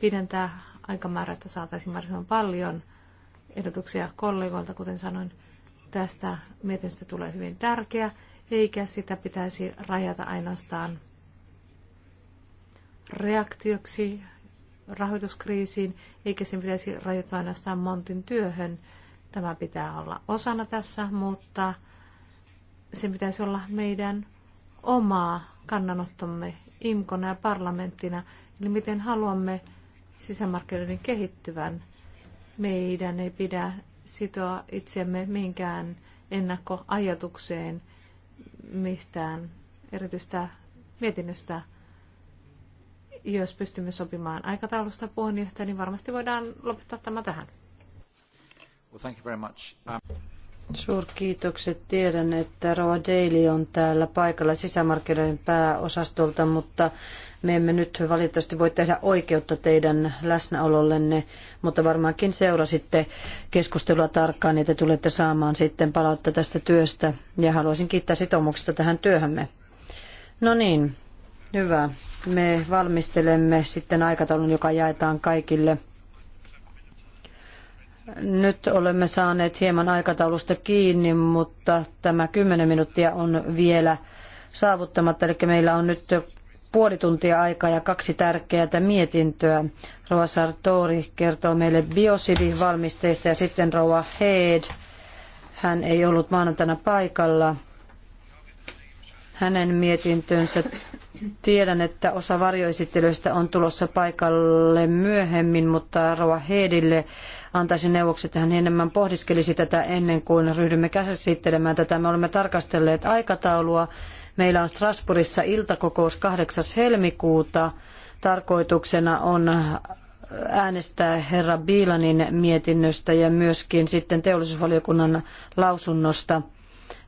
pidentää aikamäärä, että saataisiin mahdollisimman paljon ehdotuksia kollegoilta, kuten sanoin, tästä mietinnöstä tulee hyvin tärkeä, eikä sitä pitäisi rajata ainoastaan reaktioksi rahoituskriisiin, eikä sen pitäisi rajoittaa ainoastaan Montin työhön. Tämä pitää olla osana tässä, mutta sen pitäisi olla meidän omaa kannanottomme imkona ja parlamenttina, eli miten haluamme sisämarkkinoiden kehittyvän. Meidän ei pidä sitoa itsemme minkään ennakkoajatukseen mistään erityistä mietinnöstä. Jos pystymme sopimaan aikataulusta puheenjohtaja, niin varmasti voidaan lopettaa tämä tähän. Well, thank you very much. Um... Suurkiitokset. Tiedän, että Roa Daily on täällä paikalla sisämarkkinoiden pääosastolta, mutta me emme nyt valitettavasti voi tehdä oikeutta teidän läsnäolollenne, mutta varmaankin seurasitte keskustelua tarkkaan ja te tulette saamaan sitten palautta tästä työstä ja haluaisin kiittää sitoumuksesta tähän työhömme. No niin, hyvä. Me valmistelemme sitten aikataulun, joka jaetaan kaikille nyt olemme saaneet hieman aikataulusta kiinni, mutta tämä 10 minuuttia on vielä saavuttamatta. Eli meillä on nyt puoli tuntia aikaa ja kaksi tärkeää mietintöä. Rouva Sartori kertoo meille biosidivalmisteista ja sitten Rouva Head. Hän ei ollut maanantaina paikalla. Hänen mietintönsä Tiedän, että osa varjoesittelyistä on tulossa paikalle myöhemmin, mutta Rova Heedille antaisin neuvoksi, että hän enemmän pohdiskelisi tätä ennen kuin ryhdymme käsittelemään tätä. Me olemme tarkastelleet aikataulua. Meillä on Strasbourgissa iltakokous 8. helmikuuta. Tarkoituksena on äänestää herra Biilanin mietinnöstä ja myöskin sitten teollisuusvaliokunnan lausunnosta –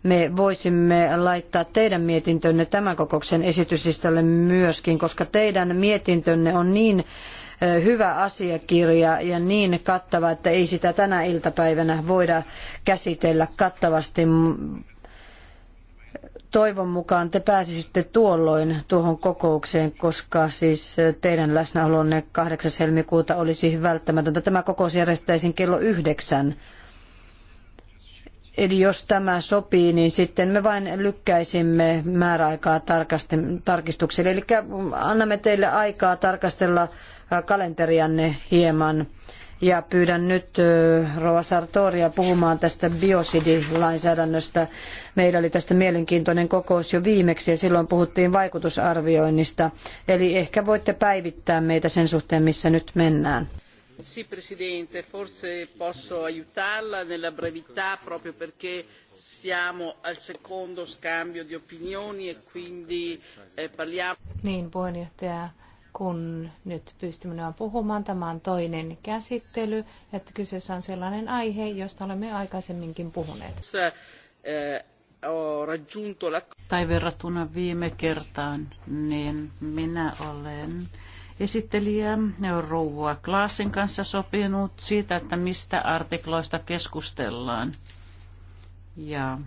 me voisimme laittaa teidän mietintönne tämän kokouksen esityslistalle myöskin, koska teidän mietintönne on niin hyvä asiakirja ja niin kattava, että ei sitä tänä iltapäivänä voida käsitellä kattavasti. Toivon mukaan te pääsisitte tuolloin tuohon kokoukseen, koska siis teidän läsnäolonne 8. helmikuuta olisi välttämätöntä. Tämä kokous järjestäisiin kello yhdeksän Eli jos tämä sopii, niin sitten me vain lykkäisimme määräaikaa tarkistukselle. Eli annamme teille aikaa tarkastella kalenterianne hieman. Ja pyydän nyt Rova Sartoria puhumaan tästä biosidilainsäädännöstä. Meillä oli tästä mielenkiintoinen kokous jo viimeksi ja silloin puhuttiin vaikutusarvioinnista. Eli ehkä voitte päivittää meitä sen suhteen, missä nyt mennään. Sì Presidente, forse posso aiutarla nella brevità proprio perché siamo al secondo scambio di opinioni e quindi eh, parliamo... Niin puheenjohtaja, kun nyt pystymme puhumaan, tämä on toinen käsittely, että kyseessä on sellainen aihe, josta olemme aikaisemminkin puhuneet. Eh, tai verrattuna viime kertaan, niin minä olen esittelijä Rouva Klaasin kanssa sopinut siitä, että mistä artikloista keskustellaan. Ja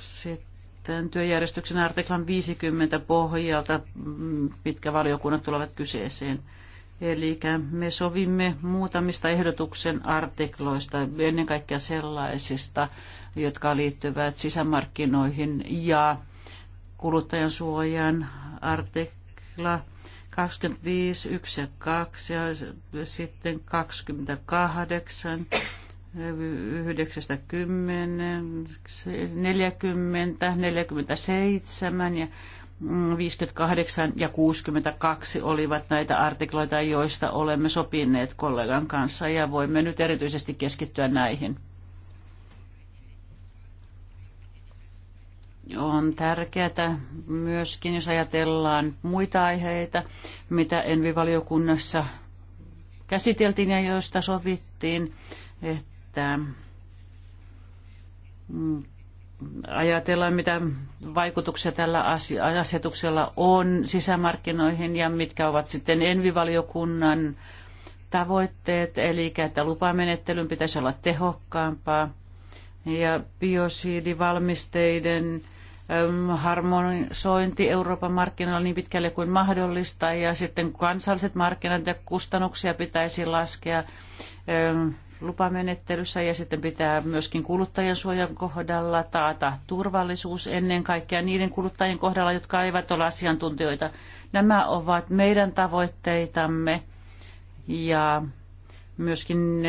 sitten työjärjestyksen artiklan 50 pohjalta pitkä valiokunnat tulevat kyseeseen. Eli me sovimme muutamista ehdotuksen artikloista, ennen kaikkea sellaisista, jotka liittyvät sisämarkkinoihin ja kuluttajan suojan artik- artikla 25, 1 ja 2 ja sitten 28, 90, 40, 47 ja 58 ja 62 olivat näitä artikloita, joista olemme sopineet kollegan kanssa ja voimme nyt erityisesti keskittyä näihin. on tärkeää myöskin, jos ajatellaan muita aiheita, mitä Envivaliokunnassa käsiteltiin ja joista sovittiin, että ajatellaan, mitä vaikutuksia tällä asetuksella on sisämarkkinoihin ja mitkä ovat sitten Envivaliokunnan tavoitteet, eli että lupamenettelyn pitäisi olla tehokkaampaa ja biosiidivalmisteiden harmonisointi Euroopan markkinoilla niin pitkälle kuin mahdollista ja sitten kansalliset markkinat ja kustannuksia pitäisi laskea lupamenettelyssä ja sitten pitää myöskin kuluttajansuojan kohdalla taata turvallisuus ennen kaikkea niiden kuluttajien kohdalla, jotka eivät ole asiantuntijoita. Nämä ovat meidän tavoitteitamme ja Myöskin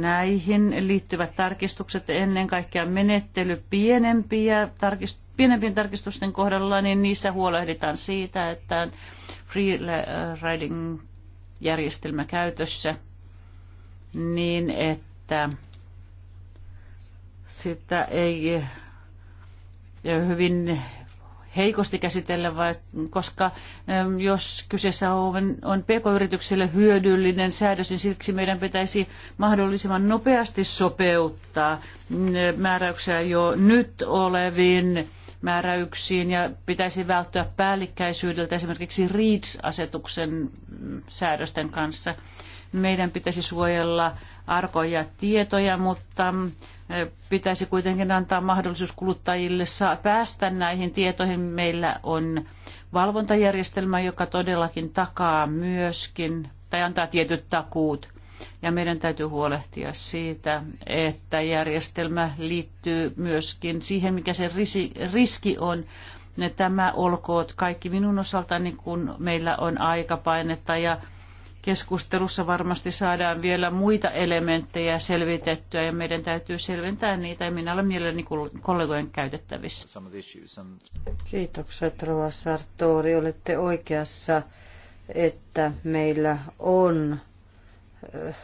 näihin liittyvät tarkistukset, ennen kaikkea menettely pienempiä, tarkist, pienempien tarkistusten kohdalla, niin niissä huolehditaan siitä, että free riding järjestelmä käytössä niin, että sitä ei hyvin heikosti käsitellä, vai, koska ähm, jos kyseessä on, on pk-yritykselle hyödyllinen säädös, niin siksi meidän pitäisi mahdollisimman nopeasti sopeuttaa mm, määräyksiä jo nyt oleviin määräyksiin ja pitäisi välttyä päällikkäisyydeltä esimerkiksi REACH-asetuksen mm, säädösten kanssa. Meidän pitäisi suojella arkoja tietoja, mutta mm, pitäisi kuitenkin antaa mahdollisuus kuluttajille saa päästä näihin tietoihin. Meillä on valvontajärjestelmä, joka todellakin takaa myöskin tai antaa tietyt takuut. Ja meidän täytyy huolehtia siitä, että järjestelmä liittyy myöskin siihen, mikä se riski on. Tämä olkoot kaikki minun osaltani, kun meillä on aikapainetta ja keskustelussa varmasti saadaan vielä muita elementtejä selvitettyä ja meidän täytyy selventää niitä ja minä olen mielelläni kollegojen käytettävissä. Kiitokset Rova Sartori, olette oikeassa, että meillä on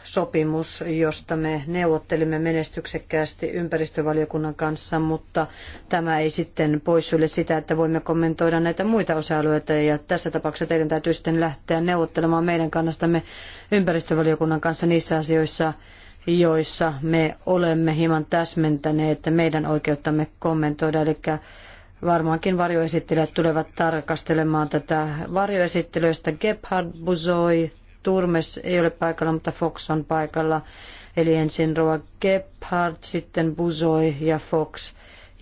sopimus, josta me neuvottelimme menestyksekkäästi ympäristövaliokunnan kanssa, mutta tämä ei sitten poissulje sitä, että voimme kommentoida näitä muita osa-alueita ja tässä tapauksessa teidän täytyy sitten lähteä neuvottelemaan meidän kannastamme ympäristövaliokunnan kanssa niissä asioissa, joissa me olemme hieman täsmentäneet meidän oikeuttamme kommentoida, eli varmaankin varjoesittelijät tulevat tarkastelemaan tätä varjoesittelyistä. Gebhard Buzoi, Turmes ei ole paikalla, mutta Fox on paikalla. Eli ensin Roa Gebhardt, sitten Buzoi ja Fox.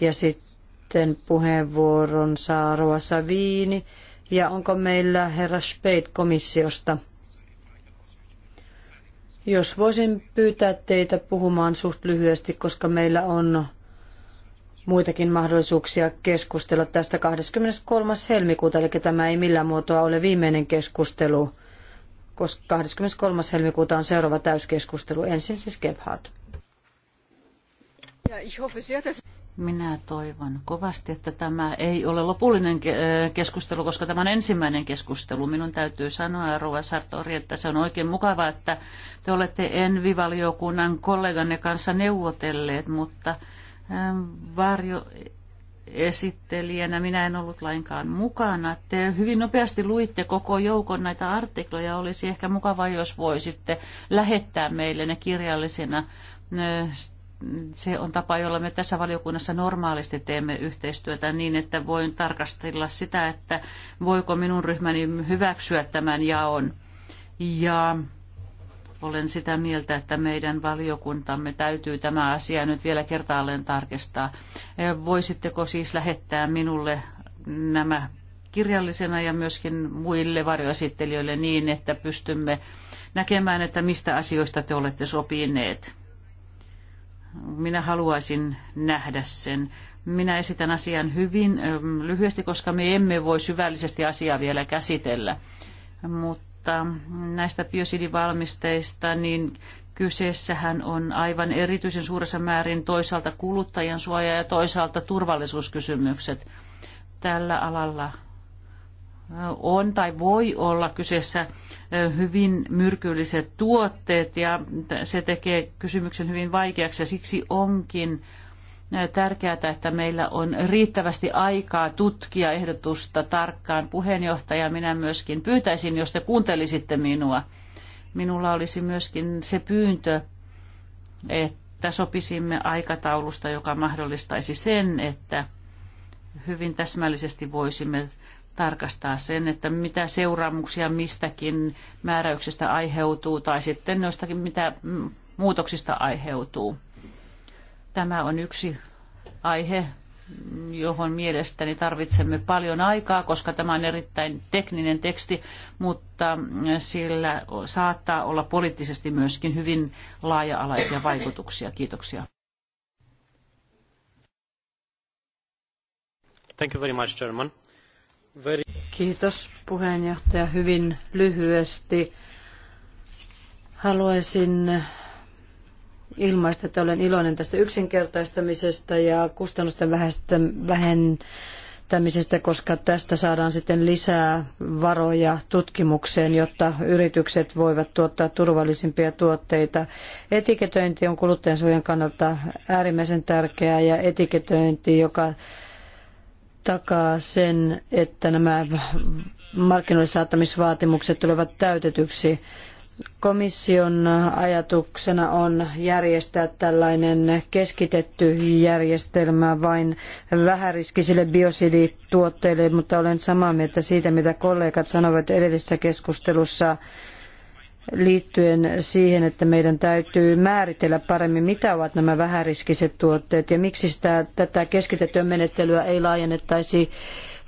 Ja sitten puheenvuoron saa Roa Savini. Ja onko meillä herra Speit komissiosta? Jos voisin pyytää teitä puhumaan suht lyhyesti, koska meillä on muitakin mahdollisuuksia keskustella tästä 23. helmikuuta, eli tämä ei millään muotoa ole viimeinen keskustelu koska 23. helmikuuta on seuraava täyskeskustelu. Ensin siis Gebhard. Minä toivon kovasti, että tämä ei ole lopullinen äh, keskustelu, koska tämä on ensimmäinen keskustelu. Minun täytyy sanoa, Rova Sartori, että se on oikein mukavaa, että te olette Envi-valiokunnan kolleganne kanssa neuvotelleet, mutta ähm, varjo esittelijänä. Minä en ollut lainkaan mukana. Te hyvin nopeasti luitte koko joukon näitä artikloja. Olisi ehkä mukava, jos voisitte lähettää meille ne kirjallisina. Se on tapa, jolla me tässä valiokunnassa normaalisti teemme yhteistyötä niin, että voin tarkastella sitä, että voiko minun ryhmäni hyväksyä tämän jaon. Ja olen sitä mieltä, että meidän valiokuntamme täytyy tämä asia nyt vielä kertaalleen tarkistaa. Voisitteko siis lähettää minulle nämä kirjallisena ja myöskin muille varjoesittelijöille niin, että pystymme näkemään, että mistä asioista te olette sopineet. Minä haluaisin nähdä sen. Minä esitän asian hyvin lyhyesti, koska me emme voi syvällisesti asiaa vielä käsitellä. Mutta mutta näistä biosidivalmisteista, niin kyseessähän on aivan erityisen suuressa määrin toisaalta kuluttajan suoja ja toisaalta turvallisuuskysymykset. Tällä alalla on tai voi olla kyseessä hyvin myrkylliset tuotteet ja se tekee kysymyksen hyvin vaikeaksi ja siksi onkin tärkeää, että meillä on riittävästi aikaa tutkia ehdotusta tarkkaan. Puheenjohtaja, minä myöskin pyytäisin, jos te kuuntelisitte minua. Minulla olisi myöskin se pyyntö, että sopisimme aikataulusta, joka mahdollistaisi sen, että hyvin täsmällisesti voisimme tarkastaa sen, että mitä seuraamuksia mistäkin määräyksestä aiheutuu tai sitten noistakin mitä muutoksista aiheutuu. Tämä on yksi aihe, johon mielestäni tarvitsemme paljon aikaa, koska tämä on erittäin tekninen teksti, mutta sillä saattaa olla poliittisesti myöskin hyvin laaja-alaisia vaikutuksia. Kiitoksia. Thank you very much, Chairman. Very... Kiitos puheenjohtaja. Hyvin lyhyesti haluaisin ilmaista, että olen iloinen tästä yksinkertaistamisesta ja kustannusten vähentämisestä, koska tästä saadaan sitten lisää varoja tutkimukseen, jotta yritykset voivat tuottaa turvallisimpia tuotteita. Etiketöinti on kuluttajansuojan kannalta äärimmäisen tärkeää ja etiketöinti, joka takaa sen, että nämä markkinoille saattamisvaatimukset tulevat täytetyksi Komission ajatuksena on järjestää tällainen keskitetty järjestelmä vain vähäriskisille biosidituotteille, mutta olen samaa mieltä siitä, mitä kollegat sanovat edellisessä keskustelussa liittyen siihen, että meidän täytyy määritellä paremmin, mitä ovat nämä vähäriskiset tuotteet ja miksi sitä, tätä keskitettyä menettelyä ei laajennettaisi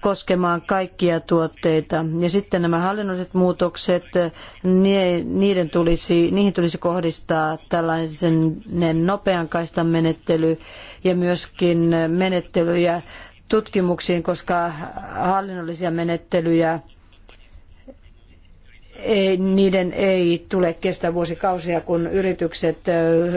koskemaan kaikkia tuotteita. Ja sitten nämä hallinnolliset muutokset, niiden tulisi, niihin tulisi kohdistaa tällaisen nopean kaistan menettely ja myöskin menettelyjä tutkimuksiin, koska hallinnollisia menettelyjä ei, niiden ei tule kestää vuosikausia, kun yritykset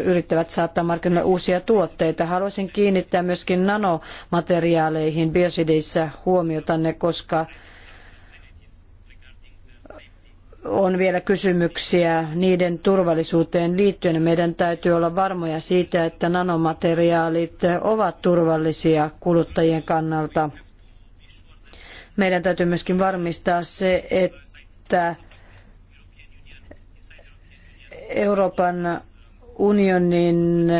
yrittävät saattaa markkinoille uusia tuotteita. Haluaisin kiinnittää myöskin nanomateriaaleihin biosideissä huomiotanne, koska on vielä kysymyksiä niiden turvallisuuteen liittyen. Meidän täytyy olla varmoja siitä, että nanomateriaalit ovat turvallisia kuluttajien kannalta. Meidän täytyy myöskin varmistaa se, että Euroopan unionin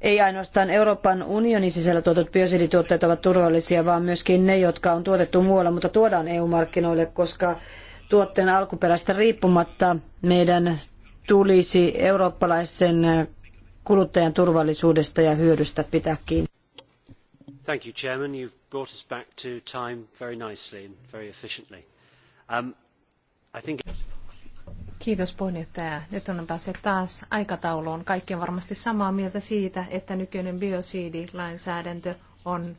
ei ainoastaan Euroopan unionin sisällä tuotetut biosidituotteet ovat turvallisia, vaan myöskin ne, jotka on tuotettu muualla, mutta tuodaan EU-markkinoille, koska tuotteen alkuperästä riippumatta meidän tulisi eurooppalaisen kuluttajan turvallisuudesta ja hyödystä pitää kiinni. Thank you, Chairman. You've brought us back to time very nicely and very efficiently. Um, I think... Kiitos puheenjohtaja. Nyt on päässyt taas aikatauluun. Kaikki on varmasti samaa mieltä siitä, että nykyinen biosiidilainsäädäntö on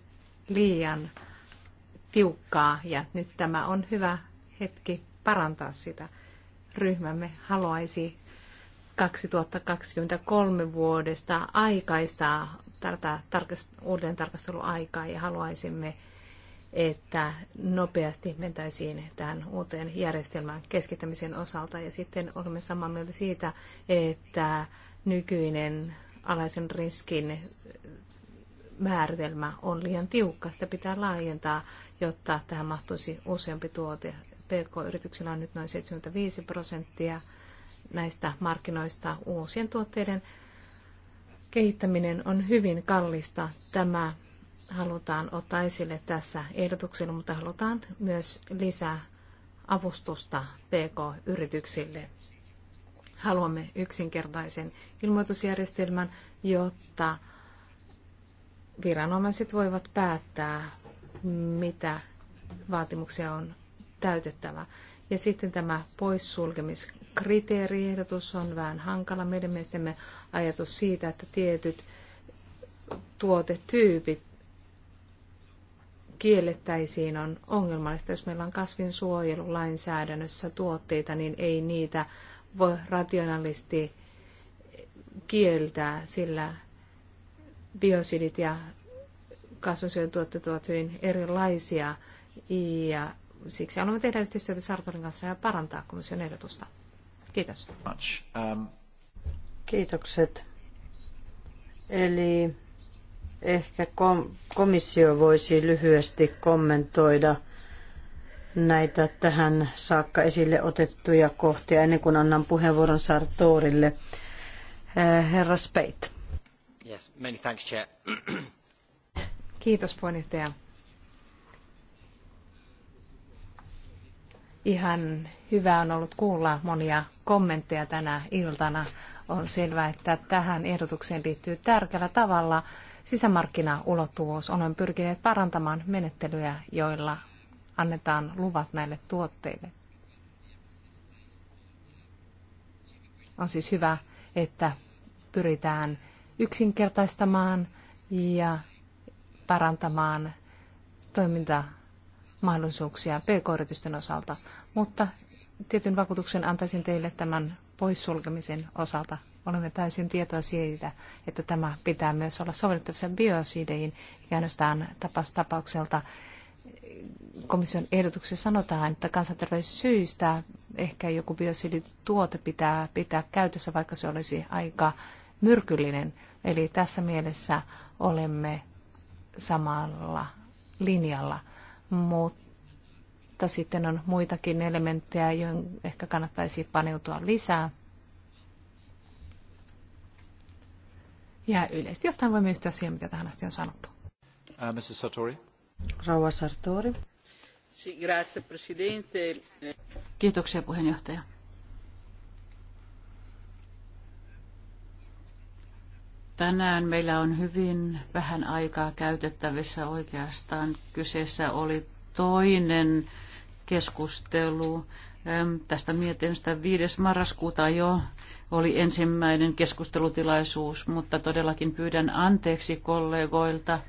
liian tiukkaa ja nyt tämä on hyvä hetki parantaa sitä. Ryhmämme haluaisi 2023 vuodesta aikaista tätä tarkast- uuden tarkasteluaikaa ja haluaisimme että nopeasti mentäisiin tähän uuteen järjestelmään keskittämisen osalta. Ja sitten olemme samaa mieltä siitä, että nykyinen alaisen riskin määritelmä on liian tiukka. Sitä pitää laajentaa, jotta tähän mahtuisi useampi tuote. PK-yrityksillä on nyt noin 75 prosenttia näistä markkinoista uusien tuotteiden kehittäminen on hyvin kallista. Tämä halutaan ottaa esille tässä ehdotuksella, mutta halutaan myös lisää avustusta PK-yrityksille. Haluamme yksinkertaisen ilmoitusjärjestelmän, jotta viranomaiset voivat päättää, mitä vaatimuksia on täytettävä. Ja sitten tämä poissulkemiskriteeriehdotus on vähän hankala. Meidän mielestämme ajatus siitä, että tietyt tuotetyypit kiellettäisiin, on ongelmallista. Jos meillä on kasvinsuojelulainsäädännössä tuotteita, niin ei niitä voi rationaalisti kieltää, sillä biosidit ja kasvinsuojelutuotteet ovat hyvin erilaisia ja siksi haluamme tehdä yhteistyötä Sartorin kanssa ja parantaa komission ehdotusta. Kiitos. Um, Kiitokset. Eli Ehkä komissio voisi lyhyesti kommentoida näitä tähän saakka esille otettuja kohtia ennen kuin annan puheenvuoron Sartorille. Eh, herra Speit. Yes, many thanks, Chair. [CLEARS THROAT] Kiitos puheenjohtaja. Ihan hyvä on ollut kuulla monia kommentteja tänä iltana. On selvää, että tähän ehdotukseen liittyy tärkeällä tavalla sisämarkkinaulottuvuus. on pyrkineet parantamaan menettelyjä, joilla annetaan luvat näille tuotteille. On siis hyvä, että pyritään yksinkertaistamaan ja parantamaan toimintamahdollisuuksia pk-yritysten osalta, mutta tietyn vakuutuksen antaisin teille tämän poissulkemisen osalta olemme täysin tietoa siitä, että tämä pitää myös olla sovellettavissa biosideihin ja ainoastaan tapaustapaukselta. Komission ehdotuksessa sanotaan, että kansanterveyssyistä ehkä joku biosidituote pitää pitää käytössä, vaikka se olisi aika myrkyllinen. Eli tässä mielessä olemme samalla linjalla, mutta sitten on muitakin elementtejä, joihin ehkä kannattaisi paneutua lisää. Ja yleisesti ottaen voimme yhtyä siihen, mitä tähän asti on sanottu. Uh, Mrs. Sartori. Rouva Sartori. Grazie, presidente. Kiitoksia puheenjohtaja. Tänään meillä on hyvin vähän aikaa käytettävissä oikeastaan. Kyseessä oli toinen keskustelu tästä mietinnöstä 5. marraskuuta jo oli ensimmäinen keskustelutilaisuus, mutta todellakin pyydän anteeksi kollegoilta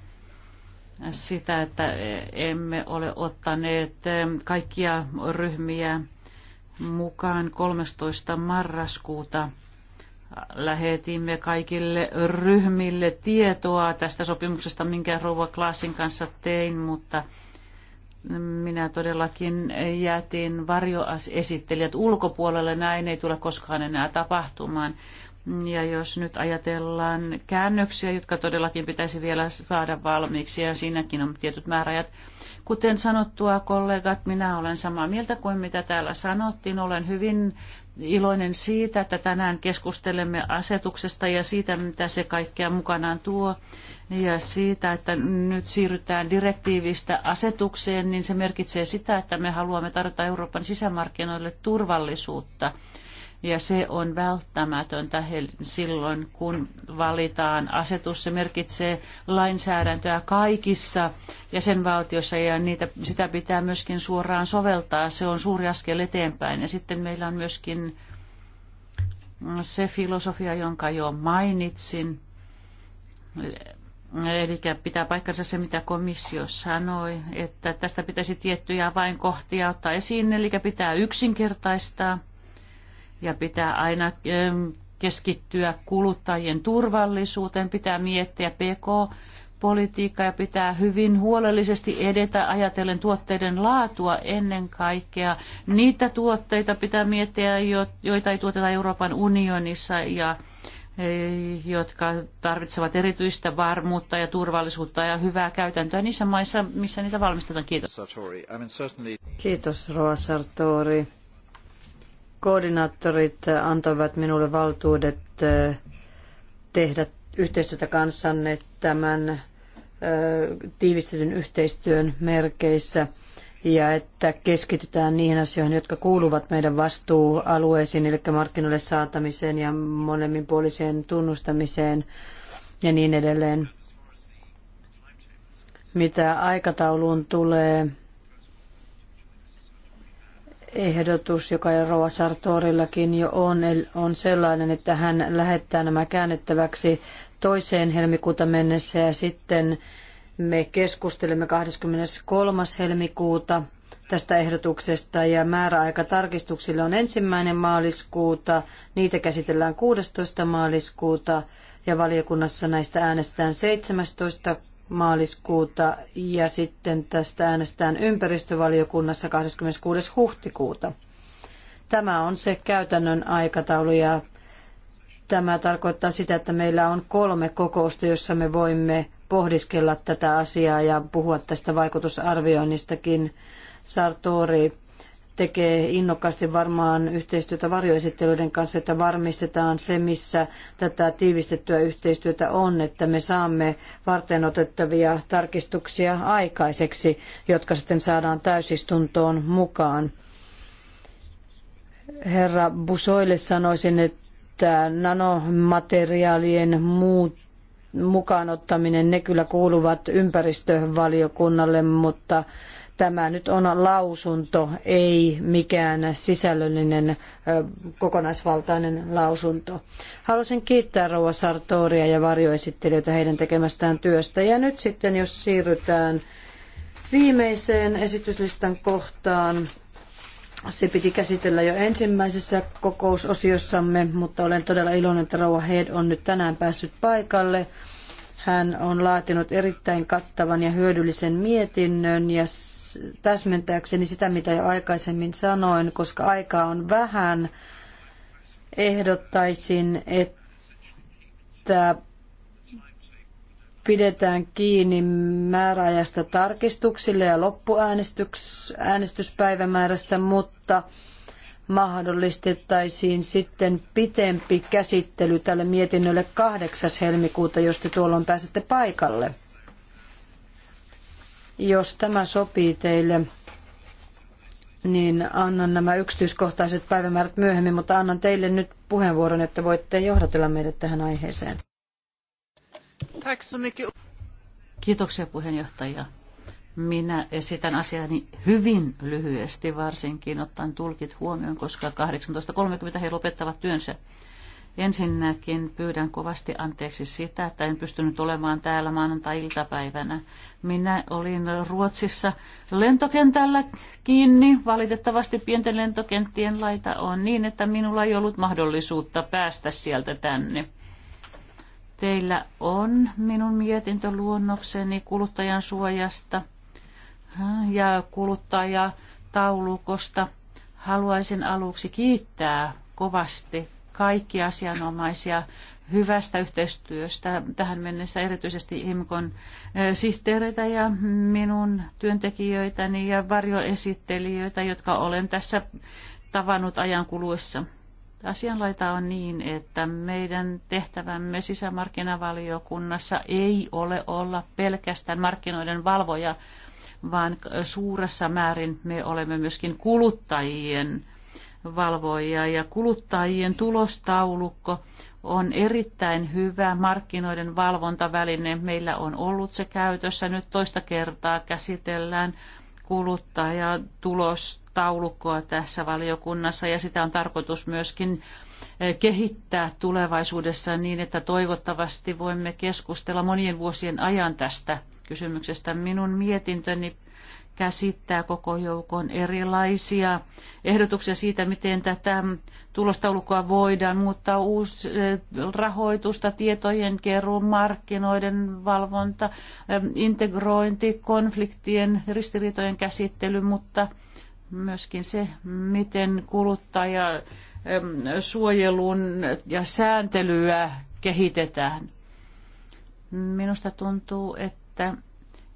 sitä, että emme ole ottaneet eh, kaikkia ryhmiä mukaan 13. marraskuuta lähetimme kaikille ryhmille tietoa tästä sopimuksesta, minkä Rouva Klaasin kanssa tein, mutta minä todellakin jätin varjoesittelijät ulkopuolelle, näin ei tule koskaan enää tapahtumaan. Ja jos nyt ajatellaan käännöksiä, jotka todellakin pitäisi vielä saada valmiiksi, ja siinäkin on tietyt määräajat. Kuten sanottua, kollegat, minä olen samaa mieltä kuin mitä täällä sanottiin. Olen hyvin iloinen siitä, että tänään keskustelemme asetuksesta ja siitä, mitä se kaikkea mukanaan tuo. Ja siitä, että nyt siirrytään direktiivistä asetukseen, niin se merkitsee sitä, että me haluamme tarjota Euroopan sisämarkkinoille turvallisuutta – ja se on välttämätöntä silloin, kun valitaan asetus. Se merkitsee lainsäädäntöä kaikissa jäsenvaltiossa ja niitä, sitä pitää myöskin suoraan soveltaa. Se on suuri askel eteenpäin. Ja sitten meillä on myöskin se filosofia, jonka jo mainitsin. Eli pitää paikkansa se, mitä komissio sanoi, että tästä pitäisi tiettyjä vain kohtia ottaa esiin, eli pitää yksinkertaistaa ja pitää aina keskittyä kuluttajien turvallisuuteen, pitää miettiä PK politiikkaa ja pitää hyvin huolellisesti edetä ajatellen tuotteiden laatua ennen kaikkea. Niitä tuotteita pitää miettiä, joita ei tuoteta Euroopan unionissa ja e, jotka tarvitsevat erityistä varmuutta ja turvallisuutta ja hyvää käytäntöä niissä maissa, missä niitä valmistetaan. Kiitos. Kiitos, Roa Sartori koordinaattorit antoivat minulle valtuudet tehdä yhteistyötä kanssanne tämän tiivistetyn yhteistyön merkeissä ja että keskitytään niihin asioihin, jotka kuuluvat meidän vastuualueisiin, eli markkinoille saatamiseen ja molemminpuoliseen tunnustamiseen ja niin edelleen. Mitä aikatauluun tulee, ehdotus, joka Rova Sartorillakin jo on, on sellainen, että hän lähettää nämä käännettäväksi toiseen helmikuuta mennessä ja sitten me keskustelemme 23. helmikuuta tästä ehdotuksesta ja määräaika tarkistuksille on ensimmäinen maaliskuuta, niitä käsitellään 16. maaliskuuta ja valiokunnassa näistä äänestetään 17 maaliskuuta ja sitten tästä äänestään ympäristövaliokunnassa 26. huhtikuuta. Tämä on se käytännön aikataulu ja tämä tarkoittaa sitä, että meillä on kolme kokousta, jossa me voimme pohdiskella tätä asiaa ja puhua tästä vaikutusarvioinnistakin. Sartori tekee innokkaasti varmaan yhteistyötä varjoesittelyiden kanssa, että varmistetaan se, missä tätä tiivistettyä yhteistyötä on, että me saamme varteenotettavia tarkistuksia aikaiseksi, jotka sitten saadaan täysistuntoon mukaan. Herra Busoille sanoisin, että nanomateriaalien muut mukaan ottaminen, ne kyllä kuuluvat ympäristövaliokunnalle, mutta Tämä nyt on lausunto, ei mikään sisällöllinen kokonaisvaltainen lausunto. Haluaisin kiittää Rouva Sartoria ja varjoesittelijöitä heidän tekemästään työstä. Ja nyt sitten, jos siirrytään viimeiseen esityslistan kohtaan, se piti käsitellä jo ensimmäisessä kokousosiossamme, mutta olen todella iloinen, että Rouva Head on nyt tänään päässyt paikalle. Hän on laatinut erittäin kattavan ja hyödyllisen mietinnön ja täsmentääkseni sitä, mitä jo aikaisemmin sanoin, koska aikaa on vähän, ehdottaisin, että pidetään kiinni määräajasta tarkistuksille ja loppuäänestyspäivämäärästä, mutta mahdollistettaisiin sitten pitempi käsittely tälle mietinnölle 8. helmikuuta, jos te tuolloin pääsette paikalle. Jos tämä sopii teille, niin annan nämä yksityiskohtaiset päivämäärät myöhemmin, mutta annan teille nyt puheenvuoron, että voitte johdatella meidät tähän aiheeseen. Kiitoksia puheenjohtaja. Minä esitän asiani hyvin lyhyesti, varsinkin ottaen tulkit huomioon, koska 18.30 he lopettavat työnsä. Ensinnäkin pyydän kovasti anteeksi sitä, että en pystynyt olemaan täällä maanantai-iltapäivänä. Minä olin Ruotsissa lentokentällä kiinni. Valitettavasti pienten lentokenttien laita on niin, että minulla ei ollut mahdollisuutta päästä sieltä tänne. Teillä on minun mietintöluonnokseni kuluttajan suojasta ja kuluttajataulukosta. Haluaisin aluksi kiittää kovasti kaikki asianomaisia hyvästä yhteistyöstä tähän mennessä, erityisesti IMKon sihteereitä ja minun työntekijöitäni ja varjoesittelijöitä, jotka olen tässä tavannut ajan kuluessa. Asianlaita on niin, että meidän tehtävämme sisämarkkinavaliokunnassa ei ole olla pelkästään markkinoiden valvoja, vaan suuressa määrin me olemme myöskin kuluttajien valvojia ja kuluttajien tulostaulukko on erittäin hyvä markkinoiden valvontaväline. Meillä on ollut se käytössä. Nyt toista kertaa käsitellään kuluttajatulostaulukkoa tässä valiokunnassa ja sitä on tarkoitus myöskin eh, kehittää tulevaisuudessa niin, että toivottavasti voimme keskustella monien vuosien ajan tästä kysymyksestä. Minun mietintöni käsittää koko joukon erilaisia ehdotuksia siitä, miten tätä tulostaulukkoa voidaan muuttaa uusi eh, rahoitusta, tietojen keruun, markkinoiden valvonta, eh, integrointi, konfliktien, ristiriitojen käsittely, mutta myöskin se, miten kuluttaja eh, suojelun ja sääntelyä kehitetään. Minusta tuntuu, että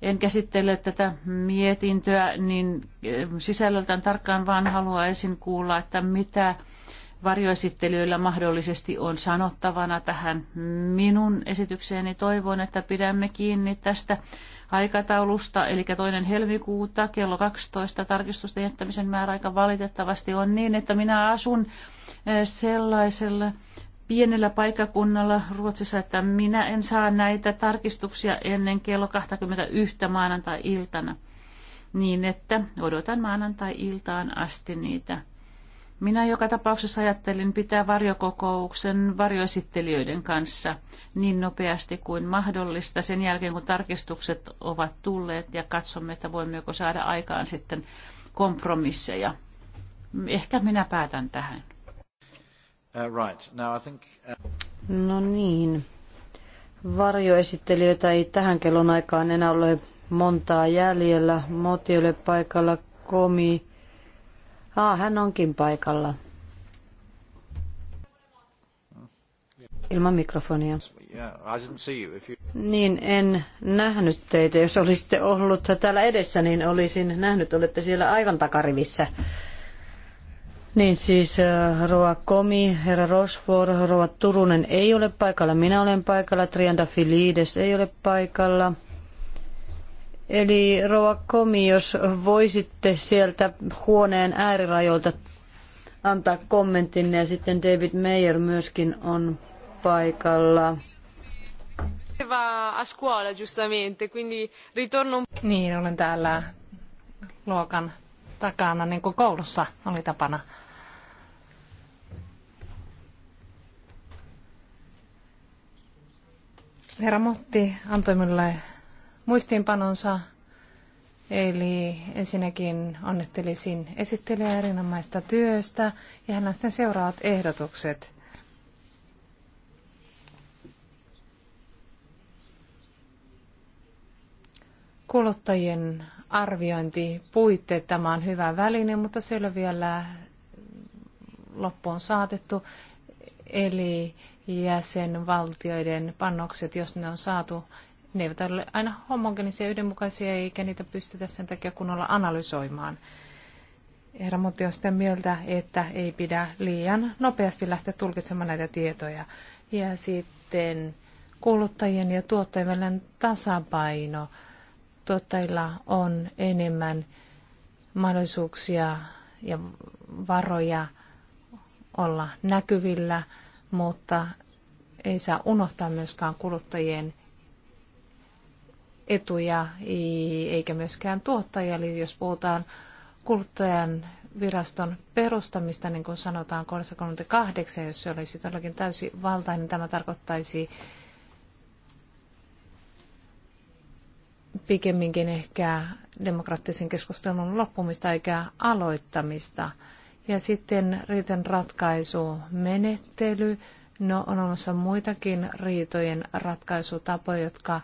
en käsittele tätä mietintöä niin eh, sisällöltään tarkkaan, vaan haluaisin kuulla, että mitä varjoesittelijöillä mahdollisesti on sanottavana tähän minun esitykseeni. Toivon, että pidämme kiinni tästä aikataulusta, eli toinen helmikuuta kello 12 tarkistusten jättämisen määräaika valitettavasti on niin, että minä asun eh, sellaisella pienellä paikakunnalla Ruotsissa, että minä en saa näitä tarkistuksia ennen kello 21 maanantai-iltana, niin että odotan maanantai-iltaan asti niitä. Minä joka tapauksessa ajattelin pitää varjokokouksen varjoesittelijöiden kanssa niin nopeasti kuin mahdollista sen jälkeen, kun tarkistukset ovat tulleet ja katsomme, että voimmeko saada aikaan sitten kompromisseja. Ehkä minä päätän tähän. Uh, right. Now I think, uh, No niin. Varjoesittelijöitä ei tähän kellon aikaan enää ole montaa jäljellä. Moti ole paikalla. Komi. Ah, hän onkin paikalla. Ilman mikrofonia. Niin, en nähnyt teitä. Jos olisitte ollut täällä edessä, niin olisin nähnyt. Olette siellä aivan takarivissä. Niin siis äh, Roa Komi, herra Rosfor, Roa Turunen ei ole paikalla, minä olen paikalla, Trianda Filides ei ole paikalla. Eli Roa Komi, jos voisitte sieltä huoneen äärirajoilta antaa kommentin, ja sitten David Mayer myöskin on paikalla. A scuola, giustamente, quindi ritorno... Niin, olen täällä luokan takana, niin kuin koulussa oli tapana. Herra Motti antoi minulle muistiinpanonsa, eli ensinnäkin onnettelisin esittelijä erinomaista työstä ja hän sitten seuraavat ehdotukset. Kuluttajien arviointipuitteet, tämä on hyvä väline, mutta se ei ole vielä loppuun saatettu. Eli jäsenvaltioiden panokset, jos ne on saatu, ne eivät ole aina homogenisia yhdenmukaisia, eikä niitä pystytä sen takia kunnolla analysoimaan. Herra Monti on sitä mieltä, että ei pidä liian nopeasti lähteä tulkitsemaan näitä tietoja. Ja sitten kuluttajien ja tuottajien välinen tasapaino. Tuottajilla on enemmän mahdollisuuksia ja varoja olla näkyvillä mutta ei saa unohtaa myöskään kuluttajien etuja eikä myöskään tuottajia. Eli jos puhutaan kuluttajan viraston perustamista, niin kuin sanotaan 38, jos se olisi todellakin valtainen, niin tämä tarkoittaisi pikemminkin ehkä demokraattisen keskustelun loppumista eikä aloittamista. Ja sitten riiten ratkaisumenettely. No on olemassa muitakin riitojen ratkaisutapoja, jotka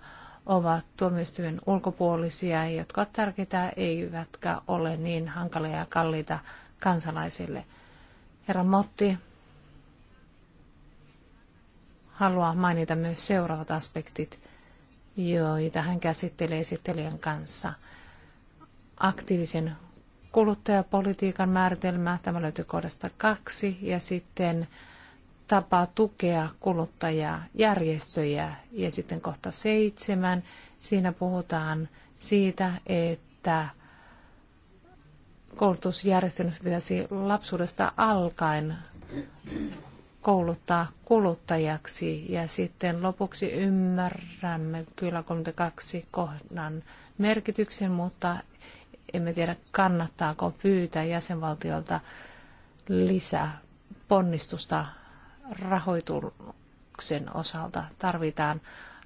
ovat tuomioistuimen ulkopuolisia, jotka ovat tärkeitä, eivätkä ole niin hankalia ja kalliita kansalaisille. Herra Motti haluaa mainita myös seuraavat aspektit, joita hän käsittelee esittelijän kanssa. Aktiivisen kuluttajapolitiikan määritelmä, tämä löytyy kohdasta kaksi, ja sitten tapa tukea kuluttajaa, järjestöjä, ja sitten kohta seitsemän, siinä puhutaan siitä, että koulutusjärjestelmässä pitäisi lapsuudesta alkaen kouluttaa kuluttajaksi. Ja sitten lopuksi ymmärrämme kyllä 32 kohdan merkityksen, mutta emme tiedä kannattaako pyytää jäsenvaltiolta lisää ponnistusta rahoituksen osalta. Tarvitaan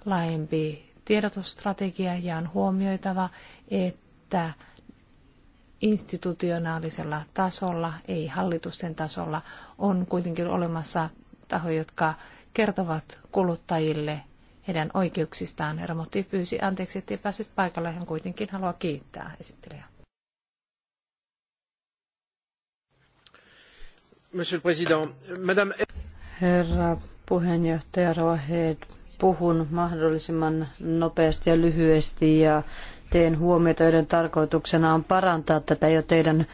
laajempi tiedotusstrategia ja on huomioitava, että institutionaalisella tasolla, ei hallitusten tasolla, on kuitenkin olemassa tahoja, jotka kertovat kuluttajille heidän oikeuksistaan. Herra pyysi anteeksi, ettei päässyt paikalle. Hän kuitenkin haluaa kiittää esittelijää. Herra puheenjohtaja Rohed, puhun mahdollisimman nopeasti ja lyhyesti ja teen huomioita, joiden tarkoituksena on parantaa tätä jo teidän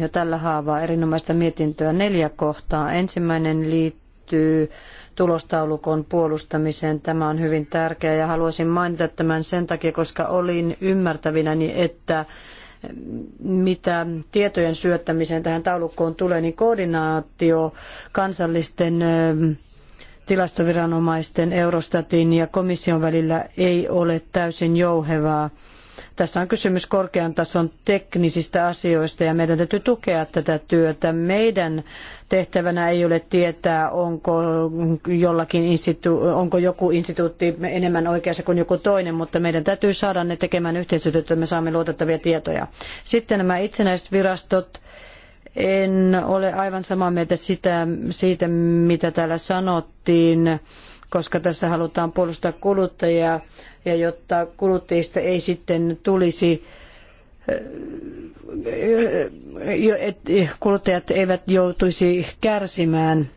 jo tällä haavaa erinomaista mietintöä neljä kohtaa. Ensimmäinen liittyy tulostaulukon puolustamiseen. Tämä on hyvin tärkeä ja haluaisin mainita tämän sen takia, koska olin ymmärtävinäni, että mitä tietojen syöttämiseen tähän taulukkoon tulee, niin koordinaatio kansallisten tilastoviranomaisten, Eurostatin ja komission välillä ei ole täysin jouhevaa. Tässä on kysymys korkean tason teknisistä asioista ja meidän täytyy tukea tätä työtä. Meidän tehtävänä ei ole tietää, onko, jollakin institu- onko joku instituutti enemmän oikeassa kuin joku toinen, mutta meidän täytyy saada ne tekemään yhteistyötä, että me saamme luotettavia tietoja. Sitten nämä itsenäiset virastot. En ole aivan samaa mieltä sitä, siitä, mitä täällä sanottiin koska tässä halutaan puolustaa kuluttajia ja jotta kuluttajista ei sitten tulisi äh, kuluttajat eivät joutuisi kärsimään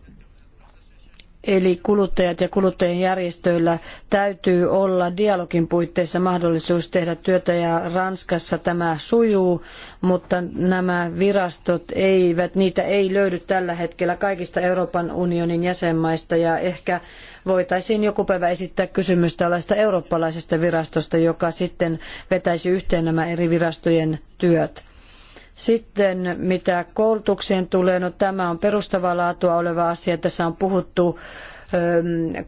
Eli kuluttajat ja kuluttajien järjestöillä täytyy olla dialogin puitteissa mahdollisuus tehdä työtä ja Ranskassa tämä sujuu, mutta nämä virastot eivät, niitä ei löydy tällä hetkellä kaikista Euroopan unionin jäsenmaista ja ehkä voitaisiin joku päivä esittää kysymys tällaista eurooppalaisesta virastosta, joka sitten vetäisi yhteen nämä eri virastojen työt. Sitten mitä koulutukseen tulee, no tämä on perustavaa laatua oleva asia. Tässä on puhuttu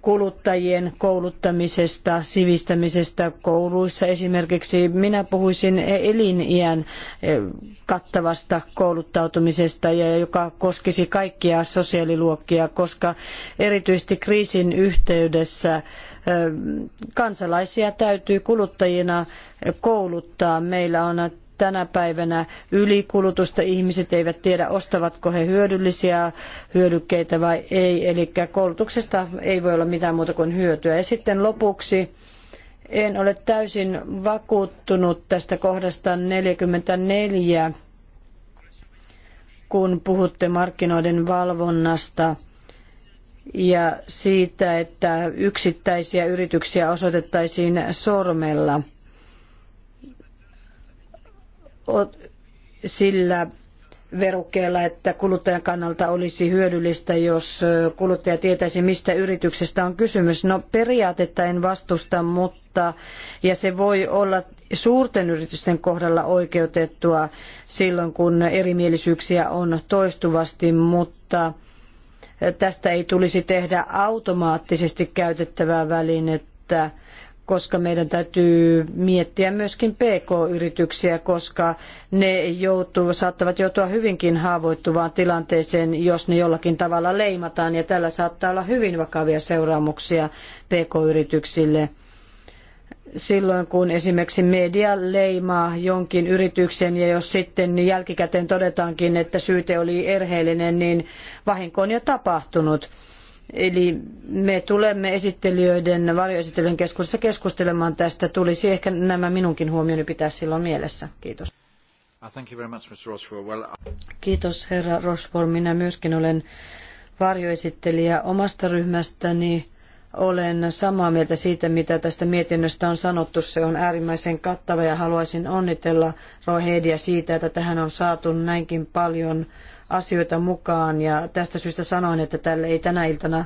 kuluttajien kouluttamisesta, sivistämisestä kouluissa esimerkiksi. Minä puhuisin eliniän kattavasta kouluttautumisesta, joka koskisi kaikkia sosiaaliluokkia, koska erityisesti kriisin yhteydessä kansalaisia täytyy kuluttajina kouluttaa. Meillä on tänä päivänä ylikulutusta. Ihmiset eivät tiedä, ostavatko he hyödyllisiä hyödykkeitä vai ei. Eli koulutuksesta ei voi olla mitään muuta kuin hyötyä. Ja sitten lopuksi en ole täysin vakuuttunut tästä kohdasta 44, kun puhutte markkinoiden valvonnasta ja siitä, että yksittäisiä yrityksiä osoitettaisiin sormella – sillä verukkeella, että kuluttajan kannalta olisi hyödyllistä, jos kuluttaja tietäisi, mistä yrityksestä on kysymys. No periaatetta en vastusta, mutta ja se voi olla suurten yritysten kohdalla oikeutettua silloin, kun erimielisyyksiä on toistuvasti, mutta tästä ei tulisi tehdä automaattisesti käytettävää välinettä koska meidän täytyy miettiä myöskin PK-yrityksiä, koska ne joutuu, saattavat joutua hyvinkin haavoittuvaan tilanteeseen, jos ne jollakin tavalla leimataan, ja tällä saattaa olla hyvin vakavia seuraamuksia PK-yrityksille silloin, kun esimerkiksi media leimaa jonkin yrityksen ja jos sitten jälkikäteen todetaankin, että syyte oli erheellinen, niin vahinko on jo tapahtunut. Eli me tulemme esittelijöiden, varjoesittelijöiden keskuudessa keskustelemaan tästä. Tulisi ehkä nämä minunkin huomioni pitää silloin mielessä. Kiitos. Uh, uh, Kiitos herra Rosford. Minä myöskin olen varjoesittelijä omasta ryhmästäni. Olen samaa mieltä siitä, mitä tästä mietinnöstä on sanottu. Se on äärimmäisen kattava ja haluaisin onnitella Rohedia siitä, että tähän on saatu näinkin paljon asioita mukaan ja tästä syystä sanoin, että tälle ei tänä iltana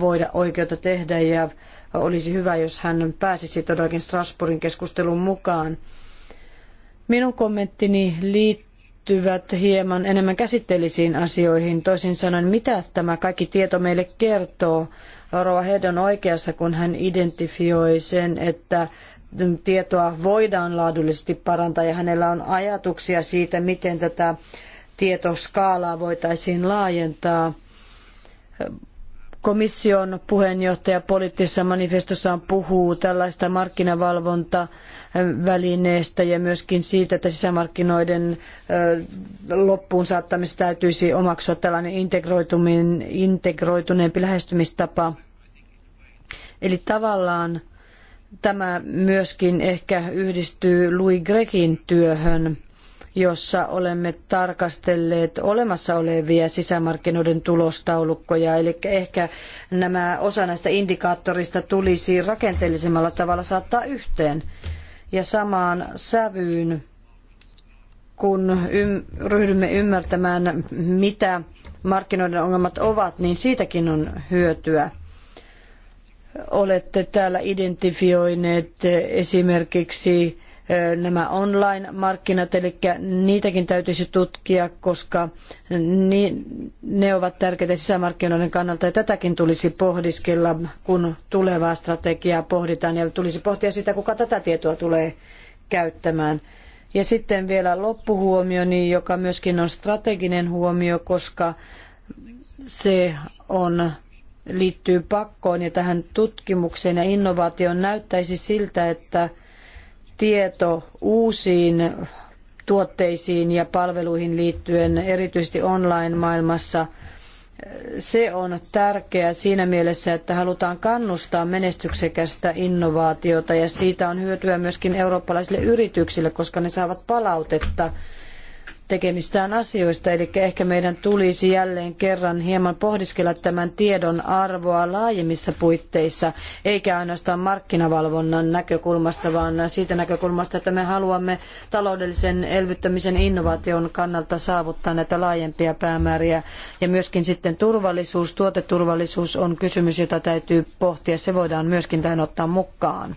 voida oikeutta tehdä ja olisi hyvä, jos hän pääsisi todellakin Strasbourgin keskustelun mukaan. Minun kommenttini liittyvät hieman enemmän käsitteellisiin asioihin. Toisin sanoen, mitä tämä kaikki tieto meille kertoo? Rova Hed on oikeassa, kun hän identifioi sen, että tietoa voidaan laadullisesti parantaa ja hänellä on ajatuksia siitä, miten tätä tietoskaalaa voitaisiin laajentaa. Komission puheenjohtaja poliittisessa manifestossaan puhuu tällaista markkinavalvontavälineestä ja myöskin siitä, että sisämarkkinoiden loppuun saattamista täytyisi omaksua tällainen integroituneempi lähestymistapa. Eli tavallaan tämä myöskin ehkä yhdistyy Louis Grekin työhön – jossa olemme tarkastelleet olemassa olevia sisämarkkinoiden tulostaulukkoja. Eli ehkä nämä osa näistä indikaattorista tulisi rakenteellisemmalla tavalla saattaa yhteen ja samaan sävyyn, kun ryhdymme ymmärtämään, mitä markkinoiden ongelmat ovat, niin siitäkin on hyötyä olette täällä identifioineet esimerkiksi nämä online-markkinat, eli niitäkin täytyisi tutkia, koska ne ovat tärkeitä sisämarkkinoiden kannalta ja tätäkin tulisi pohdiskella, kun tulevaa strategiaa pohditaan ja tulisi pohtia sitä, kuka tätä tietoa tulee käyttämään. Ja sitten vielä loppuhuomioni, niin joka myöskin on strateginen huomio, koska se on liittyy pakkoon ja tähän tutkimukseen ja innovaatioon näyttäisi siltä, että tieto uusiin tuotteisiin ja palveluihin liittyen, erityisesti online-maailmassa, se on tärkeää siinä mielessä, että halutaan kannustaa menestyksekästä innovaatiota ja siitä on hyötyä myöskin eurooppalaisille yrityksille, koska ne saavat palautetta tekemistään asioista, eli ehkä meidän tulisi jälleen kerran hieman pohdiskella tämän tiedon arvoa laajemmissa puitteissa, eikä ainoastaan markkinavalvonnan näkökulmasta, vaan siitä näkökulmasta, että me haluamme taloudellisen elvyttämisen innovaation kannalta saavuttaa näitä laajempia päämääriä. Ja myöskin sitten turvallisuus, tuoteturvallisuus on kysymys, jota täytyy pohtia. Se voidaan myöskin tähän ottaa mukaan.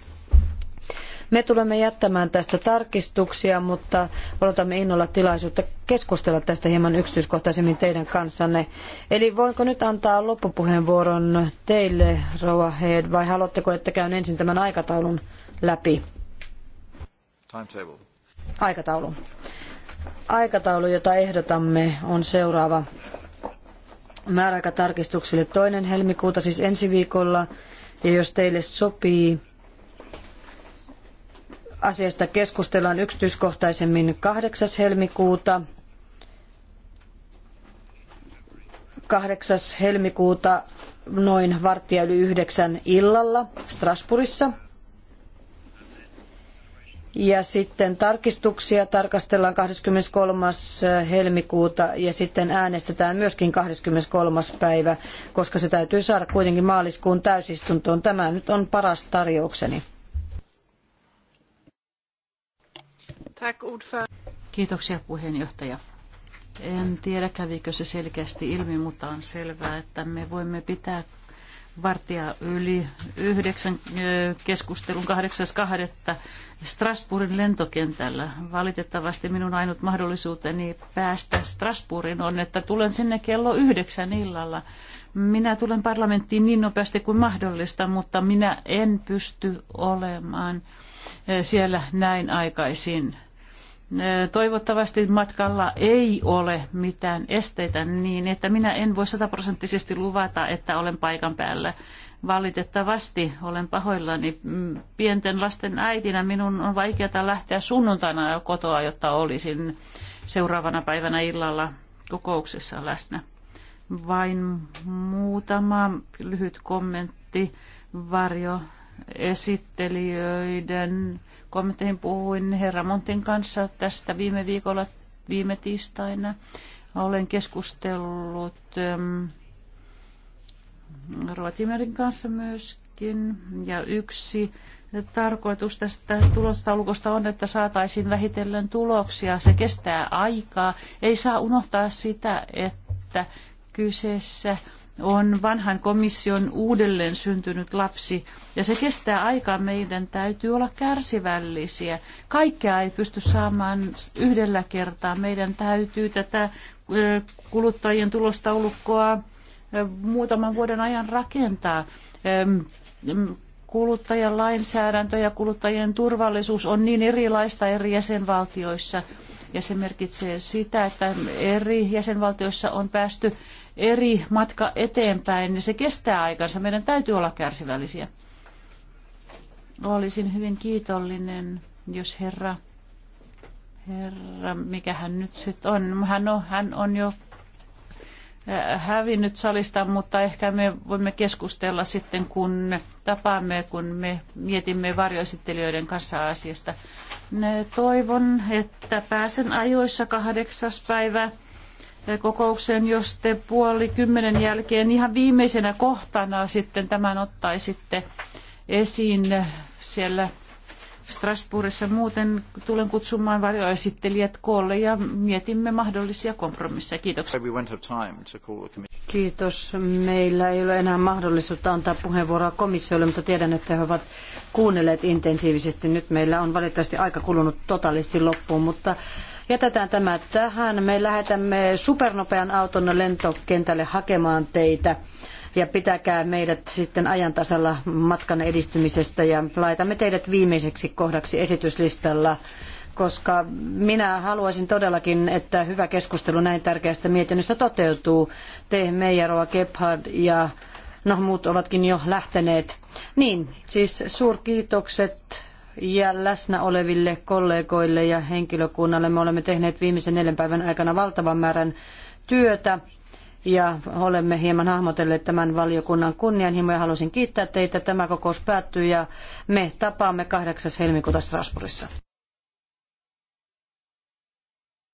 Me tulemme jättämään tästä tarkistuksia, mutta odotamme innolla tilaisuutta keskustella tästä hieman yksityiskohtaisemmin teidän kanssanne. Eli voinko nyt antaa loppupuheenvuoron teille, Rova Head, vai haluatteko, että käyn ensin tämän aikataulun läpi? Timetable. Aikataulu. Aikataulu, jota ehdotamme, on seuraava. Määräaikatarkistuksille toinen helmikuuta, siis ensi viikolla. Ja jos teille sopii, Asiasta keskustellaan yksityiskohtaisemmin 8. helmikuuta. 8. helmikuuta noin varttia yli yhdeksän illalla Strasbourgissa. Ja sitten tarkistuksia tarkastellaan 23. helmikuuta ja sitten äänestetään myöskin 23. päivä, koska se täytyy saada kuitenkin maaliskuun täysistuntoon. Tämä nyt on paras tarjoukseni. Tack ordförande. Kiitoksia puheenjohtaja. En tiedä, kävikö se selkeästi ilmi, mutta on selvää, että me voimme pitää vartia yli yhdeksän keskustelun 8.2. Strasbourgin lentokentällä. Valitettavasti minun ainut mahdollisuuteni päästä Strasbourgin on, että tulen sinne kello yhdeksän illalla. Minä tulen parlamenttiin niin nopeasti kuin mahdollista, mutta minä en pysty olemaan siellä näin aikaisin Toivottavasti matkalla ei ole mitään esteitä niin, että minä en voi sataprosenttisesti luvata, että olen paikan päällä. Valitettavasti olen pahoillani. Mm, pienten lasten äitinä minun on vaikeaa lähteä sunnuntaina kotoa, jotta olisin seuraavana päivänä illalla kokouksessa läsnä. Vain muutama lyhyt kommentti varjo esittelijöiden kommentteihin puhuin herra Montin kanssa tästä viime viikolla, viime tiistaina. Olen keskustellut ähm, Ruotimerin kanssa myöskin. Ja yksi tarkoitus tästä tulostaulukosta on, että saataisiin vähitellen tuloksia. Se kestää aikaa. Ei saa unohtaa sitä, että kyseessä on vanhan komission uudelleen syntynyt lapsi ja se kestää aikaa. Meidän täytyy olla kärsivällisiä. Kaikkea ei pysty saamaan yhdellä kertaa. Meidän täytyy tätä kuluttajien tulostaulukkoa muutaman vuoden ajan rakentaa. Kuluttajan lainsäädäntö ja kuluttajien turvallisuus on niin erilaista eri jäsenvaltioissa ja se merkitsee sitä, että eri jäsenvaltioissa on päästy eri matka eteenpäin, niin se kestää aikansa. Meidän täytyy olla kärsivällisiä. Olisin hyvin kiitollinen, jos herra, herra, mikä hän nyt sitten on. Hän on, hän on jo äh, hävinnyt salista, mutta ehkä me voimme keskustella sitten, kun tapaamme, kun me mietimme varjoesittelijöiden kanssa asiasta. Äh, toivon, että pääsen ajoissa kahdeksas päivä kokoukseen, jos te puoli kymmenen jälkeen ihan viimeisenä kohtana sitten tämän ottaisitte esiin siellä Strasbourgissa. Muuten tulen kutsumaan varjoesittelijät koolle ja mietimme mahdollisia kompromisseja. Kiitoksia. Kiitos. Meillä ei ole enää mahdollisuutta antaa puheenvuoroa komissiolle, mutta tiedän, että he ovat kuunnelleet intensiivisesti. Nyt meillä on valitettavasti aika kulunut totaalisti loppuun, mutta Jätetään tämä tähän. Me lähetämme supernopean auton lentokentälle hakemaan teitä ja pitäkää meidät sitten ajan tasalla matkan edistymisestä ja laitamme teidät viimeiseksi kohdaksi esityslistalla koska minä haluaisin todellakin, että hyvä keskustelu näin tärkeästä mietinnöstä toteutuu. Te, Meijaroa, Gebhard ja no muut ovatkin jo lähteneet. Niin, siis suurkiitokset ja läsnä oleville kollegoille ja henkilökunnalle. Me olemme tehneet viimeisen neljän päivän aikana valtavan määrän työtä ja olemme hieman hahmotelleet tämän valiokunnan kunnianhimoja. Haluaisin kiittää teitä. Tämä kokous päättyy ja me tapaamme 8. helmikuuta Strasbourgissa.